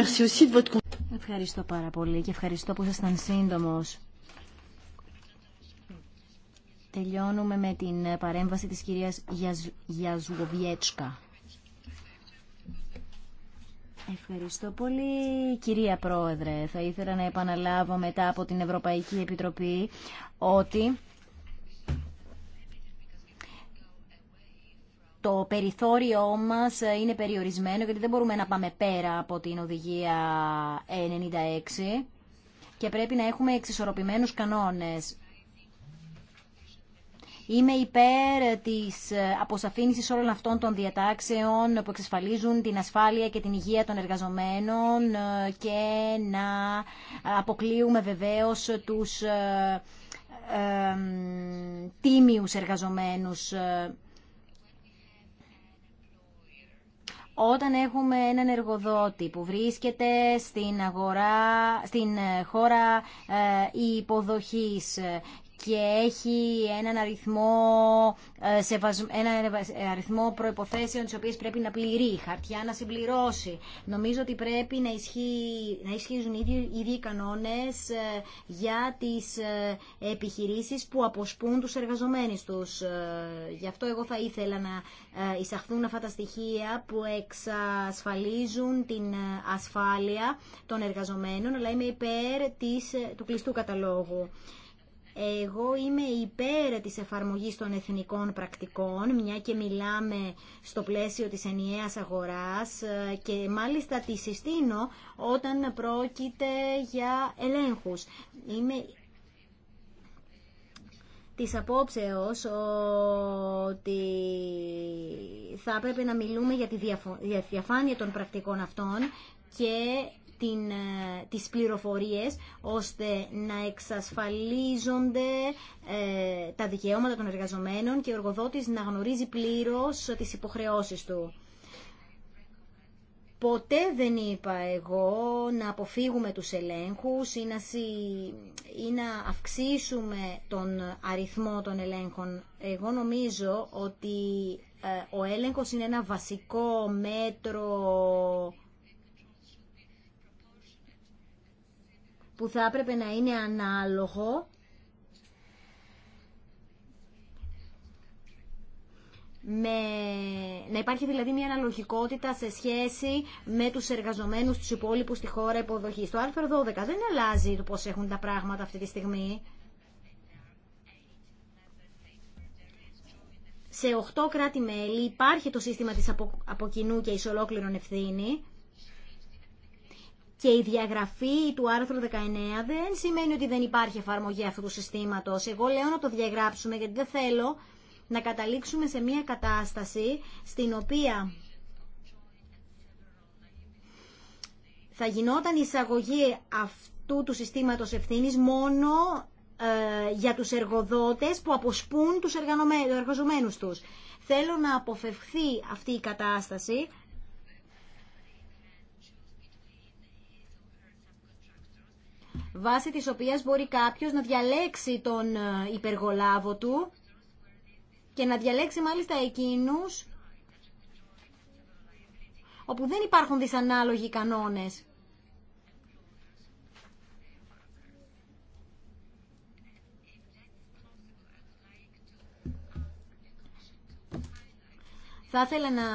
Ευχαριστώ πάρα πολύ και ευχαριστώ που ήσασταν σύντομος. Τελειώνουμε με την παρέμβαση της κυρίας Γιαζ, Γιαζουβιέτσκα. Ευχαριστώ πολύ κυρία Πρόεδρε. Θα ήθελα να επαναλάβω μετά από την Ευρωπαϊκή Επιτροπή ότι το περιθώριό μας είναι περιορισμένο γιατί δεν μπορούμε να πάμε πέρα από την οδηγία 96 και πρέπει να έχουμε εξισορροπημένους κανόνες. Είμαι υπέρ της αποσαφήνισης όλων αυτών των διατάξεων που εξασφαλίζουν την ασφάλεια και την υγεία των εργαζομένων και να αποκλείουμε βεβαίως τους ε, ε, τίμιους εργαζομένους όταν έχουμε έναν εργοδότη που βρίσκεται στην αγορά, στην ε, χώρα υποδοχής και έχει έναν αριθμό, ε, έναν ε, αριθμό προϋποθέσεων τις οποίες πρέπει να πληρεί, χαρτιά να συμπληρώσει. Νομίζω ότι πρέπει να, ισχύει, να ισχύουν οι ίδιοι, οι κανόνες ε, για τις επιχειρήσεις που αποσπούν τους εργαζομένους τους. Γι' αυτό εγώ θα ήθελα να εισαχθούν αυτά τα στοιχεία που εξασφαλίζουν την ασφάλεια των εργαζομένων, αλλά είμαι υπέρ της, του κλειστού καταλόγου. Εγώ είμαι υπέρ της εφαρμογής των εθνικών πρακτικών, μια και μιλάμε στο πλαίσιο της ενιαίας αγοράς ε, και μάλιστα τη συστήνω όταν πρόκειται για ελέγχους. Είμαι της απόψεως ότι θα έπρεπε να μιλούμε για τη διαφάνεια των πρακτικών αυτών και την, ε, τις πληροφορίες ώστε να εξασφαλίζονται ε, τα δικαιώματα των εργαζομένων και ο εργοδότης να γνωρίζει πλήρως τις υποχρεώσεις του. Ποτέ δεν είπα εγώ να αποφύγουμε τους ελέγχους ή να, αυξήσουμε τον αριθμό των ελέγχων. Εγώ νομίζω ότι ε, ο έλεγχος είναι ένα βασικό μέτρο που θα έπρεπε να είναι ανάλογο με... να υπάρχει δηλαδή μια αναλογικότητα σε σχέση με τους εργαζομένους τους υπόλοιπους στη χώρα υποδοχής. Το άρθρο 12 δεν αλλάζει το πώς έχουν τα πράγματα αυτή τη στιγμή. Σε 8 κράτη-μέλη υπάρχει το σύστημα της αποκοινού και ισολόκληρων ευθύνη και η διαγραφή του άρθρου 19 δεν σημαίνει ότι δεν υπάρχει εφαρμογή αυτού του συστήματος. Εγώ λέω να το διαγράψουμε γιατί δεν θέλω να καταλήξουμε σε μια κατάσταση στην οποία θα γινόταν η εισαγωγή αυτού του συστήματος ευθύνης μόνο ε, για τους εργοδότες που αποσπούν τους εργαζομένους τους. Θέλω να αποφευχθεί αυτή η κατάσταση βάσει της οποίας μπορεί κάποιος να διαλέξει τον ε, υπεργολάβο του και να διαλέξει μάλιστα εκείνους όπου δεν υπάρχουν δυσανάλογοι κανόνες. Θα ήθελα να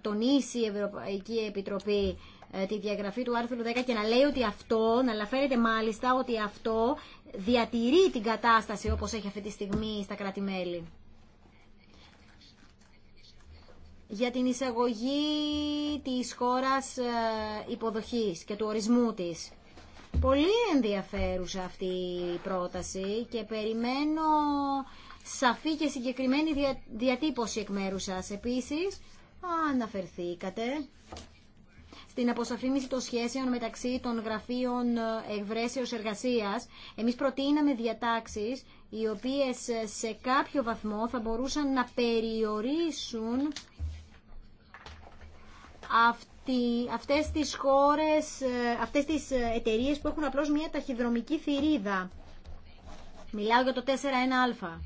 τονίσει η Ευρωπαϊκή Επιτροπή ε, τη διαγραφή του άρθρου 10 και να λέει ότι αυτό, να αναφέρεται μάλιστα ότι αυτό διατηρεί την κατάσταση όπως έχει αυτή τη στιγμή στα κρατη Για την εισαγωγή της χώρας ε, υποδοχής και του ορισμού της. Πολύ ενδιαφέρουσα αυτή η πρόταση και περιμένω σαφή και συγκεκριμένη διατύπωση εκ μέρους σας. Επίσης, αναφερθήκατε στην αποσαφήνιση των σχέσεων μεταξύ των γραφείων ε, ευρέσεως εργασίας. Εμείς προτείναμε διατάξεις οι οποίες ε, σε κάποιο βαθμό θα μπορούσαν να περιορίσουν αυτή, αυτές τις ε, αυτές τις εταιρείες που έχουν απλώς μια ταχυδρομική θηρίδα. Μιλάω για το 1 α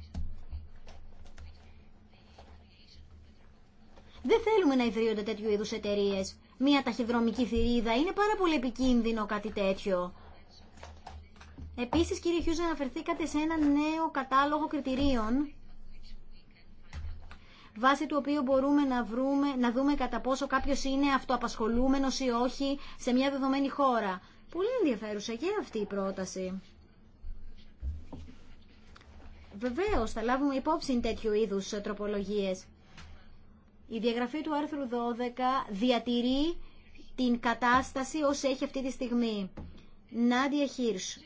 Δεν θέλουμε να ιδρύονται τέτοιου είδου εταιρείε. Μία ταχυδρομική θηρίδα είναι πάρα πολύ επικίνδυνο κάτι τέτοιο. Επίσης, κύριε Χιούζα, αναφερθήκατε σε ένα νέο κατάλογο κριτηρίων βάσει του οποίου μπορούμε να, βρούμε, να δούμε κατά πόσο κάποιος είναι αυτοαπασχολούμενος ή όχι σε μια δεδομένη χώρα. Πολύ ενδιαφέρουσα και αυτή η πρόταση. Βεβαίως θα λάβουμε υπόψη τέτοιου είδους τροπολογίες. Η διαγραφή του άρθρου 12 διατηρεί την κατάσταση όσο έχει αυτή τη στιγμή. Νάντια Χίρς.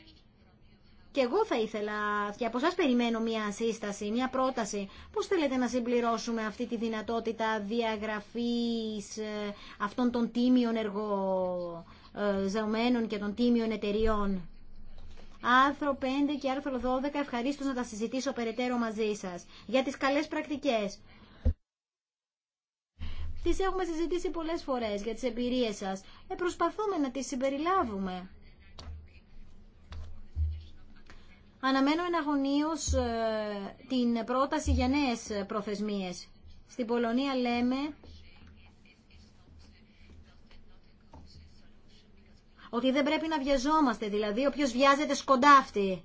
Και εγώ θα ήθελα, και από περιμένω μια σύσταση, μια πρόταση. Πώς θέλετε να συμπληρώσουμε αυτή τη δυνατότητα διαγραφής ε, αυτών των τίμιων εργοζεωμένων ε, και των τίμιων εταιριών. Άρθρο 5 και άρθρο 12 ευχαρίστως να τα συζητήσω περαιτέρω μαζί σας. Για τις καλές πρακτικές. Τις έχουμε συζητήσει πολλές φορές για τις εμπειρίες σας. Ε, προσπαθούμε να τις συμπεριλάβουμε. Αναμένω εναγωνίως ε, την πρόταση για νέες προθεσμίες. Στην Πολωνία λέμε ότι δεν πρέπει να βιαζόμαστε, δηλαδή όποιος βιάζεται σκοντάφτει.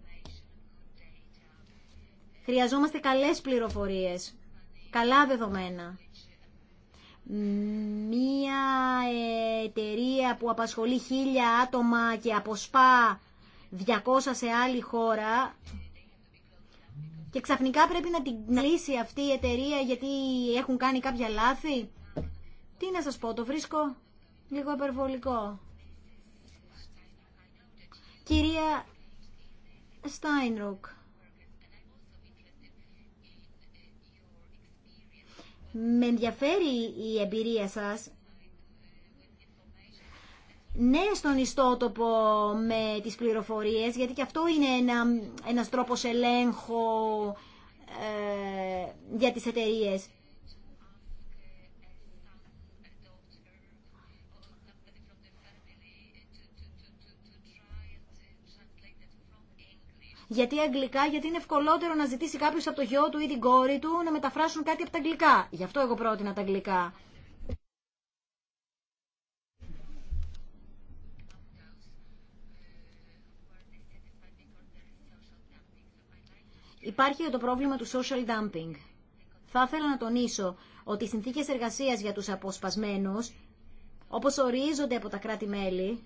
Χρειαζόμαστε καλές πληροφορίες, καλά δεδομένα μία εταιρεία που απασχολεί χίλια άτομα και αποσπά 200 σε άλλη χώρα και ξαφνικά πρέπει να την κλείσει αυτή η εταιρεία γιατί έχουν κάνει κάποια λάθη. Τι να σας πω, το βρίσκω λίγο απερβολικό. Κυρία Στάινροκ. Με ενδιαφέρει η εμπειρία σας ναι στον ιστότοπο με τις πληροφορίες, γιατί και αυτό είναι ένα, ένας τρόπος ελέγχου ε, για τις εταιρείες. Γιατί αγγλικά, γιατί είναι ευκολότερο να ζητήσει κάποιο από το γιο του ή την κόρη του να μεταφράσουν κάτι από τα αγγλικά. Γι' αυτό εγώ πρότεινα τα αγγλικά. Υπάρχει το πρόβλημα του social dumping. Θα ήθελα να τονίσω ότι οι συνθήκες εργασίας για τους αποσπασμένους, όπως ορίζονται από τα κράτη-μέλη,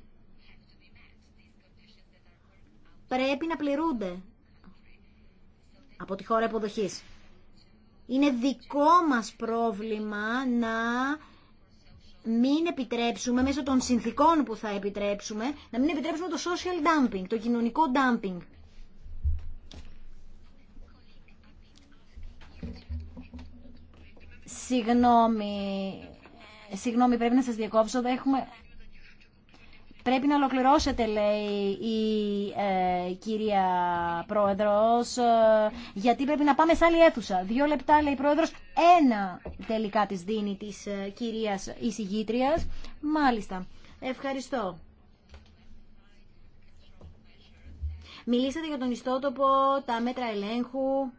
πρέπει να πληρούνται από τη χώρα υποδοχής. Είναι δικό μας πρόβλημα να μην επιτρέψουμε μέσω των συνθήκων που θα επιτρέψουμε, να μην επιτρέψουμε το social dumping, το κοινωνικό dumping. Συγγνώμη, συγγνώμη πρέπει να σας διακόψω, έχουμε Πρέπει να ολοκληρώσετε, λέει η ε, κυρία Πρόεδρος, ε, γιατί πρέπει να πάμε σε άλλη αίθουσα. Δύο λεπτά, λέει η Πρόεδρος, ένα τελικά της δίνει της ε, κυρίας εισηγήτριας. Μάλιστα. Ευχαριστώ. Μιλήσατε για τον ιστότοπο, τα μέτρα ελέγχου.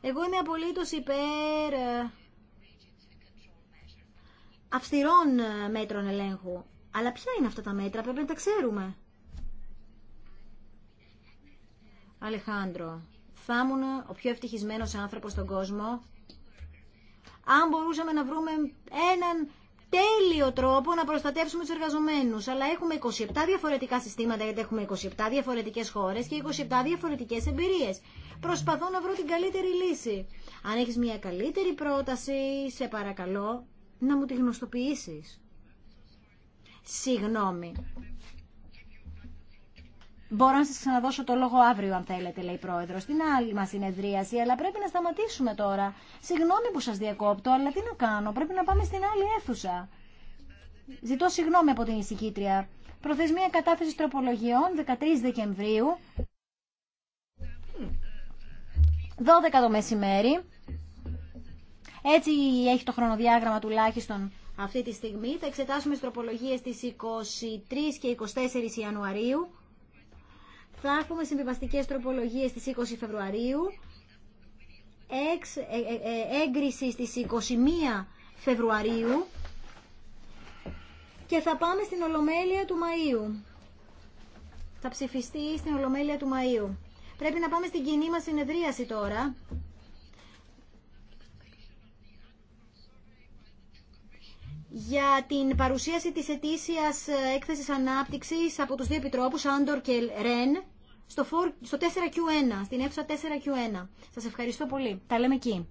Εγώ είμαι απολύτως υπέρ ε, αυστηρών ε, μέτρων ελέγχου. Αλλά ποια είναι αυτά τα μέτρα, πρέπει να τα ξέρουμε. Αλεχάνδρο, θα ήμουν ο πιο ευτυχισμένος άνθρωπος στον κόσμο αν μπορούσαμε να βρούμε έναν τέλειο τρόπο να προστατεύσουμε τους εργαζομένους. Αλλά έχουμε 27 διαφορετικά συστήματα, γιατί έχουμε 27 διαφορετικές χώρες και 27 διαφορετικές εμπειρίες. Προσπαθώ να βρω την καλύτερη λύση. Αν έχεις μια καλύτερη πρόταση, σε παρακαλώ, να μου τη γνωστοποιήσεις. Συγγνώμη. Μπορώ να σα ξαναδώσω το λόγο αύριο, αν θέλετε, λέει η πρόεδρο, στην άλλη μα συνεδρίαση, αλλά πρέπει να σταματήσουμε τώρα. Συγγνώμη που σα διακόπτω, αλλά τι να κάνω, πρέπει να πάμε στην άλλη αίθουσα. Ζητώ συγγνώμη από την ησυχήτρια. Προθεσμία κατάθεσης τροπολογιών 13 Δεκεμβρίου, 12 το μεσημέρι. Έτσι έχει το χρονοδιάγραμμα τουλάχιστον αυτή τη στιγμή. Θα εξετάσουμε τι τροπολογίες στις 23 και 24 Ιανουαρίου. Θα έχουμε συμβιβαστικές τροπολογίες στις 20 Φεβρουαρίου. Εξ, ε, ε, ε, έγκριση στις 21 Φεβρουαρίου. Και θα πάμε στην Ολομέλεια του Μαΐου. Θα ψηφιστεί στην Ολομέλεια του Μαΐου. Πρέπει να πάμε στην κοινή μας συνεδρίαση τώρα. για την παρουσίαση της ετήσιας ε, έκθεσης ανάπτυξης από τους δύο επιτρόπους, Άντορ και Ρεν, στο 4Q1, στην αίθουσα 4Q1. Σας ευχαριστώ πολύ. Τα λέμε εκεί.